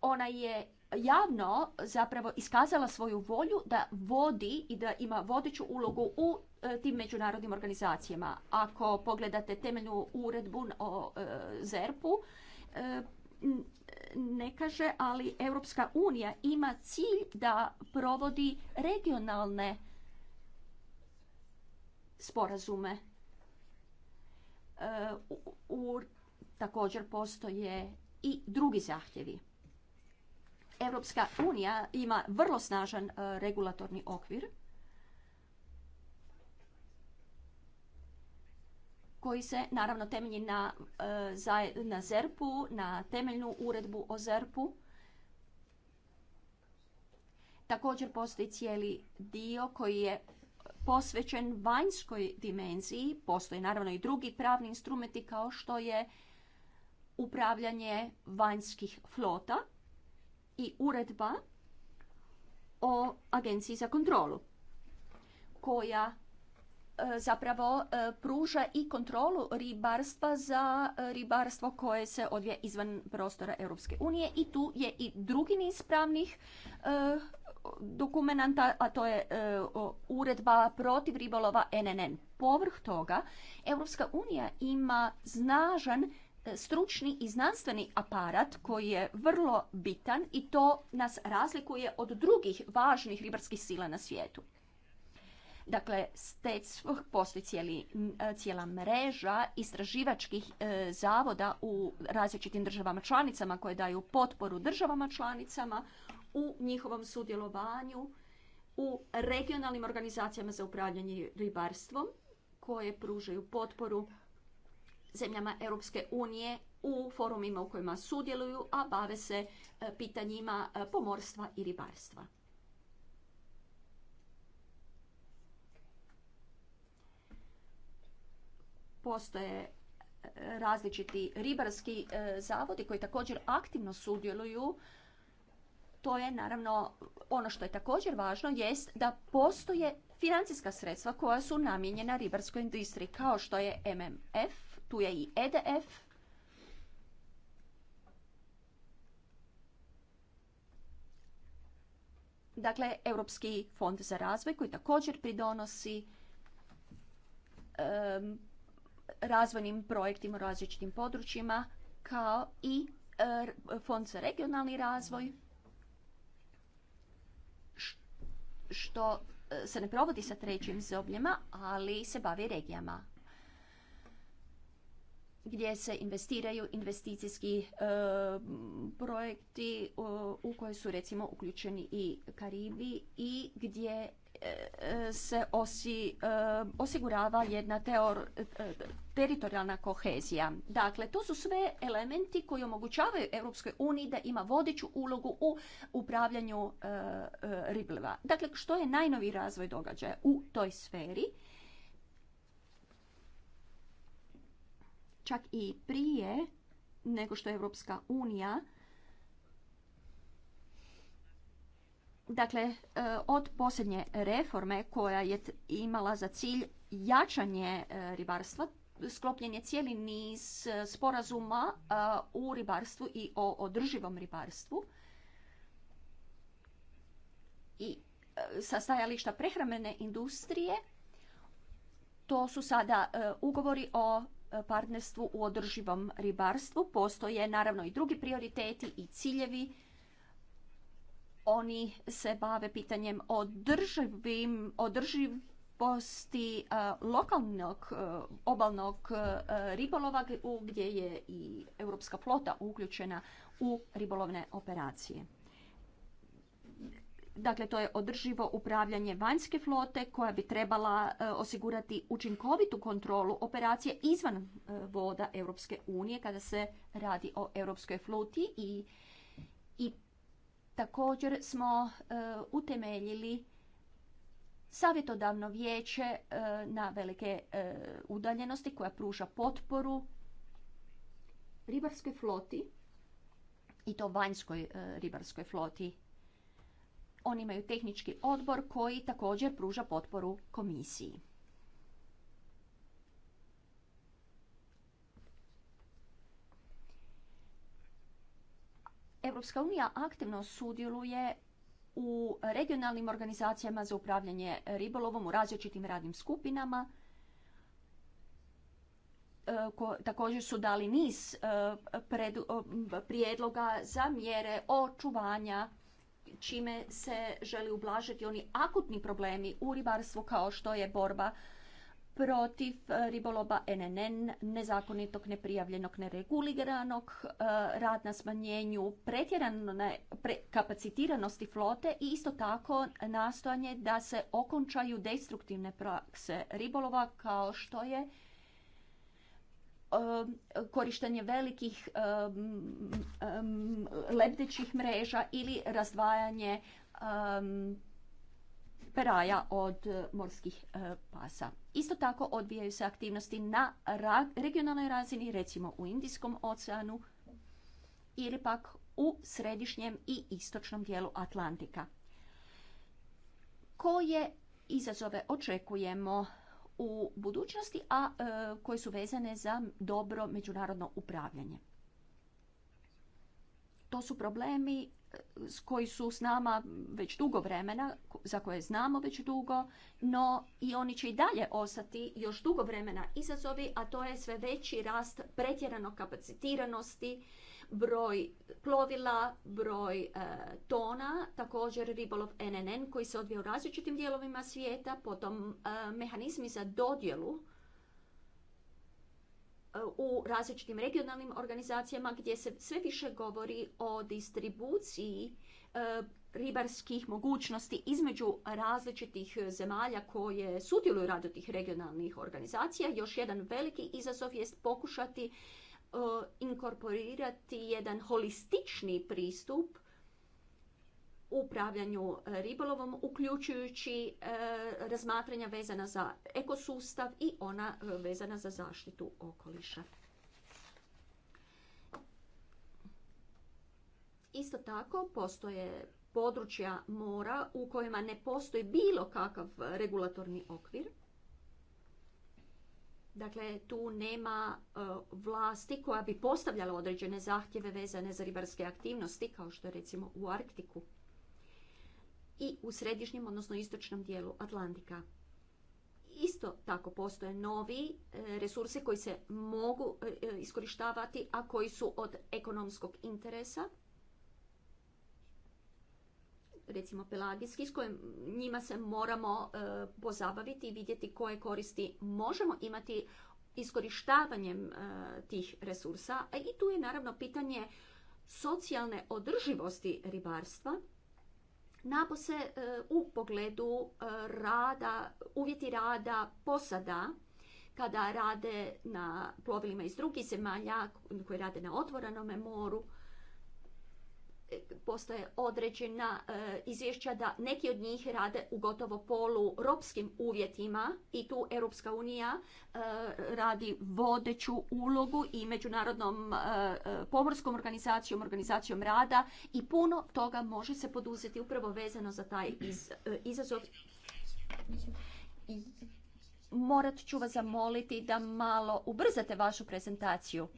ona je javno zapravo iskazala svoju volju da vodi i da ima vodeću ulogu u E, tim međunarodnim organizacijama. Ako pogledate temeljnu uredbu o e, ZERP-u, e, ne kaže, ali Europska unija ima cilj da provodi regionalne sporazume. U, također postoje i drugi zahtjevi. Europska unija ima vrlo snažan regulatorni okvir koji se naravno temelji na, e, na ZERP-u, na temeljnu uredbu o ZERP-u. Također postoji cijeli dio koji je posvećen vanjskoj dimenziji. Postoje naravno i drugi pravni instrumenti kao što je upravljanje vanjskih flota i uredba o agenciji za kontrolu koja E, zapravo e, pruža i kontrolu ribarstva za e, ribarstvo koje se odvija izvan prostora Europske unije i tu je i drugi niz pravnih dokumenata, a to je uredba protiv ribolova NNN. Povrh toga, Europska unija ima znažan, stručni i znanstveni aparat koji je vrlo bitan i to nas razlikuje od drugih važnih ribarskih sila na svijetu. Dakle, postoji cijeli, e, cijela mreža istraživačkih e, zavoda u različitim državama članicama koje daju potporu državama članicama u njihovom sudjelovanju u regionalnim organizacijama za upravljanje ribarstvom koje pružaju potporu zemljama Europske unije u forumima u kojima sudjeluju, a bave se e, pitanjima pomorstva i ribarstva. Postoje e, različiti ribarski e, zavodi koji također aktivno sudjeluju to je naravno ono što je također važno jest da postoje financijska sredstva koja su namijenjena ribarskoj industriji kao što je MMF, tu je i EDF. Dakle, Europski fond za razvoj koji također pridonosi razvojnim projektima u različitim područjima, kao i e, fond za regionalni razvoj, što e, se ne provodi sa trećim zobljima, ali se bavi regijama gdje se investiraju investicijski e, projekti u, u koje su recimo uključeni i Karibi i gdje se e, osigurava jedna e, teritorijalna kohezija. Dakle, to su sve elementi koji omogućavaju Europskoj uniji da ima vodeću ulogu u upravljanju e, ribljiva. Dakle, što je najnoviji razvoj događaja u toj sferi? Čak i prije nego što je Europska unija Dakle, e, od posljednje reforme koja je imala za cilj jačanje e, ribarstva, sklopljen je cijeli niz e, sporazuma u ribarstvu i o održivom ribarstvu. I sa stajališta prehrambene industrije, to su sada ugovori o partnerstvu u održivom ribarstvu. Postoje naravno i drugi prioriteti i ciljevi oni se bave pitanjem održivim, održivosti e, lokalnog e, obalnog e, ribolova gdje je i europska flota uključena u ribolovne operacije. Dakle, to je održivo upravljanje vanjske flote koja bi trebala osigurati učinkovitu kontrolu operacije izvan voda Europske unije kada se radi o europskoj floti i Također smo e, utemeljili savjetodavno vijeće e, na velike e, udaljenosti koja pruža potporu ribarskoj floti i to vanjskoj ribarskoj floti. Oni imaju tehnički odbor koji također pruža potporu komisiji. Europska unija aktivno sudjeluje u regionalnim organizacijama za upravljanje ribolovom u različitim radnim skupinama. E, također su dali niz e, prijedloga za mjere očuvanja čime se želi ublažiti oni akutni problemi u ribarstvu kao što je borba protiv e, ribolova NNN, nezakonitog, neprijavljenog, nereguliranog, e, rad na smanjenju pretjerane kapacitiranosti flote i isto tako nastojanje da se okončaju destruktivne prakse ribolova kao što je e, korištenje velikih lebdećih mreža ili razdvajanje peraja od e, morskih e, pasa. Isto tako odvijaju se aktivnosti na regionalnoj razini, recimo u Indijskom oceanu ili pak u središnjem i istočnom dijelu Atlantika. Koje izazove očekujemo u budućnosti, a e, koje su vezane za dobro međunarodno upravljanje. To su problemi koji su s nama već dugo vremena, za koje znamo već dugo, no i oni će i dalje ostati još dugo vremena izazovi, a to je sve veći rast pretjerano kapacitiranosti, broj plovila, broj e, tona, također ribolov NNN koji se odvija u različitim dijelovima svijeta, potom e, mehanizmi za dodjelu E, u različitim regionalnim organizacijama gdje se sve više govori o distribuciji e, ribarskih mogućnosti između različitih zemalja koje sudjeluju radu tih regionalnih organizacija. Još jedan veliki izazov jest pokušati e, inkorporirati jedan holistični pristup upravljanju e, ribolovom, uključujući e, razmatranja vezana za ekosustav i ona e, vezana za zaštitu okoliša. Isto tako postoje područja mora u kojima ne postoji bilo kakav regulatorni okvir. Dakle, tu nema vlasti koja bi postavljala određene zahtjeve vezane za ribarske aktivnosti, kao što je recimo u Arktiku i u središnjem, odnosno istočnom dijelu Atlantika. Isto tako postoje novi e, resurse koji se mogu e, e, iskorištavati, a koji su od ekonomskog interesa. Recimo pelagijski, s kojim njima se moramo pozabaviti i vidjeti koje koristi možemo imati iskorištavanjem tih resursa. I tu je naravno pitanje socijalne održivosti ribarstva – napose e, u pogledu e, rada, uvjeti rada posada kada rade na plovilima iz drugih zemalja koji rade na otvorenome moru E, postoje određena e, izvješća da neki od njih rade u gotovo polu ropskim uvjetima i tu Europska unija e, radi vodeću ulogu i međunarodnom pomorskom organizacijom, organizacijom rada i puno toga može se poduzeti upravo vezano za taj iz, izazov. Morat ću vas zamoliti da malo ubrzate vašu prezentaciju.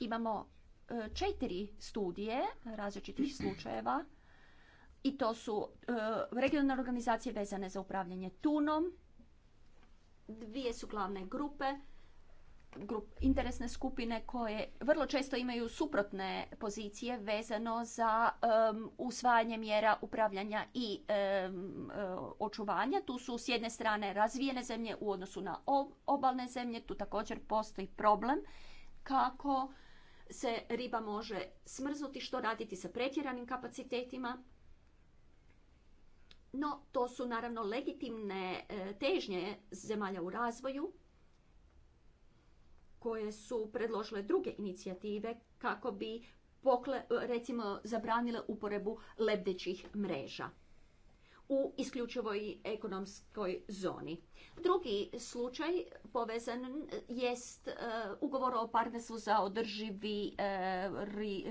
Imamo E, četiri studije različitih slučajeva i to su e, regionalne organizacije vezane za upravljanje tunom, dvije su glavne grupe, grup, interesne skupine koje vrlo često imaju suprotne pozicije vezano za e, usvajanje mjera upravljanja i očuvanja. Tu su s jedne strane razvijene zemlje u odnosu na obalne zemlje, tu također postoji problem kako se riba može smrznuti, što raditi sa pretjeranim kapacitetima. No, to su naravno legitimne e, težnje zemalja u razvoju koje su predložile druge inicijative kako bi recimo zabranile uporebu lebdećih mreža u isključivoj ekonomskoj zoni. Drugi slučaj povezan jest e, ugovor o partnerstvu za održivi e,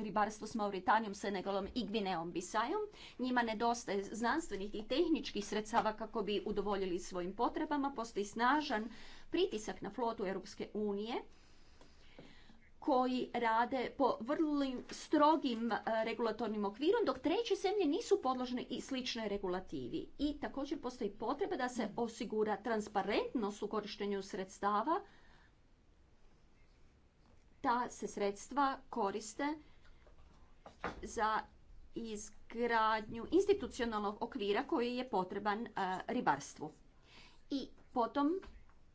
ribarstvo s Mauritanijom, Senegalom i Gvineom Bisajom. Njima nedostaje znanstvenih i tehničkih sredstava kako bi udovoljili svojim potrebama. Postoji snažan pritisak na flotu Europske unije koji rade po vrlo strogim e, regulatornim okvirom, dok treće zemlje nisu podložne i sličnoj regulativi. I također postoji potreba da se osigura transparentnost u korištenju sredstava, ta se sredstva koriste za izgradnju institucionalnog okvira koji je potreban e, ribarstvu. I potom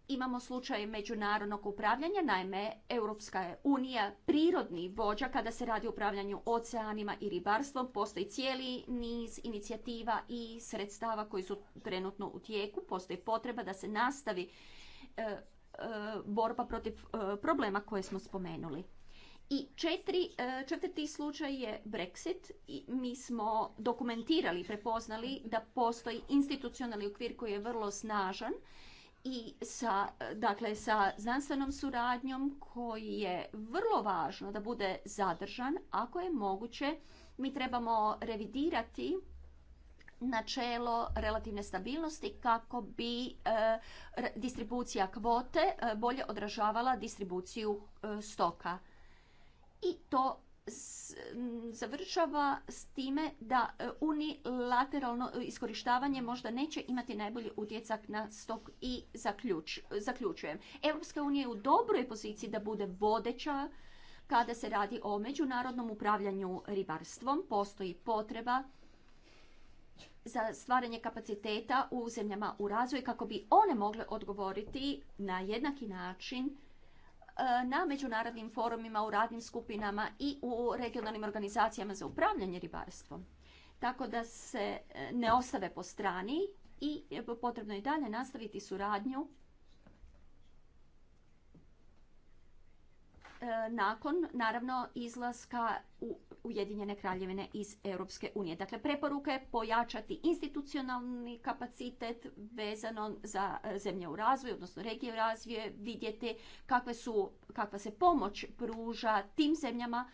imamo slučaj međunarodnog upravljanja, naime Europska je unija prirodni vođa kada se radi o upravljanju oceanima i ribarstvom. Postoji cijeli niz inicijativa i sredstava koji su trenutno u tijeku. Postoji potreba da se nastavi e, e, borba protiv e, problema koje smo spomenuli. I četiri, četvrti slučaj je Brexit. I mi smo dokumentirali, prepoznali da postoji institucionalni okvir koji je vrlo snažan i sa, dakle, sa znanstvenom suradnjom koji je vrlo važno da bude zadržan ako je moguće. Mi trebamo revidirati načelo relativne stabilnosti kako bi e, distribucija kvote e, bolje odražavala distribuciju e, stoka. I to završava s time da e, unilateralno e, iskorištavanje možda neće imati najbolji utjecak na stok i zaključ, zaključujem. Europska unija je u dobroj poziciji da bude vodeća kada se radi o međunarodnom upravljanju ribarstvom. Postoji potreba za stvaranje kapaciteta u zemljama u razvoju kako bi one mogle odgovoriti na jednaki način E, na međunarodnim forumima, u radnim skupinama i u regionalnim organizacijama za upravljanje ribarstvom. Tako da se e, ne ostave po strani i e, potrebno je dalje nastaviti suradnju E, nakon naravno izlaska u Ujedinjene kraljevine iz Europske unije. Dakle, preporuke pojačati institucionalni kapacitet vezano za e, zemlje u razvoju, odnosno regije u razvoju, vidjeti kakve su, kakva se pomoć pruža tim zemljama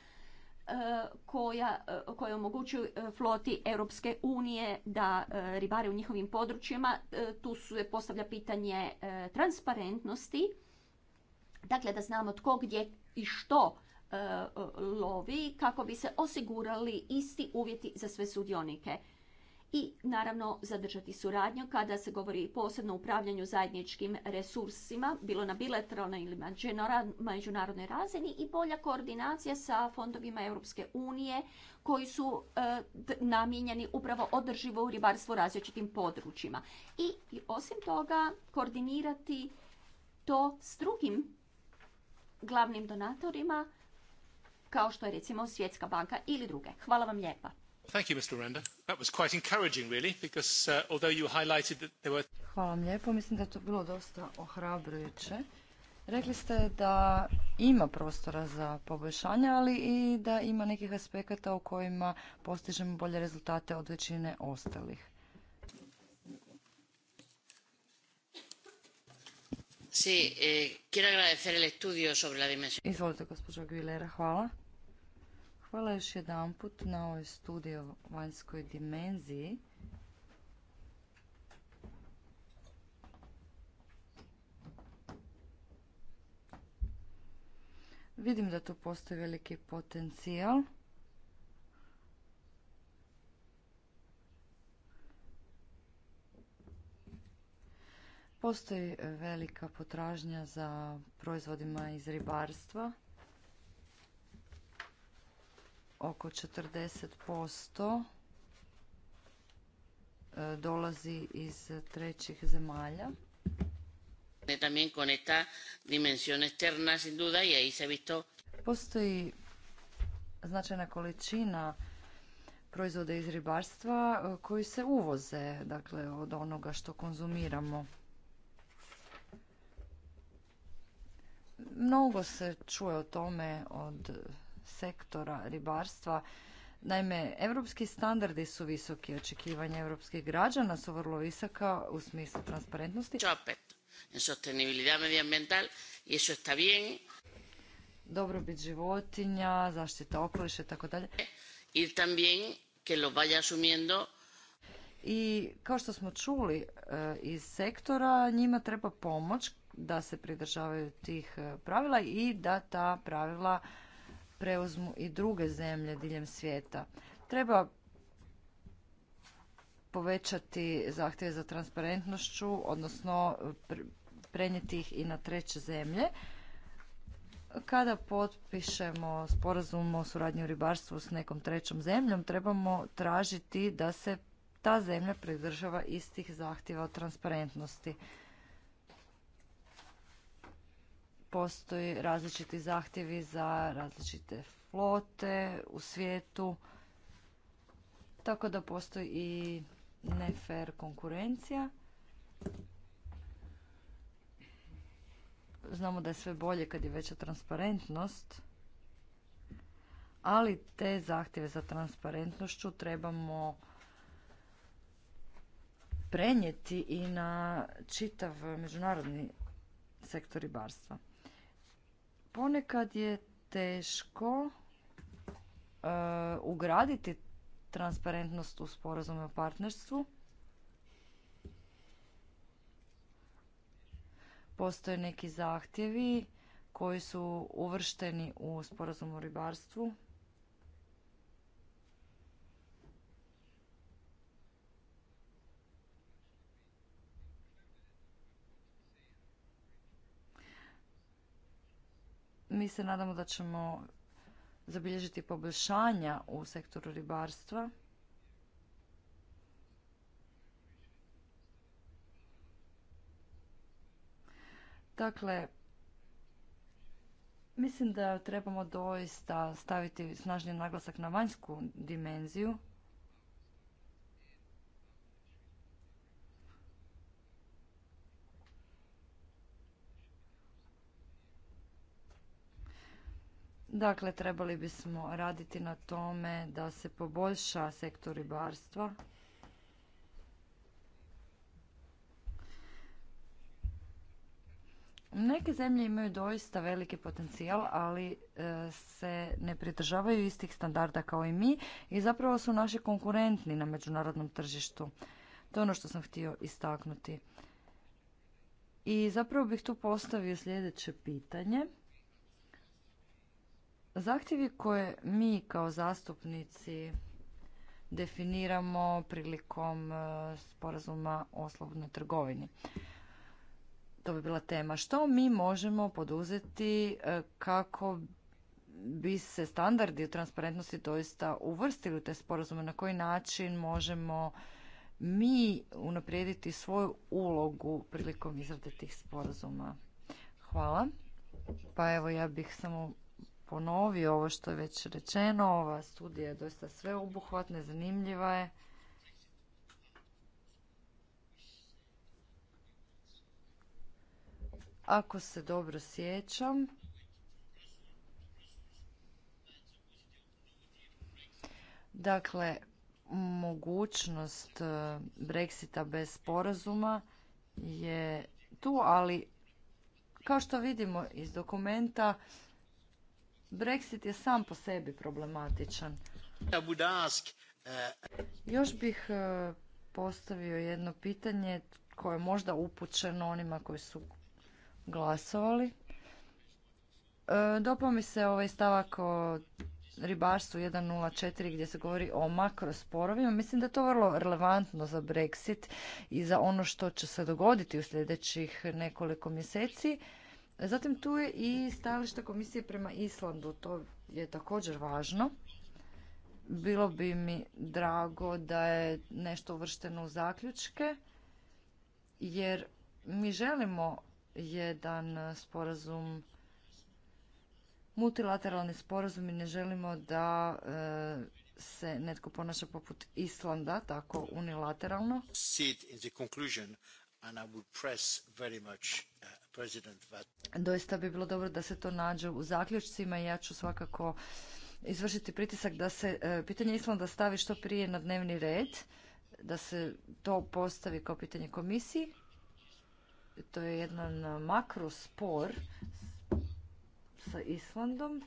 e, koja, koje omogućuju floti Europske unije da ribare u njihovim područjima. Tu se postavlja pitanje transparentnosti, dakle da znamo tko gdje i što e, lovi kako bi se osigurali isti uvjeti za sve sudionike i naravno zadržati suradnju kada se govori posebno o upravljanju zajedničkim resursima, bilo na bilateralnoj ili međunarodnoj razini i bolja koordinacija sa fondovima Europske unije koji su e, namijenjeni upravo održivo u ribarstvu različitim područjima. I osim toga koordinirati to s drugim glavnim donatorima kao što je recimo Svjetska banka ili druge. Hvala vam lijepa. Hvala vam lijepo, mislim da je to bilo dosta ohrabrujuće. Rekli ste da ima prostora za poboljšanje, ali i da ima nekih aspekata u kojima postižemo bolje rezultate od većine ostalih. Sí, eh, quiero agradecer el estudio sobre la dimensión. Izvolite, gospođo Aguilera, hvala. Hvala još jedan na ovoj studiji vanjskoj dimenziji. Vidim da tu postoji veliki potencijal. Postoji e, velika potražnja za proizvodima iz ribarstva. Oko 40% e, dolazi iz trećih zemalja. También duda, se Postoji značajna količina proizvoda iz ribarstva e, koji se uvoze, dakle, od onoga što konzumiramo. Mnogo se čuje o tome od sektora ribarstva. Naime, europski standardi su visoki, očekivanja europskih građana su vrlo visoka u smislu transparentnosti. Dobrobit životinja, zaštita okoliša i tako dalje. I también que lo vaya asumiendo i kao što smo čuli eh, iz sektora, njima treba pomoć da se pridržavaju tih e, pravila i da ta pravila preuzmu i druge zemlje diljem svijeta. Treba povećati zahtjeve za transparentnošću, odnosno prenijeti ih i na treće zemlje. Kada potpišemo sporazum o suradnji u ribarstvu s nekom trećom zemljom, trebamo tražiti da se ta zemlja pridržava istih zahtjeva o transparentnosti. postoji različiti zahtjevi za različite flote u svijetu, tako da postoji i nefer konkurencija. Znamo da je sve bolje kad je veća transparentnost, ali te zahtjeve za transparentnošću trebamo prenijeti i na čitav međunarodni sektor ribarstva ponekad je teško e, ugraditi transparentnost u sporazume o partnerstvu. Postoje neki zahtjevi koji su uvršteni u sporazum o ribarstvu Mi se nadamo da ćemo zabilježiti poboljšanja u sektoru ribarstva. Dakle, mislim da trebamo doista staviti snažni naglasak na vanjsku dimenziju Dakle, trebali bismo raditi na tome da se poboljša sektor ribarstva. Neke zemlje imaju doista veliki potencijal, ali e, se ne pridržavaju istih standarda kao i mi i zapravo su naši konkurentni na međunarodnom tržištu. To je ono što sam htio istaknuti. I zapravo bih tu postavio sljedeće pitanje. Zahtjevi koje mi kao zastupnici definiramo prilikom e, sporazuma o slobodnoj trgovini. To bi bila tema. Što mi možemo poduzeti e, kako bi se standardi u transparentnosti doista uvrstili u te sporazume? Na koji način možemo mi unaprijediti svoju ulogu prilikom izrade tih sporazuma? Hvala. Pa evo ja bih samo ponovio ovo što je već rečeno. Ova studija je dosta sveobuhvatna, zanimljiva je. Ako se dobro sjećam, dakle, mogućnost eh, Brexita bez sporazuma je tu, ali kao što vidimo iz dokumenta, Brexit je sam po sebi problematičan. Još bih e, postavio jedno pitanje koje je možda upućeno onima koji su glasovali. E, dopao mi se ovaj stavak o ribarstvu 1.04 gdje se govori o makrosporovima. Mislim da je to vrlo relevantno za Brexit i za ono što će se dogoditi u sljedećih nekoliko mjeseci. Zatim tu je i stajalište komisije prema Islandu, to je također važno. Bilo bi mi drago da je nešto uvršteno u zaključke, jer mi želimo jedan sporazum, multilateralni sporazum i ne želimo da e, se netko ponaša poput Islanda, tako unilateralno. Uh, Doista bi bilo dobro da se to nađe u zaključcima i ja ću svakako izvršiti pritisak da se e, pitanje Islanda stavi što prije na dnevni red, da se to postavi kao pitanje komisiji. To je jedan e, makro spor sa Islandom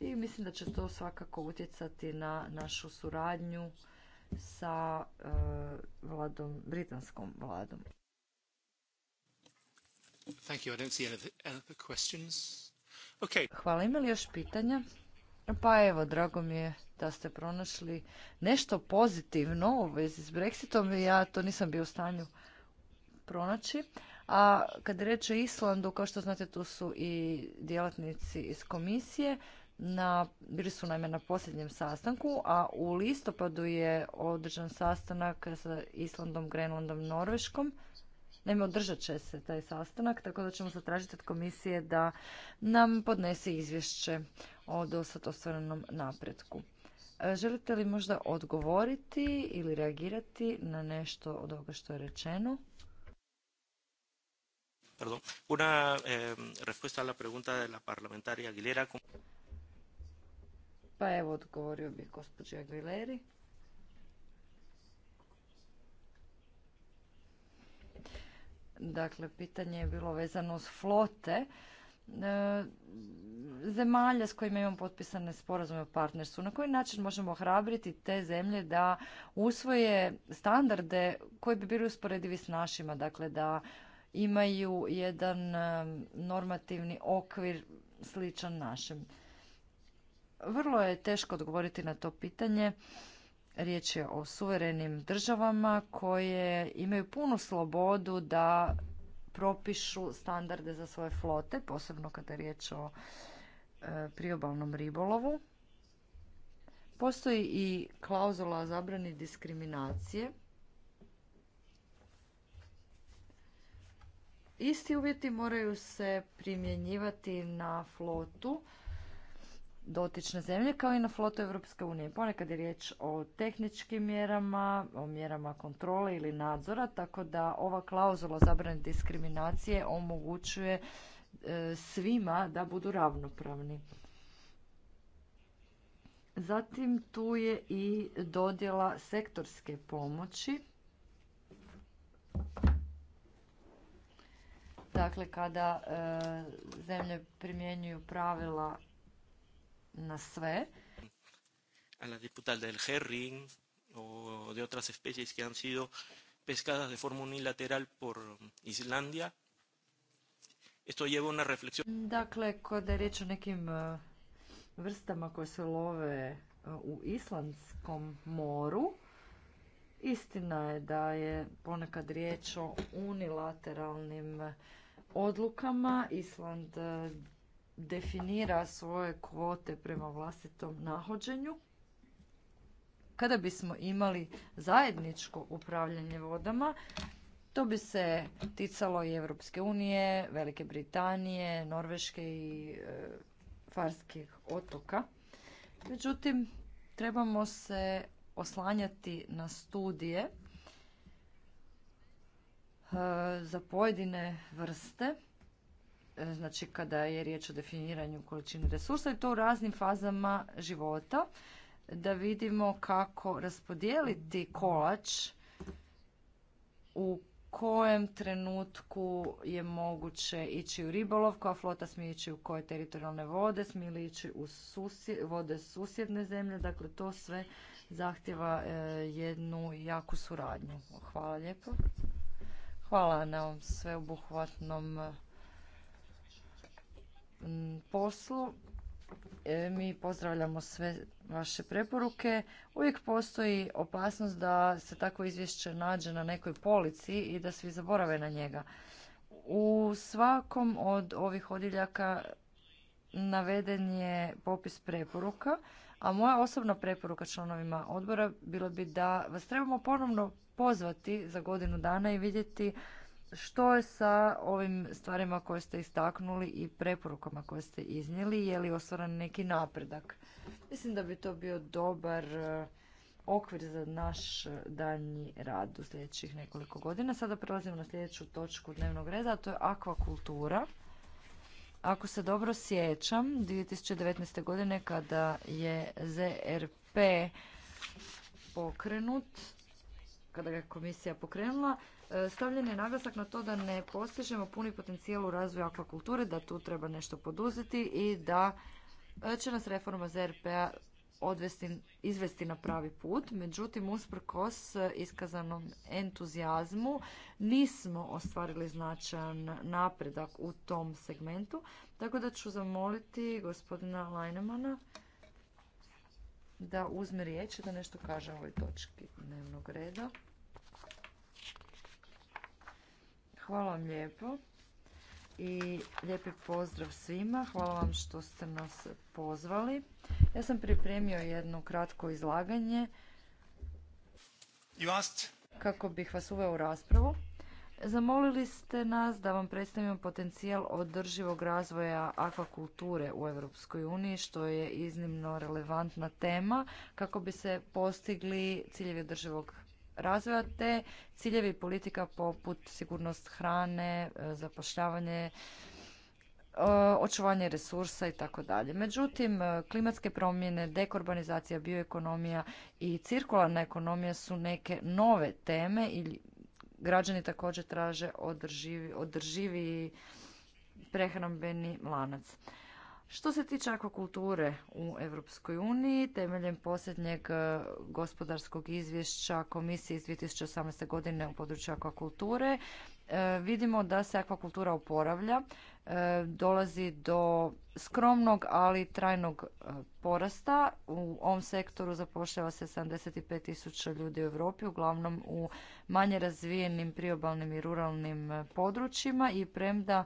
i mislim da će to svakako utjecati na našu suradnju sa e, vladom, britanskom vladom. Hvala. Ima li još pitanja? Pa evo, drago mi je da ste pronašli nešto pozitivno u vezi s Brexitom. Ja to nisam bio u stanju pronaći. A kad je o Islandu, kao što znate, tu su i djelatnici iz komisije. Na, bili su naime na posljednjem sastanku, a u listopadu je održan sastanak sa Islandom, Grenlandom, Norveškom Naime, održat će se taj sastanak, tako da ćemo zatražiti od komisije da nam podnese izvješće o dosad ostvarenom napretku. E, želite li možda odgovoriti ili reagirati na nešto od ovoga što je rečeno? Perdón, una eh, respuesta a la pregunta de la parlamentaria Aguilera. Pa evo, odgovorio bih gospođi Aguileri. Dakle, pitanje je bilo vezano uz flote e, zemalja s kojima imamo potpisane sporazume o partnerstvu. Na koji način možemo ohrabriti te zemlje da usvoje standarde koji bi bili usporedivi s našima, dakle da imaju jedan e, normativni okvir sličan našem. Vrlo je teško odgovoriti na to pitanje Riječ je o suverenim državama koje imaju punu slobodu da propišu standarde za svoje flote, posebno kada je riječ o e, priobalnom ribolovu. Postoji i klauzula zabrani diskriminacije. Isti uvjeti moraju se primjenjivati na flotu dotične zemlje kao i na flotu Europske unije. Ponekad je riječ o tehničkim mjerama, o mjerama kontrole ili nadzora, tako da ova klauzula zabrane diskriminacije omogućuje e, svima da budu ravnopravni. Zatim tu je i dodjela sektorske pomoći. Dakle, kada e, zemlje primjenjuju pravila na sve. A la del herring o de otras especies que han sido pescadas de forma unilateral por Islandia. Esto lleva una reflexión. Dakle, kada je riječ o nekim e, vrstama koje se love e, u Islandskom moru, istina je da je ponekad riječ o unilateralnim e, odlukama. Island definira svoje kvote prema vlastitom nahođenju. Kada bismo imali zajedničko upravljanje vodama, to bi se ticalo i Europske unije, Velike Britanije, Norveške i e, Farskih otoka. Međutim, trebamo se oslanjati na studije e, za pojedine vrste znači kada je riječ o definiranju količine resursa i to u raznim fazama života da vidimo kako raspodijeliti kolač u kojem trenutku je moguće ići u ribolov, koja flota smije ići u koje teritorijalne vode, smije li ići u vode susjedne zemlje, dakle to sve zahtjeva e, jednu jaku suradnju. Hvala lijepo. Hvala na ovom sveobuhvatnom Mm, poslu. E, mi pozdravljamo sve vaše preporuke. Uvijek postoji opasnost da se takvo izvješće nađe na nekoj polici i da svi zaborave na njega. U svakom od ovih odjeljaka naveden je popis preporuka, a moja osobna preporuka članovima odbora bilo bi da vas trebamo ponovno pozvati za godinu dana i vidjeti što je sa ovim stvarima koje ste istaknuli i preporukama koje ste iznijeli? Je li ostvaren neki napredak? Mislim da bi to bio dobar e, okvir za naš daljnji rad u sljedećih nekoliko godina. Sada prelazimo na sljedeću točku dnevnog reda, a to je akvakultura. Ako se dobro sjećam, 2019. godine kada je ZRP pokrenut, kada ga je komisija pokrenula, E, stavljen je naglasak na to da ne postižemo puni potencijal u razvoju akvakulture, da tu treba nešto poduzeti i da e, će nas reforma ZRP-a izvesti na pravi put. Međutim, usprkos e, iskazanom entuzijazmu nismo ostvarili značajan napredak u tom segmentu. Tako da ću zamoliti gospodina Leinemana da uzme riječ i da nešto kaže o ovoj točki dnevnog reda. Hvala vam lijepo i lijepi pozdrav svima. Hvala vam što ste nas pozvali. Ja sam pripremio jedno kratko izlaganje kako bih vas uveo u raspravu. Zamolili ste nas da vam predstavimo potencijal održivog razvoja akvakulture u Europskoj uniji, što je iznimno relevantna tema kako bi se postigli ciljevi održivog razvoja te ciljevi politika poput sigurnost hrane, e, zapošljavanje, e, očuvanje resursa i tako dalje. Međutim, e, klimatske promjene, dekorbanizacija, bioekonomija i cirkularna ekonomija su neke nove teme i građani također traže održivi, održivi prehrambeni lanac. Što se tiče akvakulture u Europskoj uniji, temeljem posljednjeg e, gospodarskog izvješća komisije iz 2018. godine u području akvakulture, e, vidimo da se akvakultura oporavlja, e, dolazi do skromnog, ali trajnog porasta. U ovom sektoru zapošljava se 75.000 ljudi u Europi, uglavnom u manje razvijenim priobalnim i ruralnim područjima i premda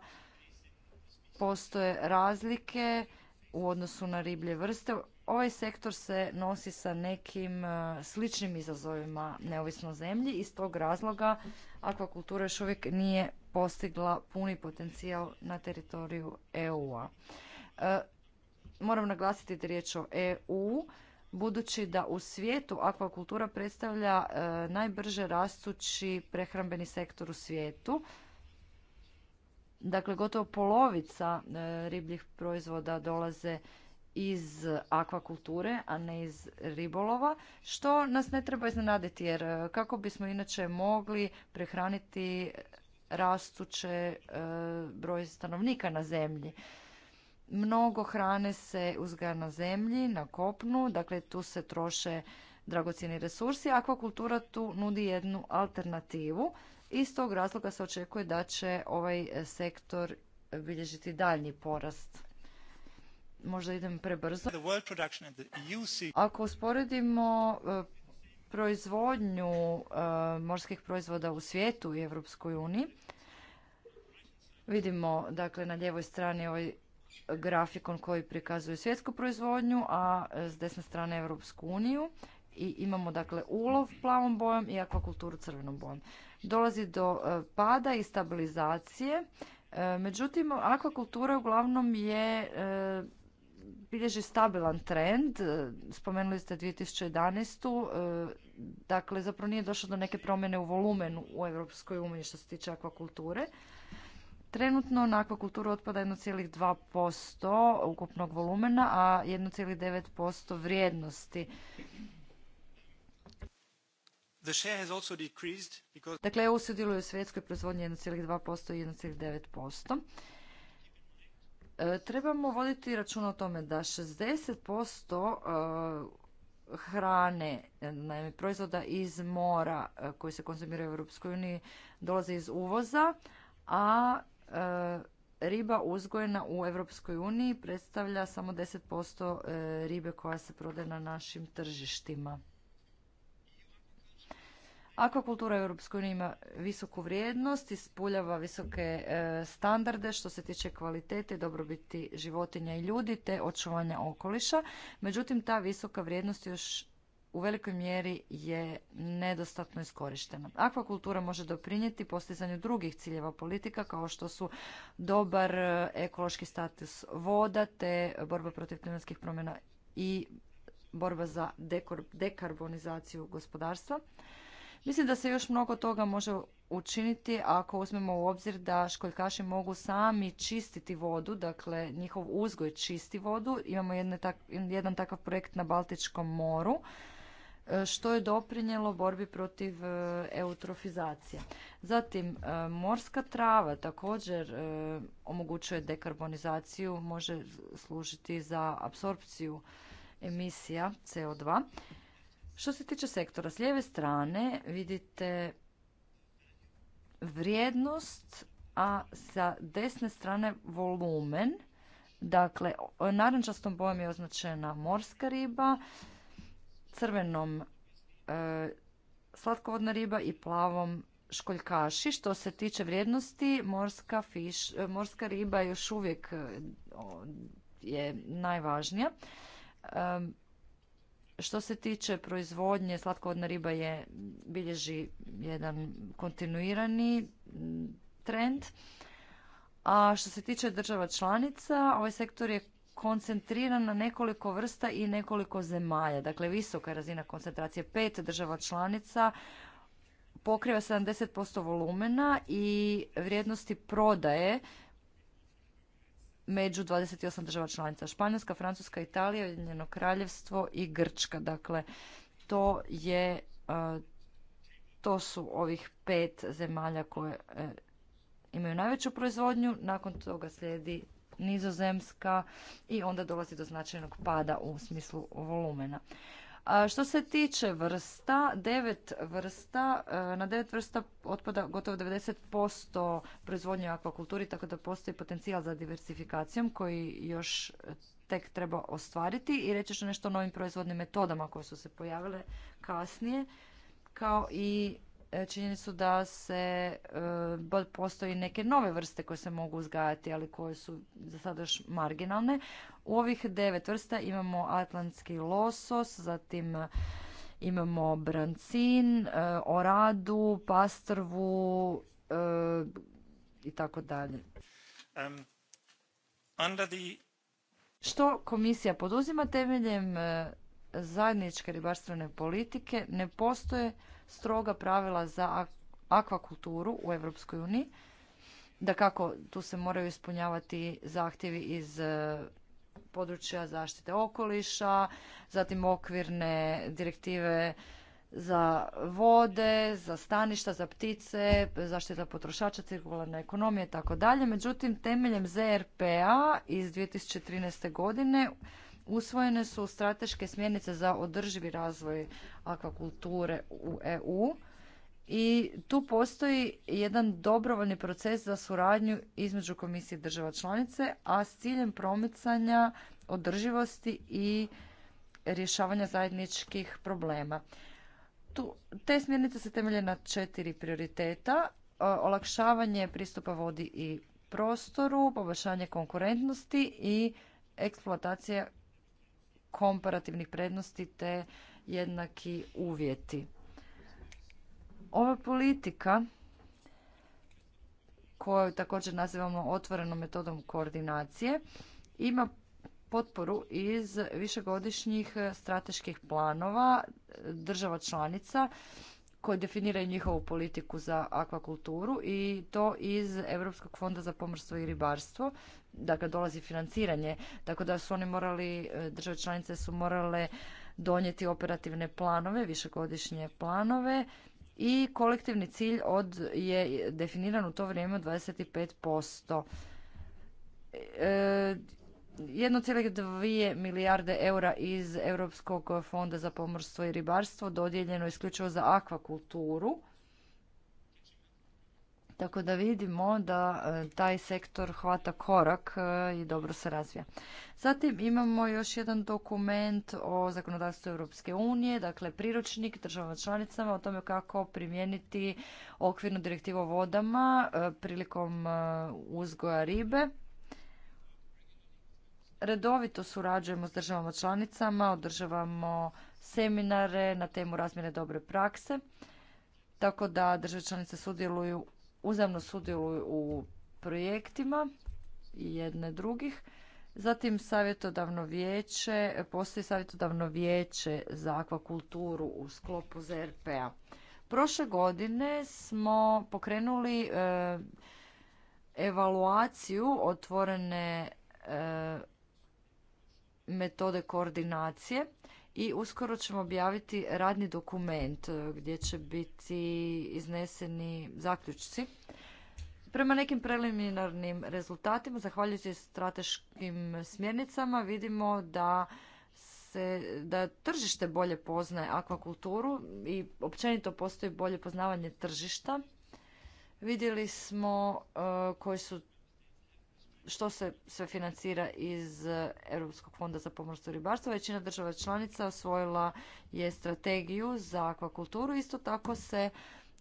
postoje razlike u odnosu na riblje vrste. Ovaj sektor se nosi sa nekim e, sličnim izazovima neovisno zemlji. Iz tog razloga akvakultura još uvijek nije postigla puni potencijal na teritoriju EU-a. E, moram naglasiti da je riječ o EU, budući da u svijetu akvakultura predstavlja e, najbrže rastući prehrambeni sektor u svijetu Dakle, gotovo polovica e, ribljih proizvoda dolaze iz akvakulture, a ne iz ribolova, što nas ne treba iznenaditi jer e, kako bismo inače mogli prehraniti rastuće e, broj stanovnika na zemlji. Mnogo hrane se uzgaja na zemlji, na kopnu, dakle tu se troše dragocjeni resursi. Akvakultura tu nudi jednu alternativu iz tog razloga se očekuje da će ovaj sektor bilježiti daljnji porast. Možda idem prebrzo. E Ako usporedimo e, proizvodnju e, morskih proizvoda u svijetu i Europskoj uniji, vidimo dakle na lijevoj strani ovaj grafikon koji prikazuje svjetsku proizvodnju, a s desne strane Europsku uniju i imamo dakle ulov plavom bojom i akvakulturu crvenom bojom dolazi do e, pada i stabilizacije. E, međutim, akvakultura uglavnom je e, bilježi stabilan trend. Spomenuli ste 2011. Dakle, zapravo nije došlo do neke promjene u volumenu u Europskoj uniji što se tiče akvakulture. Trenutno na akvakulturu otpada 1,2% ukupnog volumena, a 1,9% vrijednosti. Dakle, EU sudjeluje u svjetskoj proizvodnji 1,2% i 1,9%. E, trebamo voditi računa o tome da 60% posto e, hrane, naime proizvoda iz mora e, koji se konzumira u EU, uniji dolaze iz uvoza, a riba uzgojena u EU predstavlja samo 10% ribe koja se prodaje na našim tržištima. Akvakultura u Europskoj ima visoku vrijednost, ispuljava visoke e, standarde što se tiče kvalitete, dobrobiti životinja i ljudi te očuvanja okoliša. Međutim, ta visoka vrijednost još u velikoj mjeri je nedostatno iskorištena. Akvakultura može doprinijeti postizanju drugih ciljeva politika kao što su dobar e, ekološki status voda te borba protiv klimatskih promjena i borba za dekarbonizaciju gospodarstva. Mislim da se još mnogo toga može učiniti ako uzmemo u obzir da školjkaši mogu sami čistiti vodu, dakle njihov uzgoj čisti vodu. Imamo jedan takav projekt na Baltičkom moru e, što je doprinjelo borbi protiv e, eutrofizacije. Zatim, e, morska trava također omogućuje dekarbonizaciju, može služiti za apsorpciju emisija CO2 što se tiče sektora, s lijeve strane vidite vrijednost, a sa desne strane volumen. Dakle, narančastom bojom je označena morska riba, crvenom e, slatkovodna riba i plavom školjkaši. Što se tiče vrijednosti, morska, e, morska riba još uvijek e, je najvažnija. Što se tiče proizvodnje, slatkovodna riba je bilježi jedan kontinuirani trend. A što se tiče država članica, ovaj sektor je koncentriran na nekoliko vrsta i nekoliko zemalja. Dakle, visoka razina koncentracije pet država članica pokriva 70% volumena i vrijednosti prodaje među 28 država članica. Španjolska, Francuska, Italija, Ujedinjeno kraljevstvo i Grčka. Dakle, to je to su ovih pet zemalja koje e, imaju najveću proizvodnju. Nakon toga slijedi nizozemska i onda dolazi do značajnog pada u smislu volumena što se tiče vrsta, devet vrsta, e, na devet vrsta otpada gotovo 90% proizvodnje u akvakulturi, tako da postoji potencijal za diversifikacijom koji još tek treba ostvariti i reći ću nešto o novim proizvodnim metodama koje su se pojavile kasnije, kao i su e, da se e, postoji neke nove vrste koje se mogu uzgajati, ali koje su za sada još marginalne. U ovih devet vrsta imamo atlantski losos, zatim e, imamo brancin, oradu, pastrvu i tako dalje. Um, Što komisija poduzima temeljem zajedničke ribarstvene politike ne postoje stroga pravila za akvakulturu u Europskoj uniji. Da kako tu se moraju ispunjavati zahtjevi iz e, područja zaštite okoliša, zatim okvirne direktive za vode, za staništa, za ptice, zaštita potrošača, cirkularna ekonomija i tako dalje. Međutim, temeljem ZRPA iz 2013. godine usvojene su strateške smjernice za održivi razvoj akvakulture u EU i tu postoji jedan dobrovoljni proces za suradnju između komisije država članice, a s ciljem promicanja održivosti i rješavanja zajedničkih problema. Tu, te smjernice se temelje na četiri prioriteta. E, olakšavanje pristupa vodi i prostoru, poboljšanje konkurentnosti i eksploatacija komparativnih prednosti te jednaki uvjeti. Ova politika koju također nazivamo otvorenom metodom koordinacije ima potporu iz višegodišnjih strateških planova država članica koji definiraju njihovu politiku za akvakulturu i to iz Europskog fonda za pomorstvo i ribarstvo. Dakle, dolazi financiranje, tako da su oni morali, e, države članice su morale donijeti operativne planove, višegodišnje planove i kolektivni cilj od, je definiran u to vrijeme od 25%. E, 1,2 milijarde eura iz Europskog fonda za pomorstvo i ribarstvo dodijeljeno isključivo za akvakulturu. Tako da vidimo da e, taj sektor hvata korak e, i dobro se razvija. Zatim imamo još jedan dokument o zakonodavstvu Europske unije, dakle priručnik državama članicama o tome kako primijeniti okvirnu direktivu o vodama e, prilikom uzgoja ribe redovito surađujemo s državama članicama, održavamo seminare na temu razmjene dobre prakse, tako da države članice sudjeluju, uzemno sudjeluju u projektima jedne drugih. Zatim savjetodavno vijeće, postoji savjetodavno vijeće za akvakulturu u sklopu ZRP-a. Prošle godine smo pokrenuli e, evaluaciju otvorene e, metode koordinacije i uskoro ćemo objaviti radni dokument e, gdje će biti izneseni zaključci. Prema nekim preliminarnim rezultatima, zahvaljujući strateškim smjernicama, vidimo da se, da tržište bolje poznaje akvakulturu i općenito postoji bolje poznavanje tržišta. Vidjeli smo e, koji su što se sve financira iz e, Europskog fonda za pomorstvo i ribarstvo. Većina država članica osvojila je strategiju za akvakulturu. Isto tako se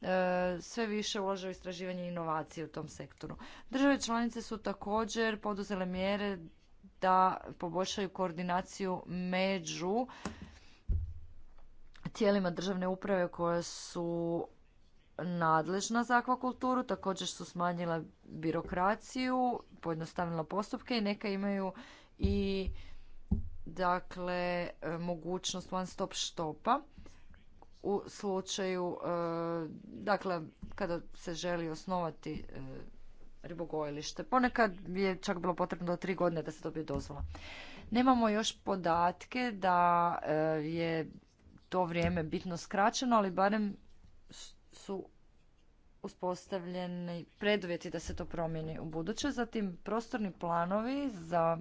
e, sve više ulaže u istraživanje i inovacije u tom sektoru. Države članice su također poduzele mjere da poboljšaju koordinaciju među tijelima državne uprave koja su nadležna za akvakulturu, također su smanjila birokraciju, pojednostavila postupke i neka imaju i dakle e, mogućnost one stop štopa u slučaju e, dakle kada se želi osnovati e, ribogojilište. Ponekad je čak bilo potrebno do tri godine da se dobije dozvola. Nemamo još podatke da je to vrijeme bitno skraćeno, ali barem su uspostavljeni preduvjeti da se to promijeni u buduće. Zatim prostorni planovi za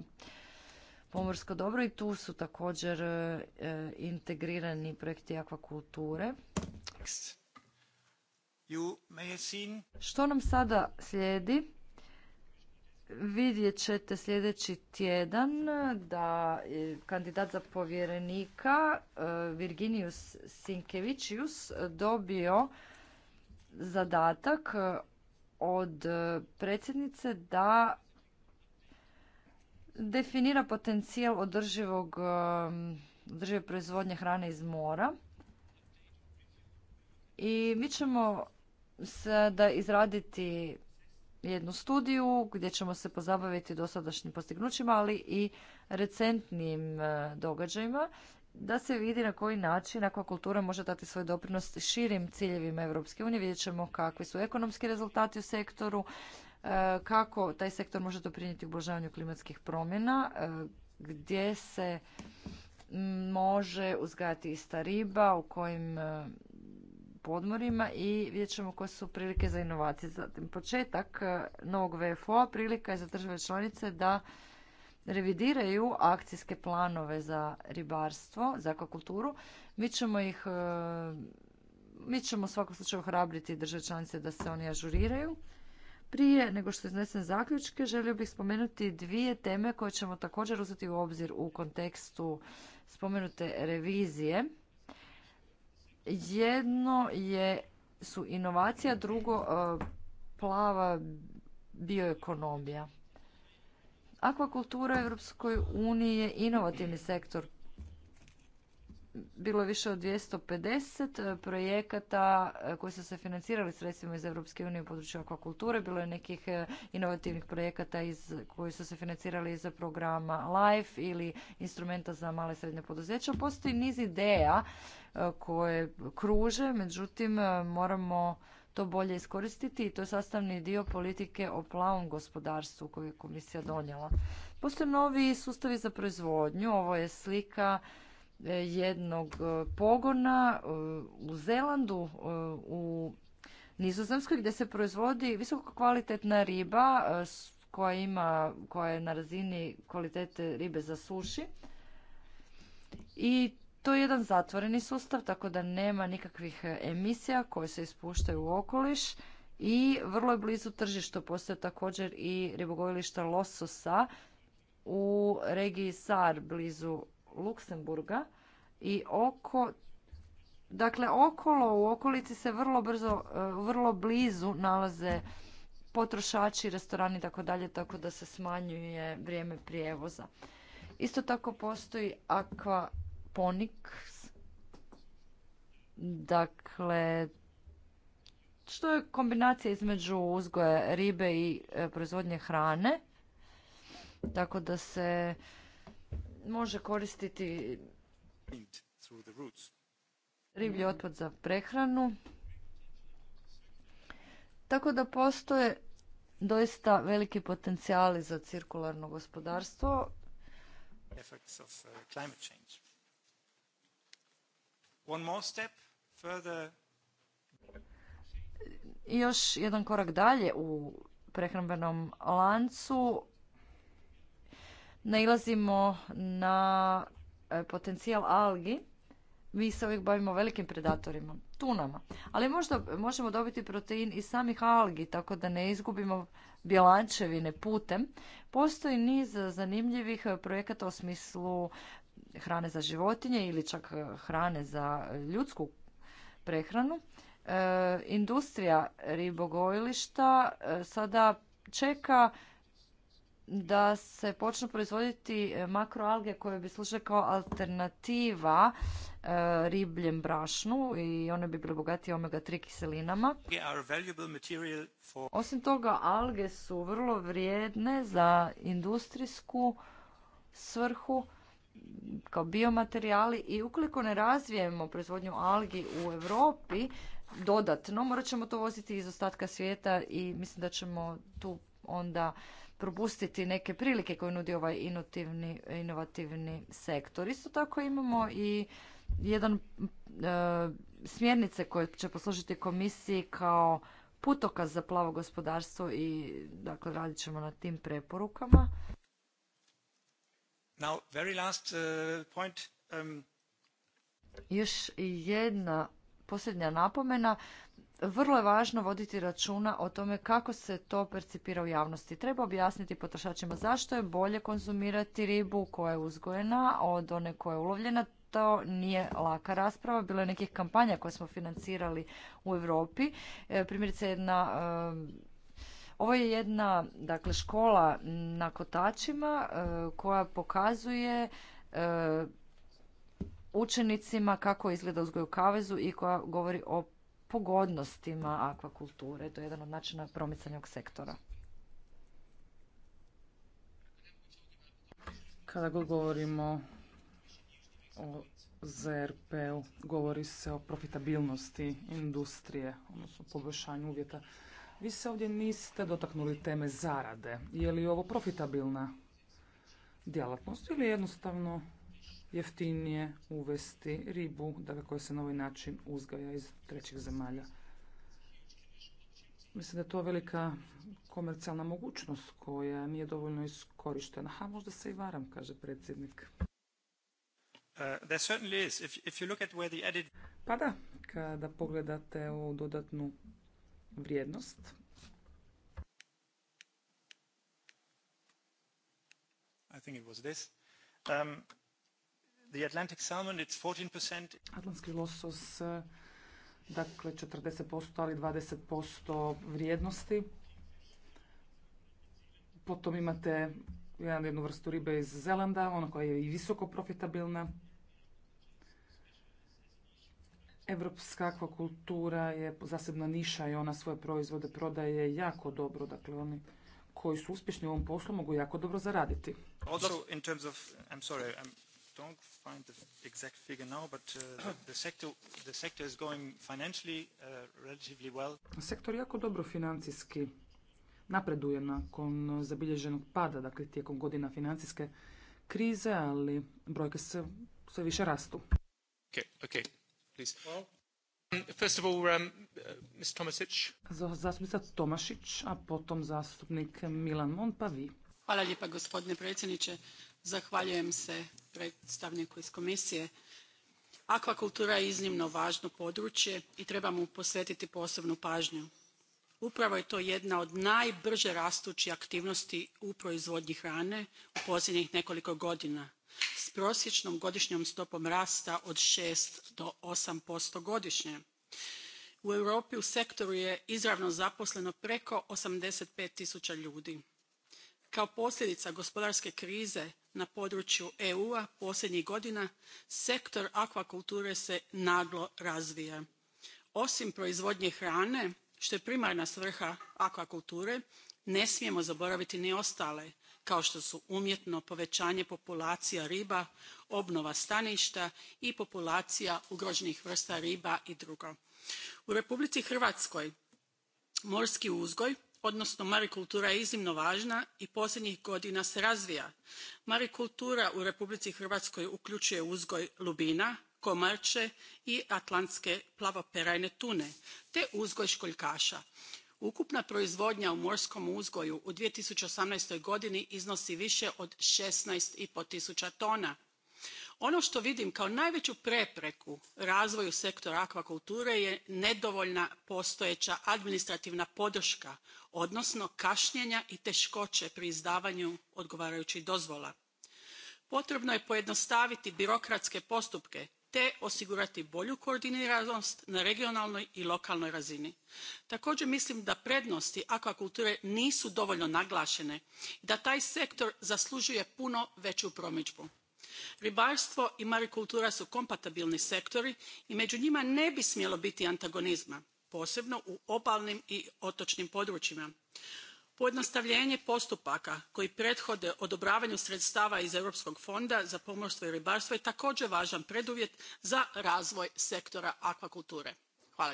pomorsko dobro i tu su također e, integrirani projekti akvakulture. Što nam sada slijedi? Vidjet ćete sljedeći tjedan da kandidat za povjerenika e, Virginius Sinkevičius dobio zadatak e, od e, predsjednice da definira potencijal održivog, e, održive proizvodnje hrane iz mora. I mi ćemo sada izraditi jednu studiju gdje ćemo se pozabaviti dosadašnjim postignućima, ali i recentnim događajima da se vidi na koji način akvakultura može dati svoj doprinos širim ciljevima Europske unije. Vidjet ćemo kakvi su ekonomski rezultati u sektoru, e, kako taj sektor može doprinijeti ublažavanju klimatskih promjena, e, gdje se može uzgajati ista riba, u kojim e, podmorima i vidjet ćemo koje su prilike za inovacije. Zatim, početak novog VFO-a prilika je za države članice da revidiraju akcijske planove za ribarstvo, za akvakulturu. Mi ćemo ih e, mi ćemo u svakom slučaju ohrabriti države članice da se oni ažuriraju. Prije nego što iznesem zaključke, želio bih spomenuti dvije teme koje ćemo također uzeti u obzir u kontekstu spomenute revizije. Jedno je, su inovacija, drugo e, plava bioekonomija. Akvakultura u Europskoj uniji je inovativni sektor. Bilo je više od 250 eh, projekata eh, koji su se financirali sredstvima iz Europske unije u području akvakulture. Bilo je nekih eh, inovativnih projekata iz, koji su se financirali iz programa LIFE ili instrumenta za male i srednje poduzeća. Postoji niz ideja koje kruže, međutim moramo to bolje iskoristiti i to je sastavni dio politike o plavom gospodarstvu koju je komisija donijela. Postoje novi sustavi za proizvodnju, ovo je slika e, jednog e, pogona e, u Zelandu, u Nizozemskoj gdje se proizvodi visoko kvalitetna riba koja, ima, koja je na razini kvalitete ribe za suši. I to je jedan zatvoreni sustav, tako da nema nikakvih e, emisija koje se ispuštaju u okoliš i vrlo je blizu tržištu. Postoje također i ribogojilišta lososa u regiji Sar blizu Luksemburga i oko Dakle, okolo u okolici se vrlo brzo, e, vrlo blizu nalaze potrošači, restorani i tako dalje, tako da se smanjuje vrijeme prijevoza. Isto tako postoji akva Ponik. Dakle, što je kombinacija između uzgoja ribe i e, proizvodnje hrane. Tako da se može koristiti riblji otpad za prehranu. Tako da postoje doista veliki potencijali za cirkularno gospodarstvo. Uh, climate change. One more step further. Još jedan korak dalje u prehrambenom lancu nailazimo na e, potencijal algi. Mi se uvijek bavimo velikim predatorima, tunama. Ali možda možemo dobiti protein iz samih algi, tako da ne izgubimo bjelančevine putem. Postoji niz zanimljivih projekata u smislu hrane za životinje ili čak e, hrane za ljudsku prehranu. E, industrija ribogojilišta e, sada čeka da se počnu proizvoditi e, makroalge koje bi služile kao alternativa ribljem brašnu i one bi bile bogatije omega-3 kiselinama. Osim toga, alge su vrlo vrijedne za industrijsku svrhu kao biomaterijali i ukoliko ne razvijemo proizvodnju algi u Europi dodatno, morat ćemo to voziti iz ostatka svijeta i mislim da ćemo tu onda propustiti neke prilike koje nudi ovaj inovativni, inovativni sektor. Isto tako imamo i jedan e, smjernice koje će poslužiti komisiji kao putokaz za plavo gospodarstvo i dakle radit ćemo na tim preporukama. Uh, um, Još jedna posljednja napomena. Vrlo je važno voditi računa o tome kako se to percipira u javnosti. Treba objasniti potrošačima zašto je bolje konzumirati ribu koja je uzgojena od one koja je ulovljena. To nije laka rasprava. Bilo je nekih kampanja koje smo financirali u Europi. E, primjerice jedna ovo je jedna dakle, škola na kotačima e, koja pokazuje e, učenicima kako izgleda uzgoj u kavezu i koja govori o pogodnostima akvakulture. To je jedan od načina promicanja sektora. Kada god govorimo o ZRP-u, govori se o profitabilnosti industrije, odnosno poboljšanju uvjeta vi se ovdje niste dotaknuli teme zarade. Je li ovo profitabilna djelatnost ili jednostavno jeftinije uvesti ribu dakle, koja se na ovaj način uzgaja iz trećih zemalja? Mislim da je to velika komercijalna mogućnost koja nije dovoljno iskorištena. Ha, možda se i varam, kaže predsjednik. Pa da, kada pogledate ovu dodatnu vrijednost. I think it was this. Um, the Atlantic salmon, it's 14%. Atlantski losos, dakle 40%, ali 20% vrijednosti. Potom imate jednu vrstu ribe iz Zelanda, ona koja je i visoko profitabilna. Evropska akvakultura je zasebna niša i ona svoje proizvode prodaje jako dobro, dakle oni koji su uspješni u ovom poslu mogu jako dobro zaraditi. Sektor jako dobro financijski napreduje nakon zabilježenog pada, dakle tijekom godina financijske krize, ali brojke se sve više rastu. Okay, okay. Milan pa Hvala lijepa gospodine predsjedniče. Zahvaljujem se predstavniku iz komisije. Akvakultura je iznimno važno područje i treba mu posvetiti posebnu pažnju. Upravo je to jedna od najbrže rastućih aktivnosti u proizvodnji hrane u posljednjih nekoliko godina s prosječnom godišnjom stopom rasta od six do eight godišnje. u europi u sektoru je izravno zaposleno preko eighty five zero ljudi. kao posljedica gospodarske krize na području eu a posljednjih godina sektor akvakulture se naglo razvija. osim proizvodnje hrane što je primarna svrha akvakulture ne smijemo zaboraviti ni ostale kao što su umjetno povećanje populacija riba obnova staništa i populacija ugroženih vrsta riba i drugo. u republici hrvatskoj morski uzgoj odnosno marikultura je iznimno važna i posljednjih godina se razvija. marikultura u republici hrvatskoj uključuje uzgoj lubina komarče i atlantske plavoperajne tune te uzgoj školjkaša ukupna proizvodnja u morskom uzgoju u. two thousand and eighteen godini iznosi vie od sixteen five tona. ono to vidim kao najveu prepreku razvoju sektora akvakulture je nedovoljna postojea administrativna podrka odnosno kanjenja i teškoće pri izdavanju odgovarajuih dozvola. potrebno je pojednostaviti birokratske postupke te osigurati bolju koordiniranost na regionalnoj i lokalnoj razini. Također mislim da prednosti akvakulture nisu dovoljno naglašene i da taj sektor zaslužuje puno veću promidžbu. Ribarstvo i marikultura su kompatibilni sektori i među njima ne bi smjelo biti antagonizma, posebno u obalnim i otočnim područjima pojednostavljenje postupaka koji prethode odobravanju sredstava iz europskog fonda za pomorstvo i ribarstvo je također važan preduvjet za razvoj sektora akvakulture. hvala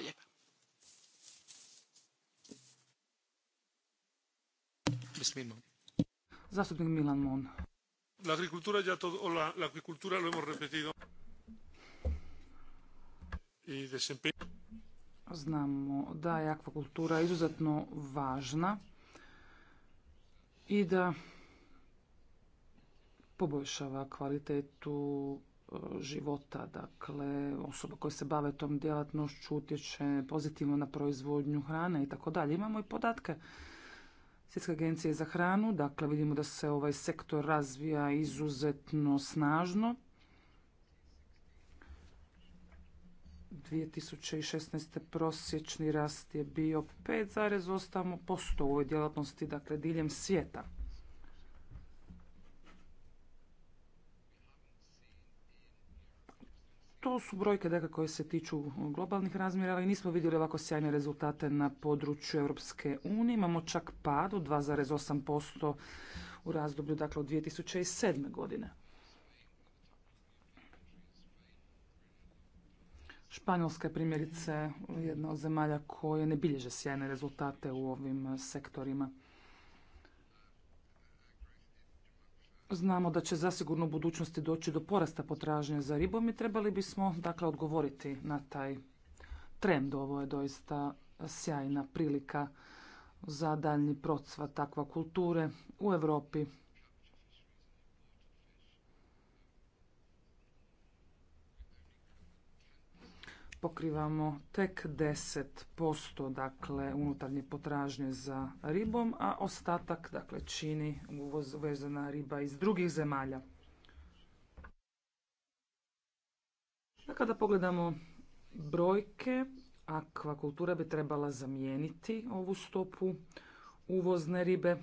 Znamo da je akvakultura izuzetno važna i da poboljšava kvalitetu e, života, dakle osoba koja se bave tom djelatnošću utječe pozitivno na proizvodnju hrane i tako dalje. Imamo i podatke Svjetske agencije za hranu, dakle vidimo da se ovaj sektor razvija izuzetno snažno 2016. prosječni rast je bio 5,8% u ovoj djelatnosti, dakle diljem svijeta. To su brojke dakle, koje se tiču globalnih razmjera, ali nismo vidjeli ovako sjajne rezultate na području Europske unije. Imamo čak pad od 2,8% u razdoblju dakle, od 2007. godine. Španjolska je primjerice jedna od zemalja koje ne bilježe sjajne rezultate u ovim sektorima. Znamo da će zasigurno u budućnosti doći do porasta potražnje za ribom i trebali bismo dakle odgovoriti na taj trend. Ovo je doista sjajna prilika za daljnji procvat takva kulture u Europi pokrivamo tek 10% dakle unutarnje potražnje za ribom, a ostatak dakle čini uvoz vezana riba iz drugih zemalja. kada pogledamo brojke, akvakultura bi trebala zamijeniti ovu stopu uvozne ribe.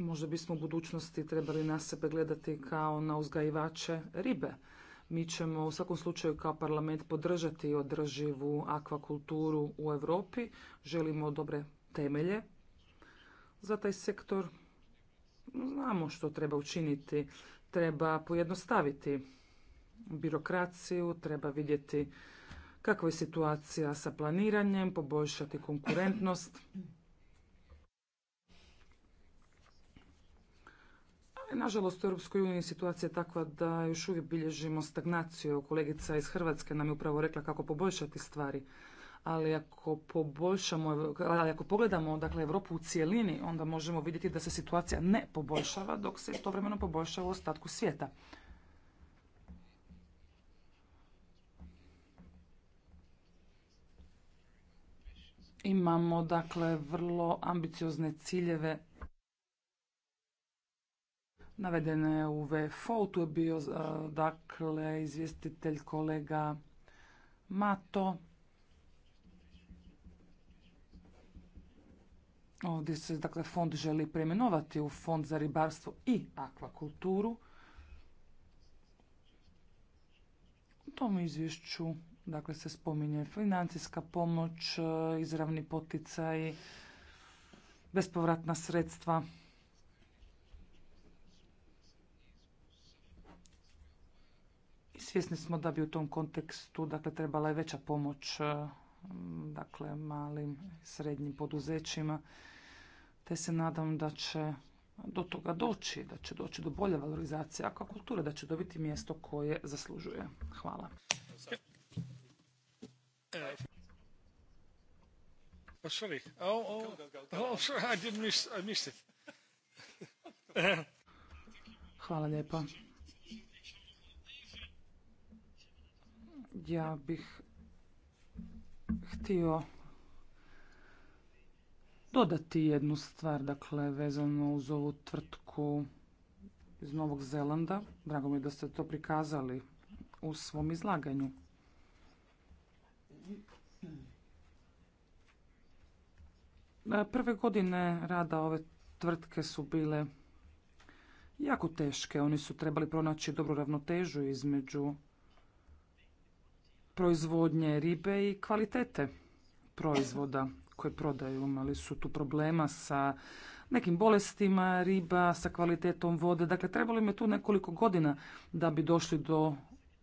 Možda bismo u budućnosti trebali na sebe gledati kao na uzgajivače ribe. Mi ćemo u svakom slučaju kao parlament podržati održivu akvakulturu u Europi. Želimo dobre temelje za taj sektor. Znamo što treba učiniti. Treba pojednostaviti birokraciju, treba vidjeti kakva je situacija sa planiranjem, poboljšati konkurentnost. Nažalost, u Europskoj uniji situacija je takva da još uvijek bilježimo stagnaciju. Kolegica iz Hrvatske nam je upravo rekla kako poboljšati stvari. Ali ako, poboljšamo, ako pogledamo dakle, Europu u cijelini, onda možemo vidjeti da se situacija ne poboljšava, dok se istovremeno poboljšava u ostatku svijeta. Imamo dakle vrlo ambiciozne ciljeve Navedene je u VFO, tu je bio e, dakle izvjestitelj kolega Mato. Ovdje se dakle fond želi preimenovati u fond za ribarstvo i akvakulturu. U tom izvješću dakle se spominje financijska pomoć, e, izravni poticaj, bespovratna sredstva. Svjesni smo da bi u tom kontekstu dakle, trebala je veća pomoć e, dakle, malim i srednjim poduzećima, te se nadam da će do toga doći, da će doći do bolje valorizacije akvakulture, da će dobiti mjesto koje zaslužuje. Hvala. Hvala lijepa. Ja bih htio dodati jednu stvar, dakle, vezano uz ovu tvrtku iz Novog Zelanda. Drago mi je da ste to prikazali u svom izlaganju. Prve godine rada ove tvrtke su bile jako teške. Oni su trebali pronaći dobru ravnotežu između proizvodnje ribe i kvalitete proizvoda koje prodaju. Imali su tu problema sa nekim bolestima riba, sa kvalitetom vode. Dakle, trebalo im je tu nekoliko godina da bi došli do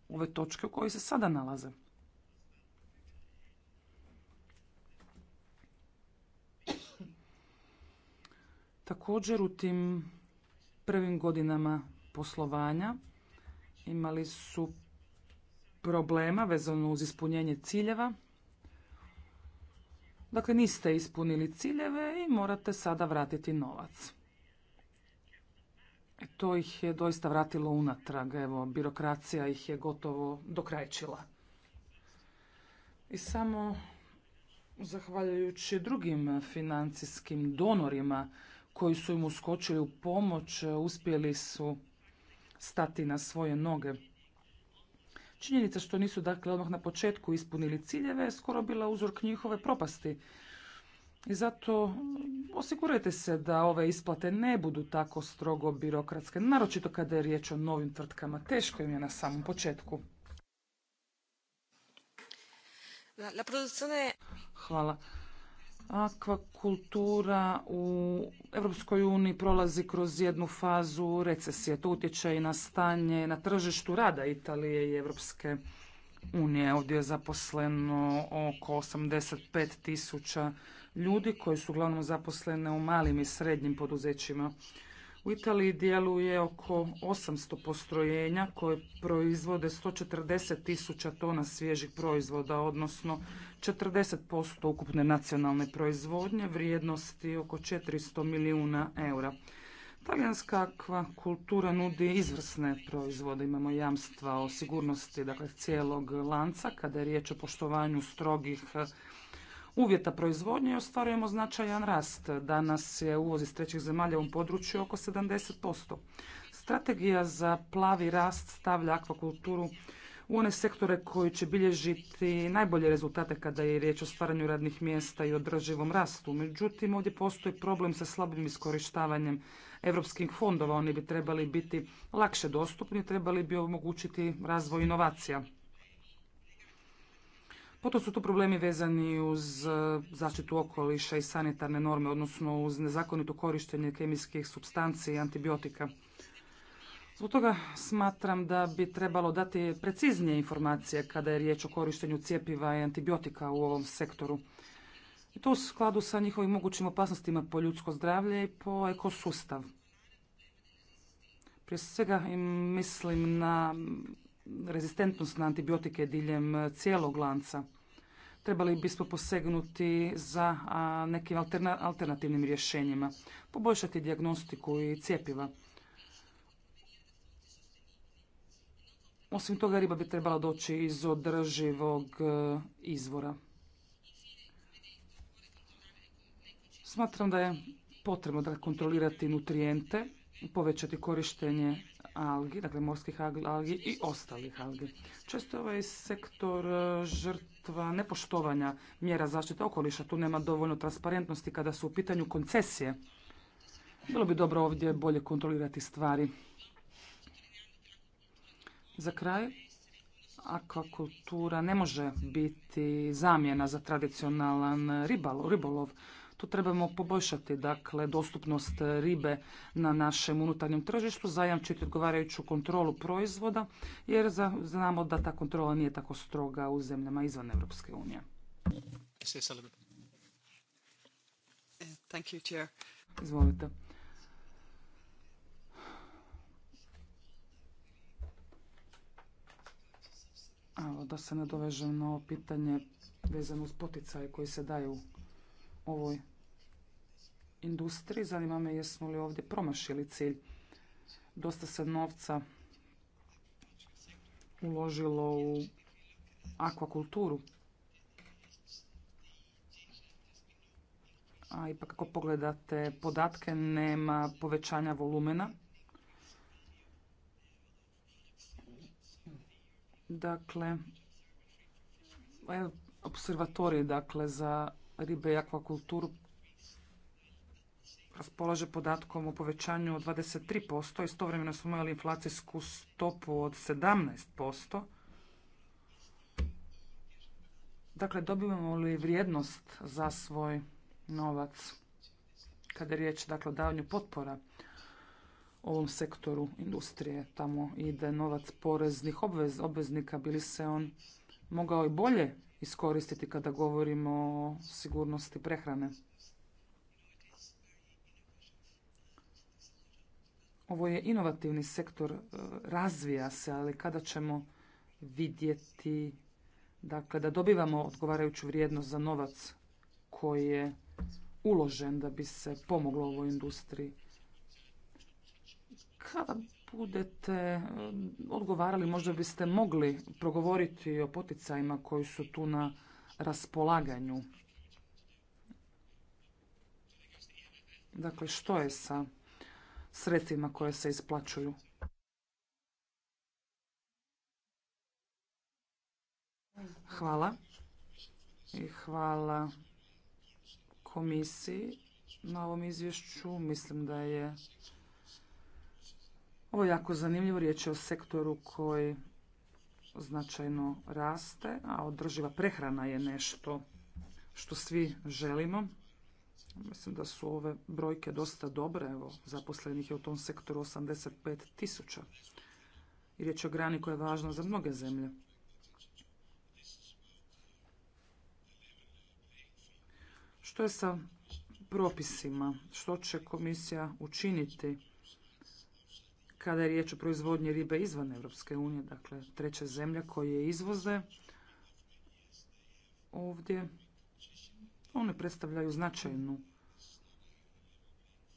ove točke u kojoj se sada nalaze. Također u tim prvim godinama poslovanja imali su problema vezano uz ispunjenje ciljeva. Dakle, niste ispunili ciljeve i morate sada vratiti novac. To ih je doista vratilo unatrag. Evo, birokracija ih je gotovo dokrajčila. I samo zahvaljujući drugim financijskim donorima koji su im uskočili u pomoć, uspjeli su stati na svoje noge. Činjenica što nisu dakle odmah na početku ispunili ciljeve je skoro bila uzrok njihove propasti. I zato osigurajte se da ove isplate ne budu tako strogo birokratske, naročito kada je riječ o novim tvrtkama. Teško im je na samom početku. Hvala akvakultura u Europskoj uniji prolazi kroz jednu fazu recesije. To utječe i na stanje na tržištu rada Italije i Europske unije. Ovdje je zaposleno oko 85 tisuća ljudi koji su uglavnom zaposlene u malim i srednjim poduzećima. U Italiji djeluje oko 800 postrojenja koje proizvode 140 tisuća tona svježih proizvoda, odnosno 40% ukupne nacionalne proizvodnje vrijednosti oko 400 milijuna eura. Talijanska akvakultura nudi izvrsne proizvode, imamo jamstva o sigurnosti dakle, cijelog lanca kada je riječ o poštovanju strogih uvjeta proizvodnje i ostvarujemo značajan rast. Danas je uvoz iz trećih zemalja u ovom području oko 70%. Strategija za plavi rast stavlja akvakulturu u one sektore koji će bilježiti najbolje rezultate kada je riječ o stvaranju radnih mjesta i održivom rastu. Međutim, ovdje postoji problem sa slabim iskorištavanjem europskih fondova. Oni bi trebali biti lakše dostupni, trebali bi omogućiti razvoj inovacija. Potom su tu problemi vezani uz e, zaštitu okoliša i sanitarne norme, odnosno uz nezakonito korištenje kemijskih substanci i antibiotika. Zbog toga smatram da bi trebalo dati preciznije informacije kada je riječ o korištenju cijepiva i antibiotika u ovom sektoru. I to u skladu sa njihovim mogućim opasnostima po ljudsko zdravlje i po ekosustav. Prije svega mislim na rezistentnost na antibiotike diljem e, cijelog lanca. Trebali bismo posegnuti za nekim alternativnim rješenjima, poboljšati dijagnostiku i cjepiva. Osim toga, riba bi trebala doći iz održivog e, izvora. Smatram da je potrebno da kontrolirati nutrijente, povećati korištenje algi, dakle morskih algi i ostalih algi. Često je ovaj sektor e, žrtva nepoštovanja mjera zaštite okoliša. Tu nema dovoljno transparentnosti kada su u pitanju koncesije. Bilo bi dobro ovdje bolje kontrolirati stvari. Za kraj, akvakultura ne može biti zamjena za tradicionalan ribolov. Tu trebamo poboljšati dakle, dostupnost ribe na našem unutarnjem tržištu, zajamčiti odgovarajuću kontrolu proizvoda, jer znamo da ta kontrola nije tako stroga u zemljama izvan Europske unije. Eh, Izvolite. da se nadovežem na ovo pitanje vezano uz poticaje koji se daju ovoj industriji. Zanima me jesmo li ovdje promašili cilj. Dosta se novca uložilo u akvakulturu. A ipak ako pogledate podatke nema povećanja volumena. Dakle, observatorij dakle, za ribe i akvakulturu raspolaže podatkom o povećanju od 23%, istovremeno smo imali inflacijsku stopu od 17%. Dakle, dobivamo li vrijednost za svoj novac kada je riječ dakle, o davanju potpora ovom sektoru industrije. Tamo ide novac poreznih obveznika, bili se on mogao i bolje iskoristiti kada govorimo o sigurnosti prehrane. Ovo je inovativni sektor, e, razvija se, ali kada ćemo vidjeti dakle, da dobivamo odgovarajuću vrijednost za novac koji je uložen da bi se pomoglo ovoj industriji. Kada budete odgovarali, možda biste mogli progovoriti o poticajima koji su tu na raspolaganju. Dakle, što je sa sredstvima koje se isplaćuju? Hvala. I hvala komisiji na ovom izvješću. Mislim da je ovo je jako zanimljivo, riječ je o sektoru koji značajno raste, a održiva prehrana je nešto što svi želimo. Mislim da su ove brojke dosta dobre, evo zaposlenih je u tom sektoru 85 tisuća. I riječ je o grani koja je važna za mnoge zemlje. Što je sa propisima? Što će komisija učiniti? kada je riječ o proizvodnji ribe izvan Europske unije, dakle treće zemlje koje izvoze ovdje, one predstavljaju značajnu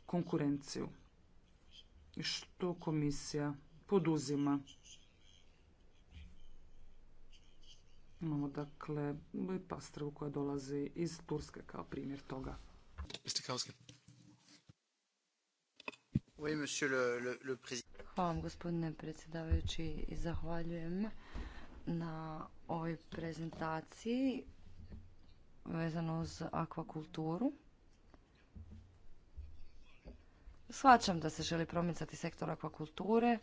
konkurenciju. I što komisija poduzima? Imamo dakle pastravu koja dolazi iz Turske kao primjer toga. Mr. Hvala vam gospodine predsjedavajući i zahvaljujem na ovoj prezentaciji vezano uz akvakulturu. Shvaćam da se želi promicati sektor akvakulture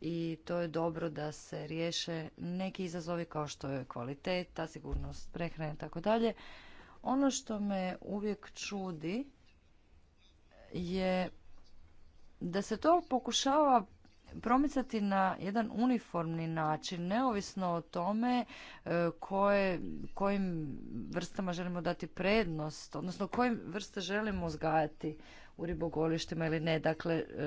i to je dobro da se riješe neki izazovi kao što je kvaliteta, sigurnost prehrane i tako dalje. Ono što me uvijek čudi je da se to pokušava promicati na jedan uniformni način, neovisno o tome e, koje, kojim vrstama želimo dati prednost, odnosno kojim vrste želimo uzgajati u ribogolištima ili ne. Dakle, e,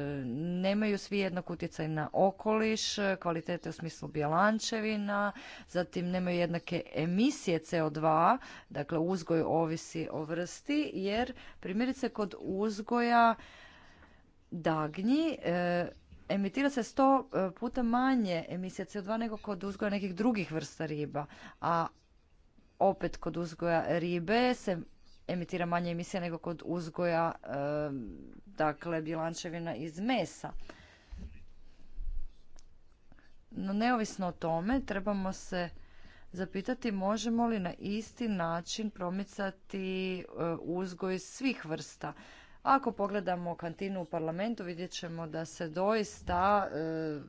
nemaju svi jednak utjecaj na okoliš, kvalitete u smislu bjelančevina, zatim nemaju jednake emisije CO2, dakle uzgoj ovisi o vrsti, jer primjerice kod uzgoja dagnji e, emitira se sto e, puta manje emisija CO2 nego kod uzgoja nekih drugih vrsta riba, a opet kod uzgoja ribe se emitira manje emisija nego kod uzgoja e, dakle bjelančevina iz mesa. No neovisno o tome trebamo se zapitati možemo li na isti način promicati e, uzgoj svih vrsta. Ako pogledamo kantinu u parlamentu vidjet ćemo da se doista e,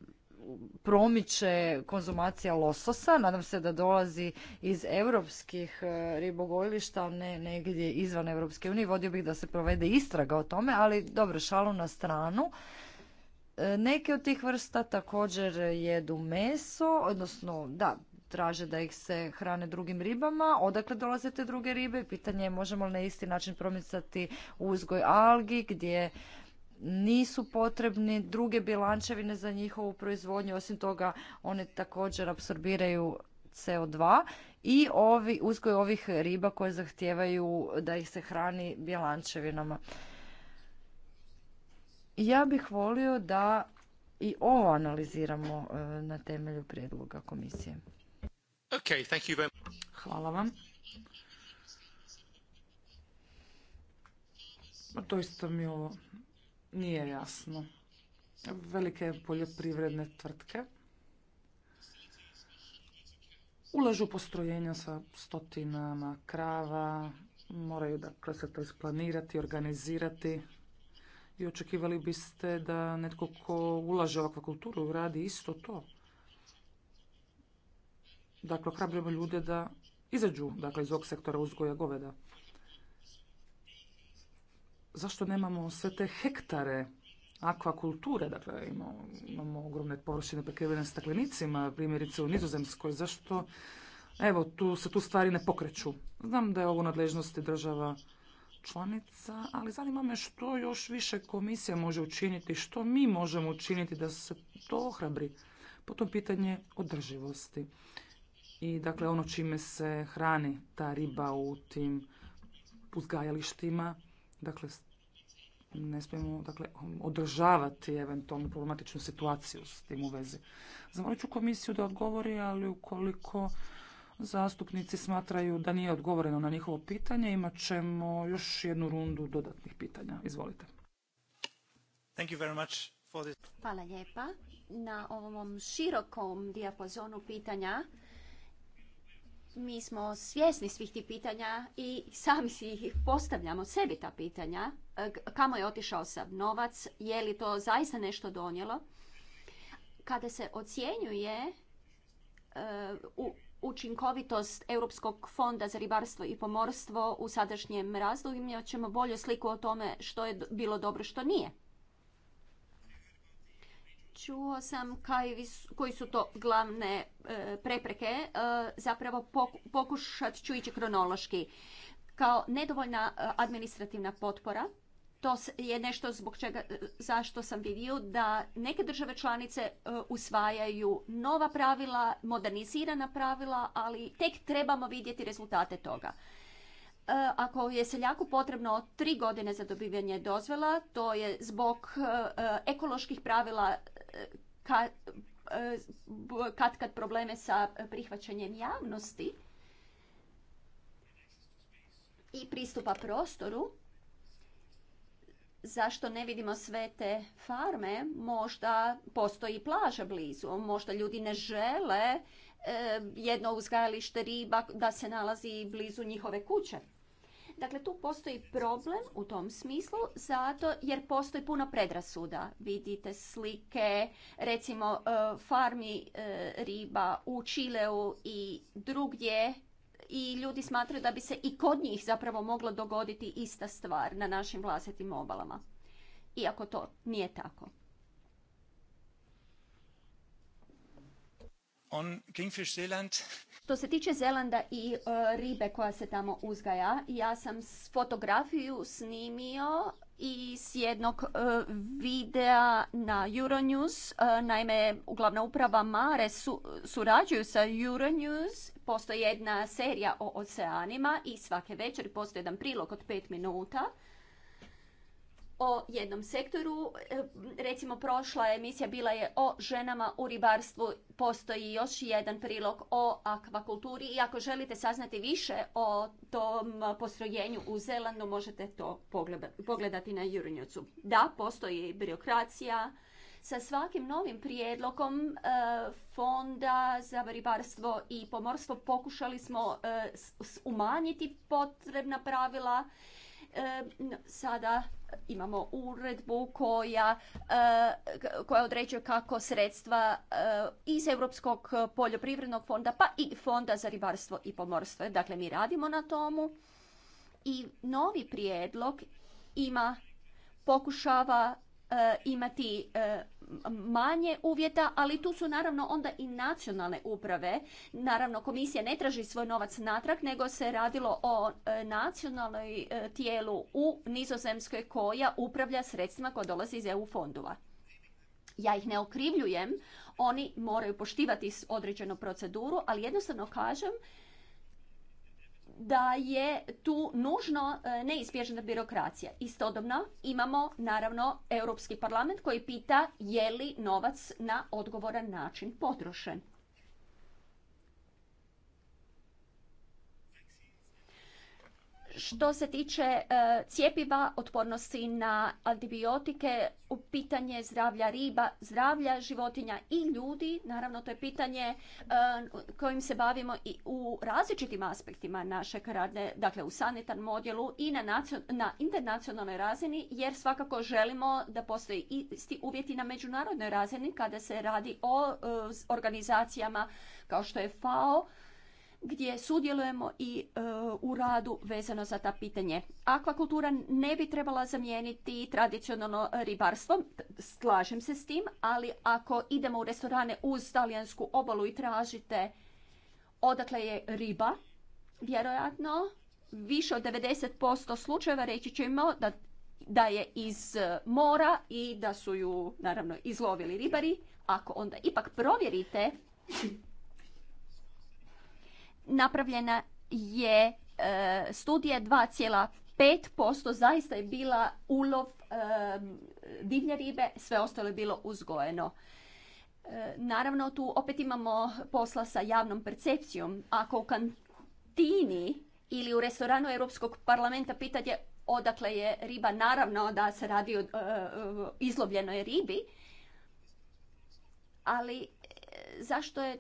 promiče konzumacija lososa. Nadam se da dolazi iz europskih e, ribogojilišta, ne negdje izvan Europske unije. Vodio bih da se provede istraga o tome, ali dobro, šalu na stranu. E, neke od tih vrsta također jedu meso, odnosno da, traže da ih se hrane drugim ribama, odakle dolaze te druge ribe. Pitanje je možemo li na isti način promicati uzgoj algi gdje nisu potrebni druge bilančevine za njihovu proizvodnju. Osim toga, one također apsorbiraju CO2 i ovi, uzgoj ovih riba koje zahtijevaju da ih se hrani bjelančevinama. Ja bih volio da i ovo analiziramo e, na temelju prijedloga komisije. Hvala vam. mi ovo nije jasno. Velike poljoprivredne tvrtke ulažu postrojenja sa stotinama krava, moraju da se to isplanirati, organizirati i očekivali biste da netko ko ulaže u akvakulturu radi isto to. Dakle, ohrabrujemo ljude da izađu dakle, iz ovog sektora uzgoja goveda. Zašto nemamo sve te hektare akvakulture, dakle imamo, imamo ogromne površine prekrivene staklenicima, primjerice u Nizozemskoj, zašto evo tu se tu stvari ne pokreću. Znam da je ovo nadležnosti država članica, ali zanima me što još više komisija može učiniti, što mi možemo učiniti da se to ohrabri. Potom pitanje održivosti i dakle ono čime se hrani ta riba u tim uzgajalištima. Dakle, ne smijemo dakle, održavati eventualnu problematičnu situaciju s tim u vezi. Zamolit ću komisiju da odgovori, ali ukoliko zastupnici smatraju da nije odgovoreno na njihovo pitanje, imat ćemo još jednu rundu dodatnih pitanja. Izvolite. Thank you Hvala lijepa na ovom širokom dijapazonu pitanja mi smo svjesni svih tih pitanja i sami si ih postavljamo sebi ta pitanja. E, kamo je otišao sav novac, je li to zaista nešto donijelo. Kada se ocjenjuje e, učinkovitost Europskog fonda za ribarstvo i pomorstvo u sadašnjem razdoblju, imat ćemo bolju sliku o tome što je bilo dobro, što nije čuo sam koji su to glavne e, prepreke, e, zapravo pokušat ću ići kronološki. Kao nedovoljna e, administrativna potpora, to je nešto zbog čega, zašto sam vidio da neke države članice usvajaju nova pravila, modernizirana pravila, ali tek trebamo vidjeti rezultate toga. Ako je seljaku potrebno tri godine za dobivanje dozvela, to je zbog ekoloških pravila kad, kad kad probleme sa prihvaćanjem javnosti i pristupa prostoru. Zašto ne vidimo sve te farme? Možda postoji plaža blizu, možda ljudi ne žele e, jedno uzgajalište riba da se nalazi blizu njihove kuće. Dakle, tu postoji problem u tom smislu zato jer postoji puno predrasuda. Vidite slike recimo e, farmi e, riba u Čileu i drugdje i ljudi smatraju da bi se i kod njih zapravo mogla dogoditi ista stvar na našim vlastitim obalama. Iako to nije tako. Što se tiče Zelanda i e, ribe koja se tamo uzgaja, ja sam fotografiju snimio i s jednog e, videa na Euronews. E, naime, glavna uprava Mare su, surađuju sa Euronews. Postoji jedna serija o oceanima i svake večeri postoji jedan prilog od pet minuta o jednom sektoru. E, recimo prošla emisija bila je o ženama u ribarstvu. Postoji još jedan prilog o akvakulturi i ako želite saznati više o tom postrojenju u Zelandu možete to pogledati na Euronewsu. Da, postoji birokracija. Sa svakim novim prijedlogom e, Fonda za ribarstvo i pomorstvo pokušali smo e, umanjiti potrebna pravila sada imamo uredbu koja, e, koja određuje kako sredstva e, iz Europskog poljoprivrednog fonda pa i fonda za ribarstvo i pomorstvo. Dakle, mi radimo na tomu i novi prijedlog ima, pokušava e, imati manje uvjeta, ali tu su naravno onda i nacionalne uprave. Naravno, komisija ne traži svoj novac natrag, nego se radilo o e, nacionalnoj e, tijelu u Nizozemskoj koja upravlja sredstvima koja dolaze iz EU fondova. Ja ih ne okrivljujem, oni moraju poštivati određenu proceduru, ali jednostavno kažem da je tu nužno e, neispježna birokracija. Istodobno imamo naravno Europski parlament koji pita je li novac na odgovoran način potrošen. Što se tiče e, cjepiva otpornosti na antibiotike, pitanje zdravlja riba, zdravlja životinja i ljudi, naravno to je pitanje e, kojim se bavimo i u različitim aspektima naše radne, dakle u sanitarnom odjelu i na, na internacionalnoj razini, jer svakako želimo da postoji isti uvjeti na međunarodnoj razini kada se radi o e, organizacijama kao što je FAO, gdje sudjelujemo i e, u radu vezano za ta pitanje. Akvakultura ne bi trebala zamijeniti tradicionalno ribarstvo, slažem se s tim, ali ako idemo u restorane uz talijansku obalu i tražite odakle je riba, vjerojatno više od 90% slučajeva reći ćemo da, da je iz e, mora i da su ju naravno izlovili ribari. Ako onda ipak provjerite napravljena je e, studija 2,5%, zaista je bila ulov e, divlje ribe, sve ostalo je bilo uzgojeno. E, naravno, tu opet imamo posla sa javnom percepcijom. Ako u kantini ili u restoranu Europskog parlamenta pitanje odakle je riba, naravno da se radi o e, izlovljenoj ribi, ali zašto je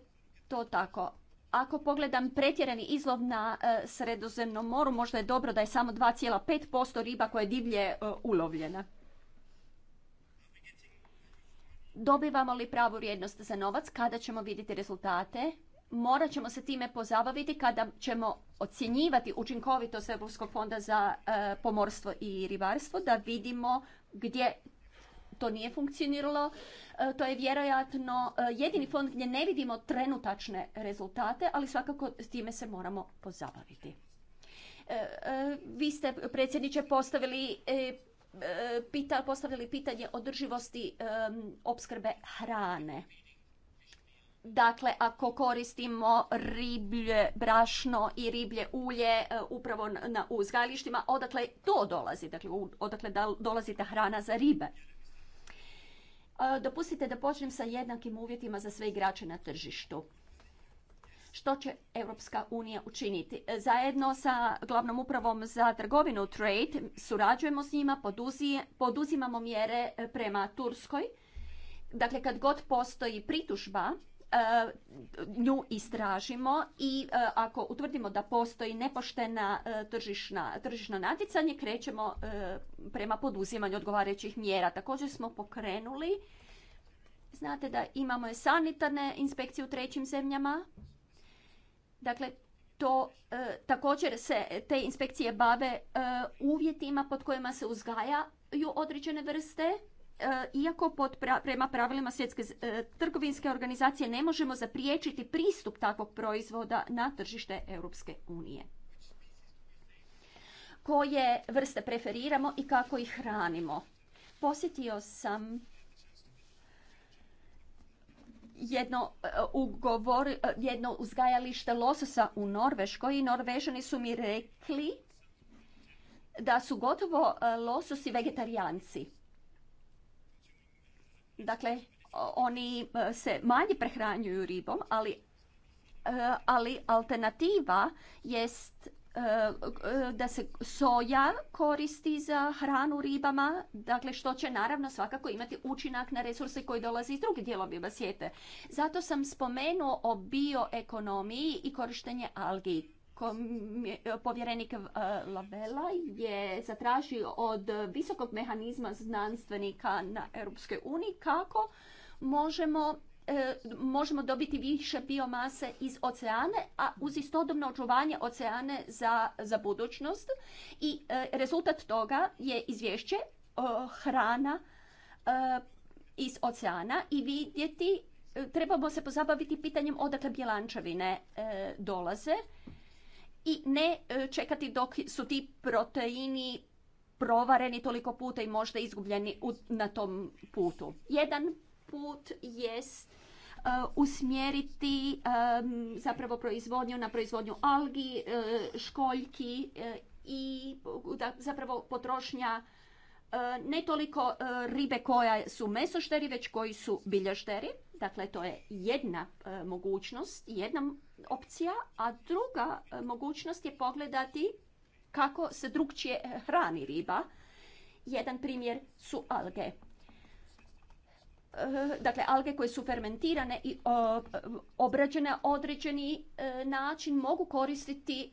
to tako? ako pogledam pretjerani izlov na e, Sredozemnom moru, možda je dobro da je samo 2,5% riba koja je divlje e, ulovljena. Dobivamo li pravu vrijednost za novac? Kada ćemo vidjeti rezultate? Morat ćemo se time pozabaviti kada ćemo ocjenjivati učinkovitost Europskog fonda za e, pomorstvo i ribarstvo da vidimo gdje to nije funkcioniralo. E, to je vjerojatno e, jedini fond gdje ne vidimo trenutačne rezultate, ali svakako s time se moramo pozabaviti. E, vi ste, predsjedniče, postavili postavili pitanje održivosti opskrbe hrane. Dakle, ako koristimo riblje brašno i riblje ulje upravo na uzgajalištima, odakle to dolazi? Dakle, odakle dolazi ta hrana za ribe? E, dopustite da počnem sa jednakim uvjetima za sve igrače na tržištu što će Europska unija učiniti. E, zajedno sa glavnom upravom za trgovinu Trade surađujemo s njima, poduzimamo mjere e, prema Turskoj. Dakle, kad god postoji pritužba E, nju istražimo i e, ako utvrdimo da postoji nepoštena e, tržišna, tržišno natjecanje, krećemo prema poduzimanju odgovarajućih mjera. Također smo pokrenuli, znate da imamo sanitarne inspekcije u trećim zemljama, dakle to također se te inspekcije bave uvjetima pod kojima se uzgajaju određene vrste E, iako pod, prema pravilima svjetske e, trgovinske organizacije ne možemo zapriječiti pristup takvog proizvoda na tržište Europske unije. Koje vrste preferiramo i kako ih hranimo? Posjetio sam jedno, e, jedno uzgajalište lososa u Norveškoj i Norvežani su mi rekli da su gotovo lososi vegetarijanci Dakle, oni e, se manje prehranjuju ribom, ali, e, ali alternativa jest e, da se soja koristi za hranu ribama, dakle što će naravno svakako imati učinak na resurse koji dolazi iz drugih dijelova svijeta. Zato sam spomenuo o bioekonomiji i korištenje algi povjerenik eh, Lavella je zatražio od visokog mehanizma znanstvenika na Europskoj uniji kako možemo eh, možemo dobiti više biomase iz oceane, a uz istodobno očuvanje oceane za, za budućnost. I eh, rezultat toga je izvješće hrana iz oceana i vidjeti, trebamo se pozabaviti pitanjem odakle bjelančevine dolaze i ne e, čekati dok su ti proteini provareni toliko puta i možda izgubljeni na tom putu. Jedan put jest e, usmjeriti e, zapravo proizvodnju na proizvodnju algi, školjki i zapravo potrošnja E, ne toliko e, ribe koja su mesošteri, već koji su bilješteri. Dakle, to je jedna e, mogućnost, jedna opcija, a druga mogućnost je pogledati kako se drugčije hrani riba. Jedan primjer su alge. Dakle, alge koje su fermentirane i obrađene određeni način mogu koristiti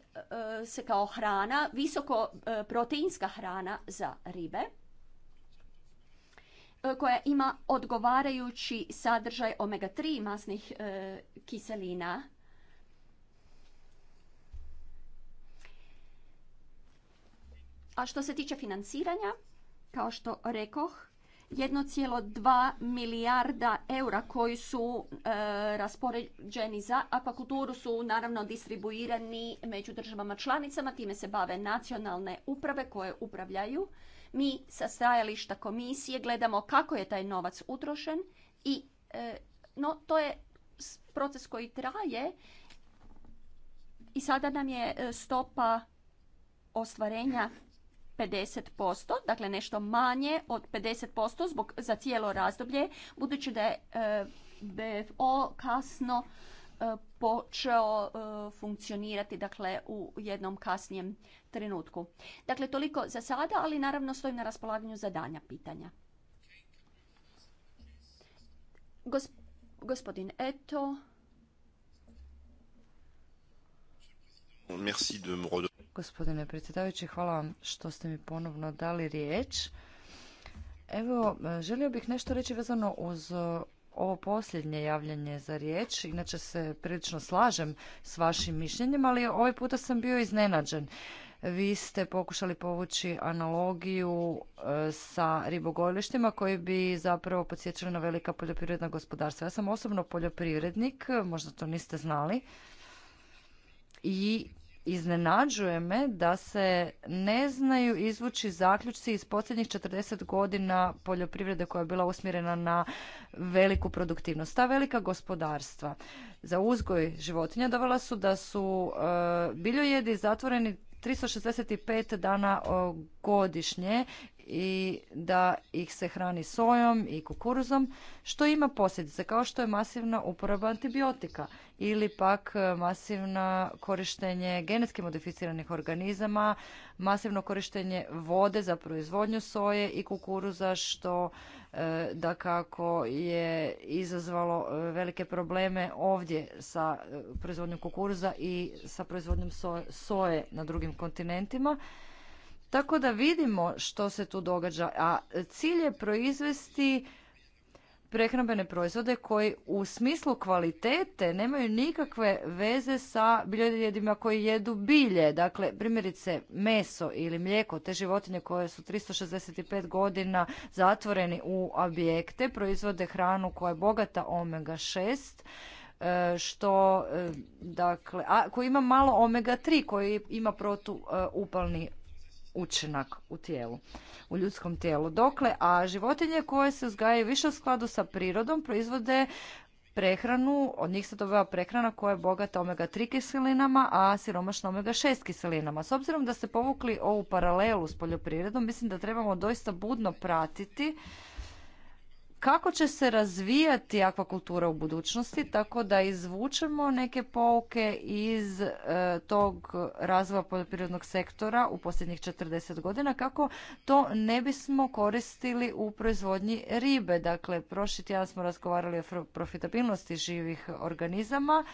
se kao hrana, visoko proteinska hrana za ribe. E, koja ima odgovarajući sadržaj omega-3 masnih e, kiselina. A što se tiče financiranja, kao što rekoh, 1,2 milijarda eura koji su e, raspoređeni za akvakulturu su naravno distribuirani među državama članicama, time se bave nacionalne uprave koje upravljaju mi sa stajališta komisije gledamo kako je taj novac utrošen i e, no, to je proces koji traje i sada nam je e, stopa ostvarenja 50%, dakle nešto manje od 50% zbog, za cijelo razdoblje, budući da je e, BFO kasno počeo funkcionirati dakle u jednom kasnijem trenutku. Dakle, toliko za sada, ali naravno stojim na raspolaganju za danja pitanja. gospodin Eto. Gospodine predsjedavajući, hvala vam što ste mi ponovno dali riječ. Evo, želio bih nešto reći vezano uz uh, ovo posljednje javljanje za riječ. Inače se prilično slažem s vašim mišljenjem, ali ovaj puta sam bio iznenađen. Vi ste pokušali povući analogiju e, sa ribogojilištima koji bi zapravo podsjećali na velika poljoprivredna gospodarstva. Ja sam osobno poljoprivrednik, možda to niste znali. I iznenađuje me da se ne znaju izvući zaključci iz posljednjih 40 godina poljoprivrede koja je bila usmjerena na veliku produktivnost. Ta velika gospodarstva za uzgoj životinja dovela su da su e, biljojedi zatvoreni 365 dana godišnje i da ih se hrani sojom i kukuruzom, što ima posljedice, kao što je masivna uporaba antibiotika ili pak e, masivna korištenje genetski modificiranih organizama, masivno korištenje vode za proizvodnju soje i kukuruza, što e, da kako je izazvalo e, velike probleme ovdje sa proizvodnjom kukuruza i sa proizvodnjom soje na drugim kontinentima. Tako da vidimo što se tu događa, a cilj je proizvesti prehrambene proizvode koji u smislu kvalitete nemaju nikakve veze sa biljodjedima koji jedu bilje. Dakle, primjerice meso ili mlijeko, te životinje koje su 365 godina zatvoreni u objekte, proizvode hranu koja je bogata omega 6, e, što e, dakle, a koji ima malo omega 3 koji ima protuupalni učinak u tijelu, u ljudskom tijelu. Dokle, a životinje koje se uzgajaju više u skladu sa prirodom proizvode prehranu, od njih se dobiva prehrana koja je bogata omega-3 kiselinama, a siromašna omega-6 kiselinama. S obzirom da ste povukli ovu paralelu s poljoprivredom, mislim da trebamo doista budno pratiti kako će se razvijati akvakultura u budućnosti, tako da izvučemo neke pouke iz e, tog razvoja poljoprivrednog sektora u posljednjih 40 godina, kako to ne bismo koristili u proizvodnji ribe. Dakle, prošli tjedan smo razgovarali o profitabilnosti živih organizama.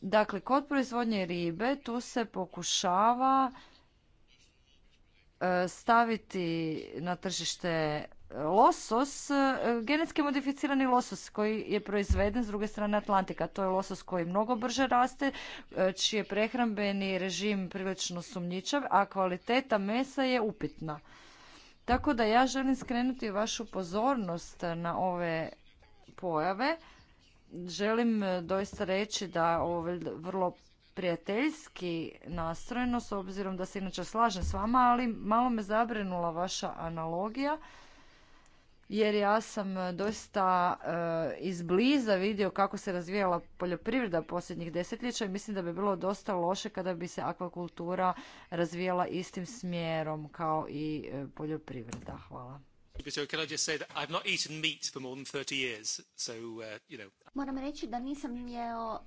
Dakle, kod proizvodnje ribe tu se pokušava e, staviti na tržište losos, e, genetski modificirani losos koji je proizveden s druge strane Atlantika. To je losos koji mnogo brže raste, e, čiji je prehrambeni režim prilično sumnjičav, a kvaliteta mesa je upitna. Tako da ja želim skrenuti vašu pozornost na ove pojave. Želim e, doista reći da ovo je vrlo prijateljski nastrojeno, s obzirom da se inače slažem s vama, ali malo me zabrinula vaša analogija jer ja sam e, dosta e, izbliza vidio kako se razvijala poljoprivreda posljednjih desetljeća i mislim da bi bilo dosta loše kada bi se akvakultura razvijala istim smjerom kao i e, poljoprivreda. Hvala. Moram reći da nisam jeo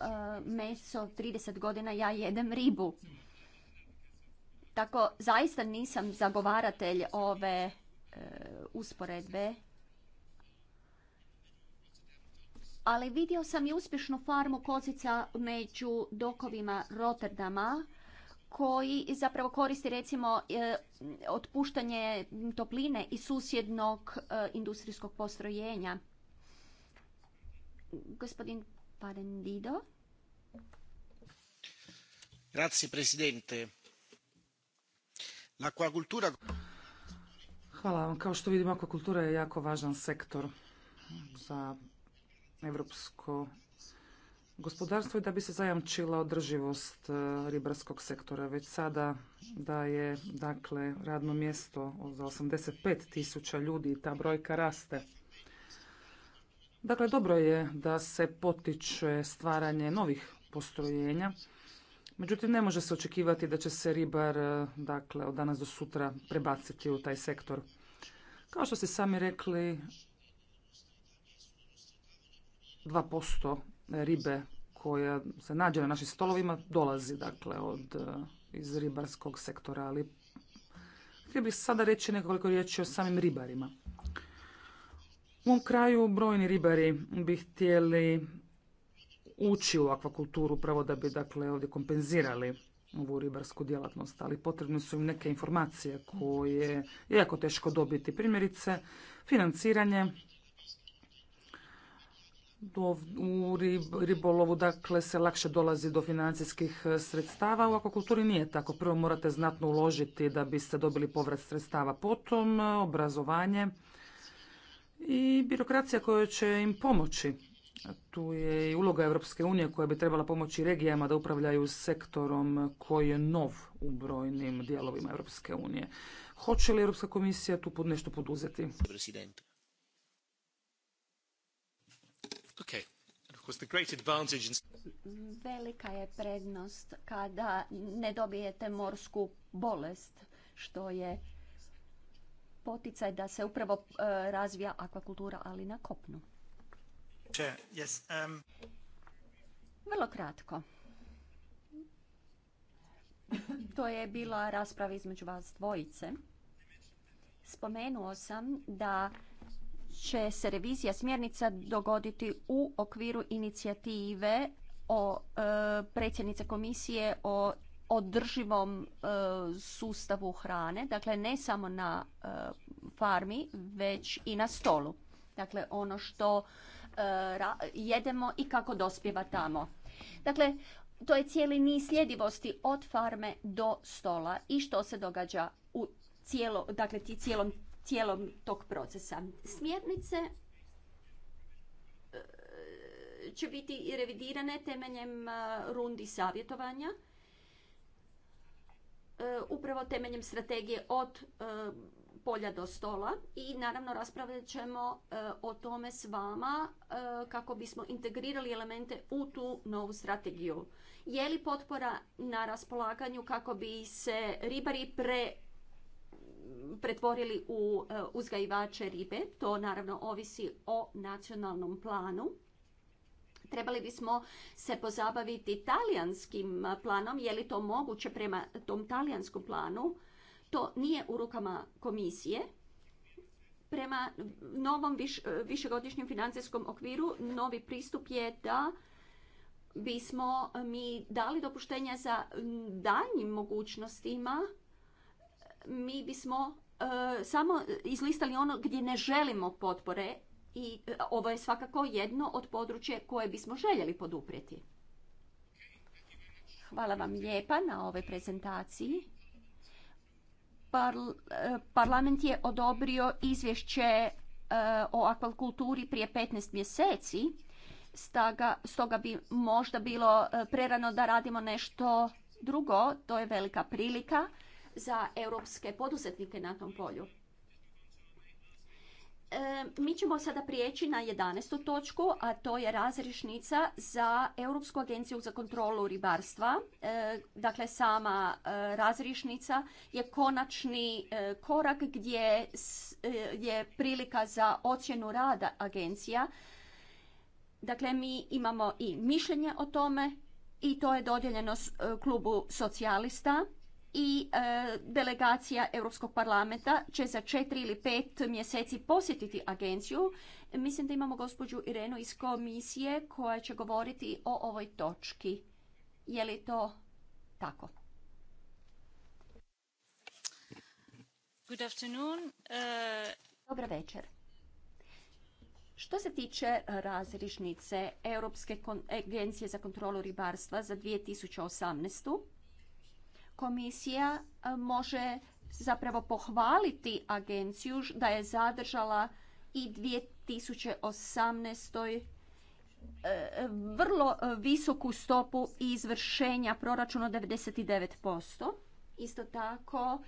meso 30 godina, ja jedem ribu. Tako zaista nisam zagovaratelj ove usporedbe ali vidio sam i uspješnu farmu kozica među dokovima Rotterdama, koji zapravo koristi recimo e, otpuštanje topline i susjednog e, industrijskog postrojenja. Gospodin Parendido. Grazie presidente. Hvala vam. Kao što vidimo, akvakultura je jako važan sektor za evropsko gospodarstvo i da bi se zajamčila održivost e, ribarskog sektora. Već sada da je dakle radno mjesto za 85 tisuća ljudi i ta brojka raste. Dakle, dobro je da se potiče stvaranje novih postrojenja, međutim ne može se očekivati da će se ribar e, dakle, od danas do sutra prebaciti u taj sektor. Kao što ste sami rekli, 2% ribe koja se nađe na našim stolovima dolazi dakle od, eh, iz ribarskog sektora, ali htio bih sada reći nekoliko riječi o samim ribarima. U ovom kraju brojni ribari bi htjeli ući u akvakulturu pravo da bi dakle ovdje kompenzirali ovu ribarsku djelatnost, ali potrebne su im neke informacije koje je jako teško dobiti. Primjerice, financiranje u ribolovu dakle se lakše dolazi do financijskih e, sredstava, u akvakulturi nije tako. Prvo morate znatno uložiti da biste dobili povrat sredstava, potom e, obrazovanje i birokracija koja će im pomoći. Tu je i uloga Europske unije koja bi trebala pomoći regijama da upravljaju sektorom koji je nov u brojnim dijelovima Europske unije. Hoće li Europska komisija tu nešto poduzeti? Okay. Velika je prednost kada ne dobijete morsku bolest, što je poticaj da se upravo e, razvija akvakultura, ali na kopnu. Um, Vrlo kratko. To je bila rasprava između vas dvojice. Spomenuo sam da će se revizija smjernica dogoditi u okviru inicijative o e, predsjednice komisije o održivom e, sustavu hrane, dakle ne samo na e, farmi, već i na stolu. Dakle, ono što jedemo i kako dospjeva tamo. Dakle, to je cijeli niz sljedivosti od farme do stola i što se događa u cijelo, dakle, cijelom cijelom tog procesa. Smjernice e, će biti i revidirane temeljem e, rundi savjetovanja, e, upravo temeljem strategije od polja do stola i naravno raspravljat ćemo o tome s vama kako bismo integrirali elemente u tu novu strategiju. Je li potpora na raspolaganju kako bi se ribari pre pretvorili u e, uzgajivače ribe. To naravno ovisi o nacionalnom planu. Trebali bismo se pozabaviti talijanskim planom, je li to moguće prema tom talijanskom planu. To nije u rukama komisije, prema novom višegodišnjem financijskom okviru novi pristup je da bismo mi dali dopuštenja za daljnjim mogućnostima mi bismo E, samo izlistali ono gdje ne želimo potpore i e, ovo je svakako jedno od područje koje bismo željeli poduprijeti. Hvala vam lijepa na ovoj prezentaciji. E, parlament je odobrio izvješće o akvakulturi prije 15 mjeseci, stoga bi možda bilo prerano da radimo nešto drugo, to je velika prilika za europske poduzetnike na tom polju. E, mi ćemo sada prijeći na 11. točku, a to je razrišnica za Europsku agenciju za kontrolu ribarstva. E, dakle, sama e, razrišnica je konačni korak gdje je prilika za ocjenu rada agencija. Dakle, mi imamo i mišljenje o tome i to je dodijeljeno klubu socijalista i e, delegacija Europskog parlamenta će za četiri ili pet mjeseci posjetiti agenciju. Mislim da imamo gospođu Irenu iz komisije koja će govoriti o ovoj točki. Je li to tako? Good afternoon. E, Dobar večer. Što se tiče razrišnice Europske agencije za kontrolu ribarstva za 2018. Komisija e, može zapravo pohvaliti agenciju da je zadržala i 2018. E, vrlo e, visoku stopu izvršenja proračuna 99%. Isto tako,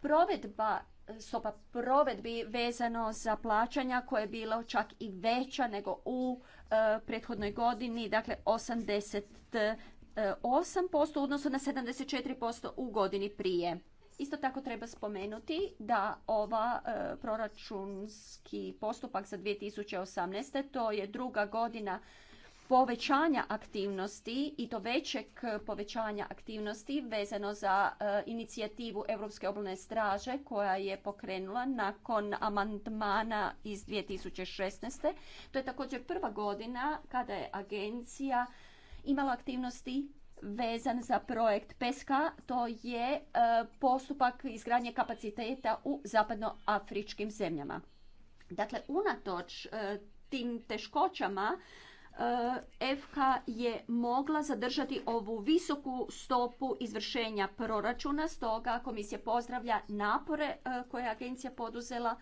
provedba stopa provedbi vezano za plaćanja koje je bilo čak i veća nego u prethodnoj godini, dakle 80 8% u odnosu na 74% u godini prije. Isto tako treba spomenuti da ova e, proračunski postupak za 2018. to je druga godina povećanja aktivnosti i to većeg povećanja aktivnosti vezano za e, inicijativu Europske obalne straže koja je pokrenula nakon amandmana iz 2016. To je također prva godina kada je agencija imala aktivnosti vezan za projekt PESKA, to je e, postupak izgradnje kapaciteta u zapadnoafričkim zemljama. Dakle, unatoč e, tim teškoćama, e, FK je mogla zadržati ovu visoku stopu izvršenja proračuna, stoga komisija pozdravlja napore koje je agencija poduzela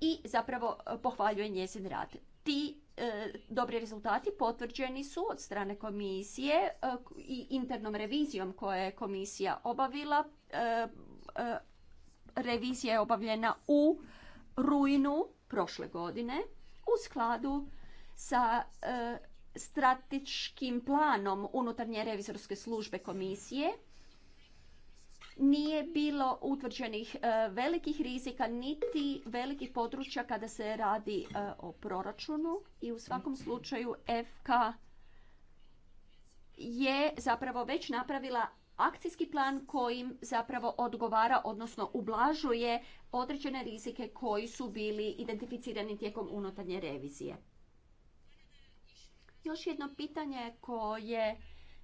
i zapravo pohvaljuje njezin rad. Ti E, dobri rezultati potvrđeni su od strane komisije e, i internom revizijom koje je komisija obavila. E, revizija je obavljena u rujnu prošle godine u skladu sa strateškim planom unutarnje revizorske službe komisije nije bilo utvrđenih e, velikih rizika niti velikih područja kada se radi e, o proračunu i u svakom slučaju FK je zapravo već napravila akcijski plan kojim zapravo odgovara, odnosno ublažuje određene rizike koji su bili identificirani tijekom unutarnje revizije. Još jedno pitanje koje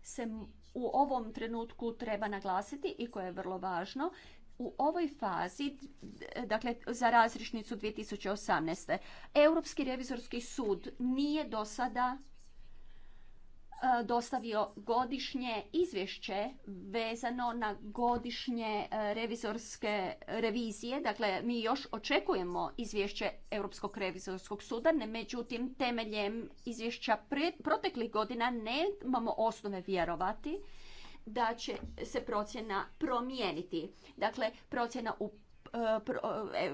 se u ovom trenutku treba naglasiti i koje je vrlo važno, u ovoj fazi, dakle za razrišnicu 2018. Europski revizorski sud nije do sada E, dostavio godišnje izvješće vezano na godišnje e, revizorske revizije. Dakle, mi još očekujemo izvješće Europskog revizorskog suda, ne međutim, temeljem izvješća pre, proteklih godina nemamo osnove vjerovati da će se procjena promijeniti. Dakle, procjena u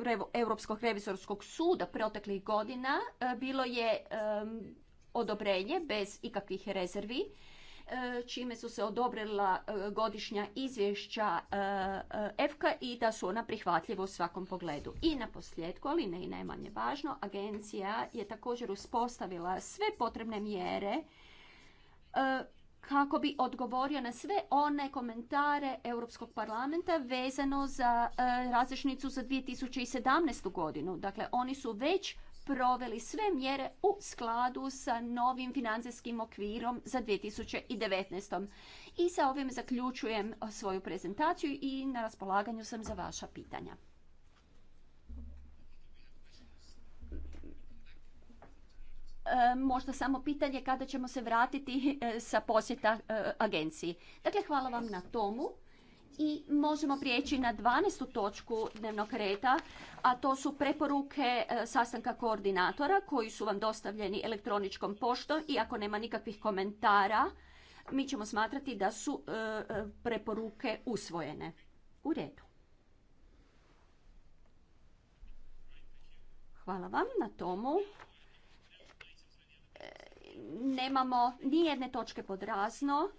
e, Europskog revizorskog suda proteklih godina bilo je odobrenje bez ikakvih rezervi e, čime su se odobrila e, godišnja izvješća EFKA i da su ona prihvatljiva u svakom pogledu. I na posljedku, ali ne i najmanje važno, agencija je također uspostavila sve potrebne mjere e, kako bi odgovorio na sve one komentare Europskog parlamenta vezano za različnicu za 2017. godinu. Dakle, oni su već proveli sve mjere u skladu sa novim financijskim okvirom za 2019. I sa ovim zaključujem svoju prezentaciju i na raspolaganju sam za vaša pitanja. E, možda samo pitanje kada ćemo se vratiti e, sa posjeta e, agenciji. Dakle, hvala vam na tomu i možemo prijeći na 12. točku dnevnog reda, a to su preporuke e, sastanka koordinatora koji su vam dostavljeni elektroničkom poštom i ako nema nikakvih komentara, mi ćemo smatrati da su e, e, preporuke usvojene. U redu. Hvala vam na tomu. Nemamo ni jedne točke pod razno.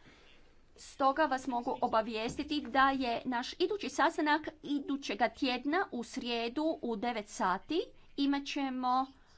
Stoga vas mogu obavijestiti da je naš idući sastanak idućega tjedna u srijedu u 9 sati. Imat ćemo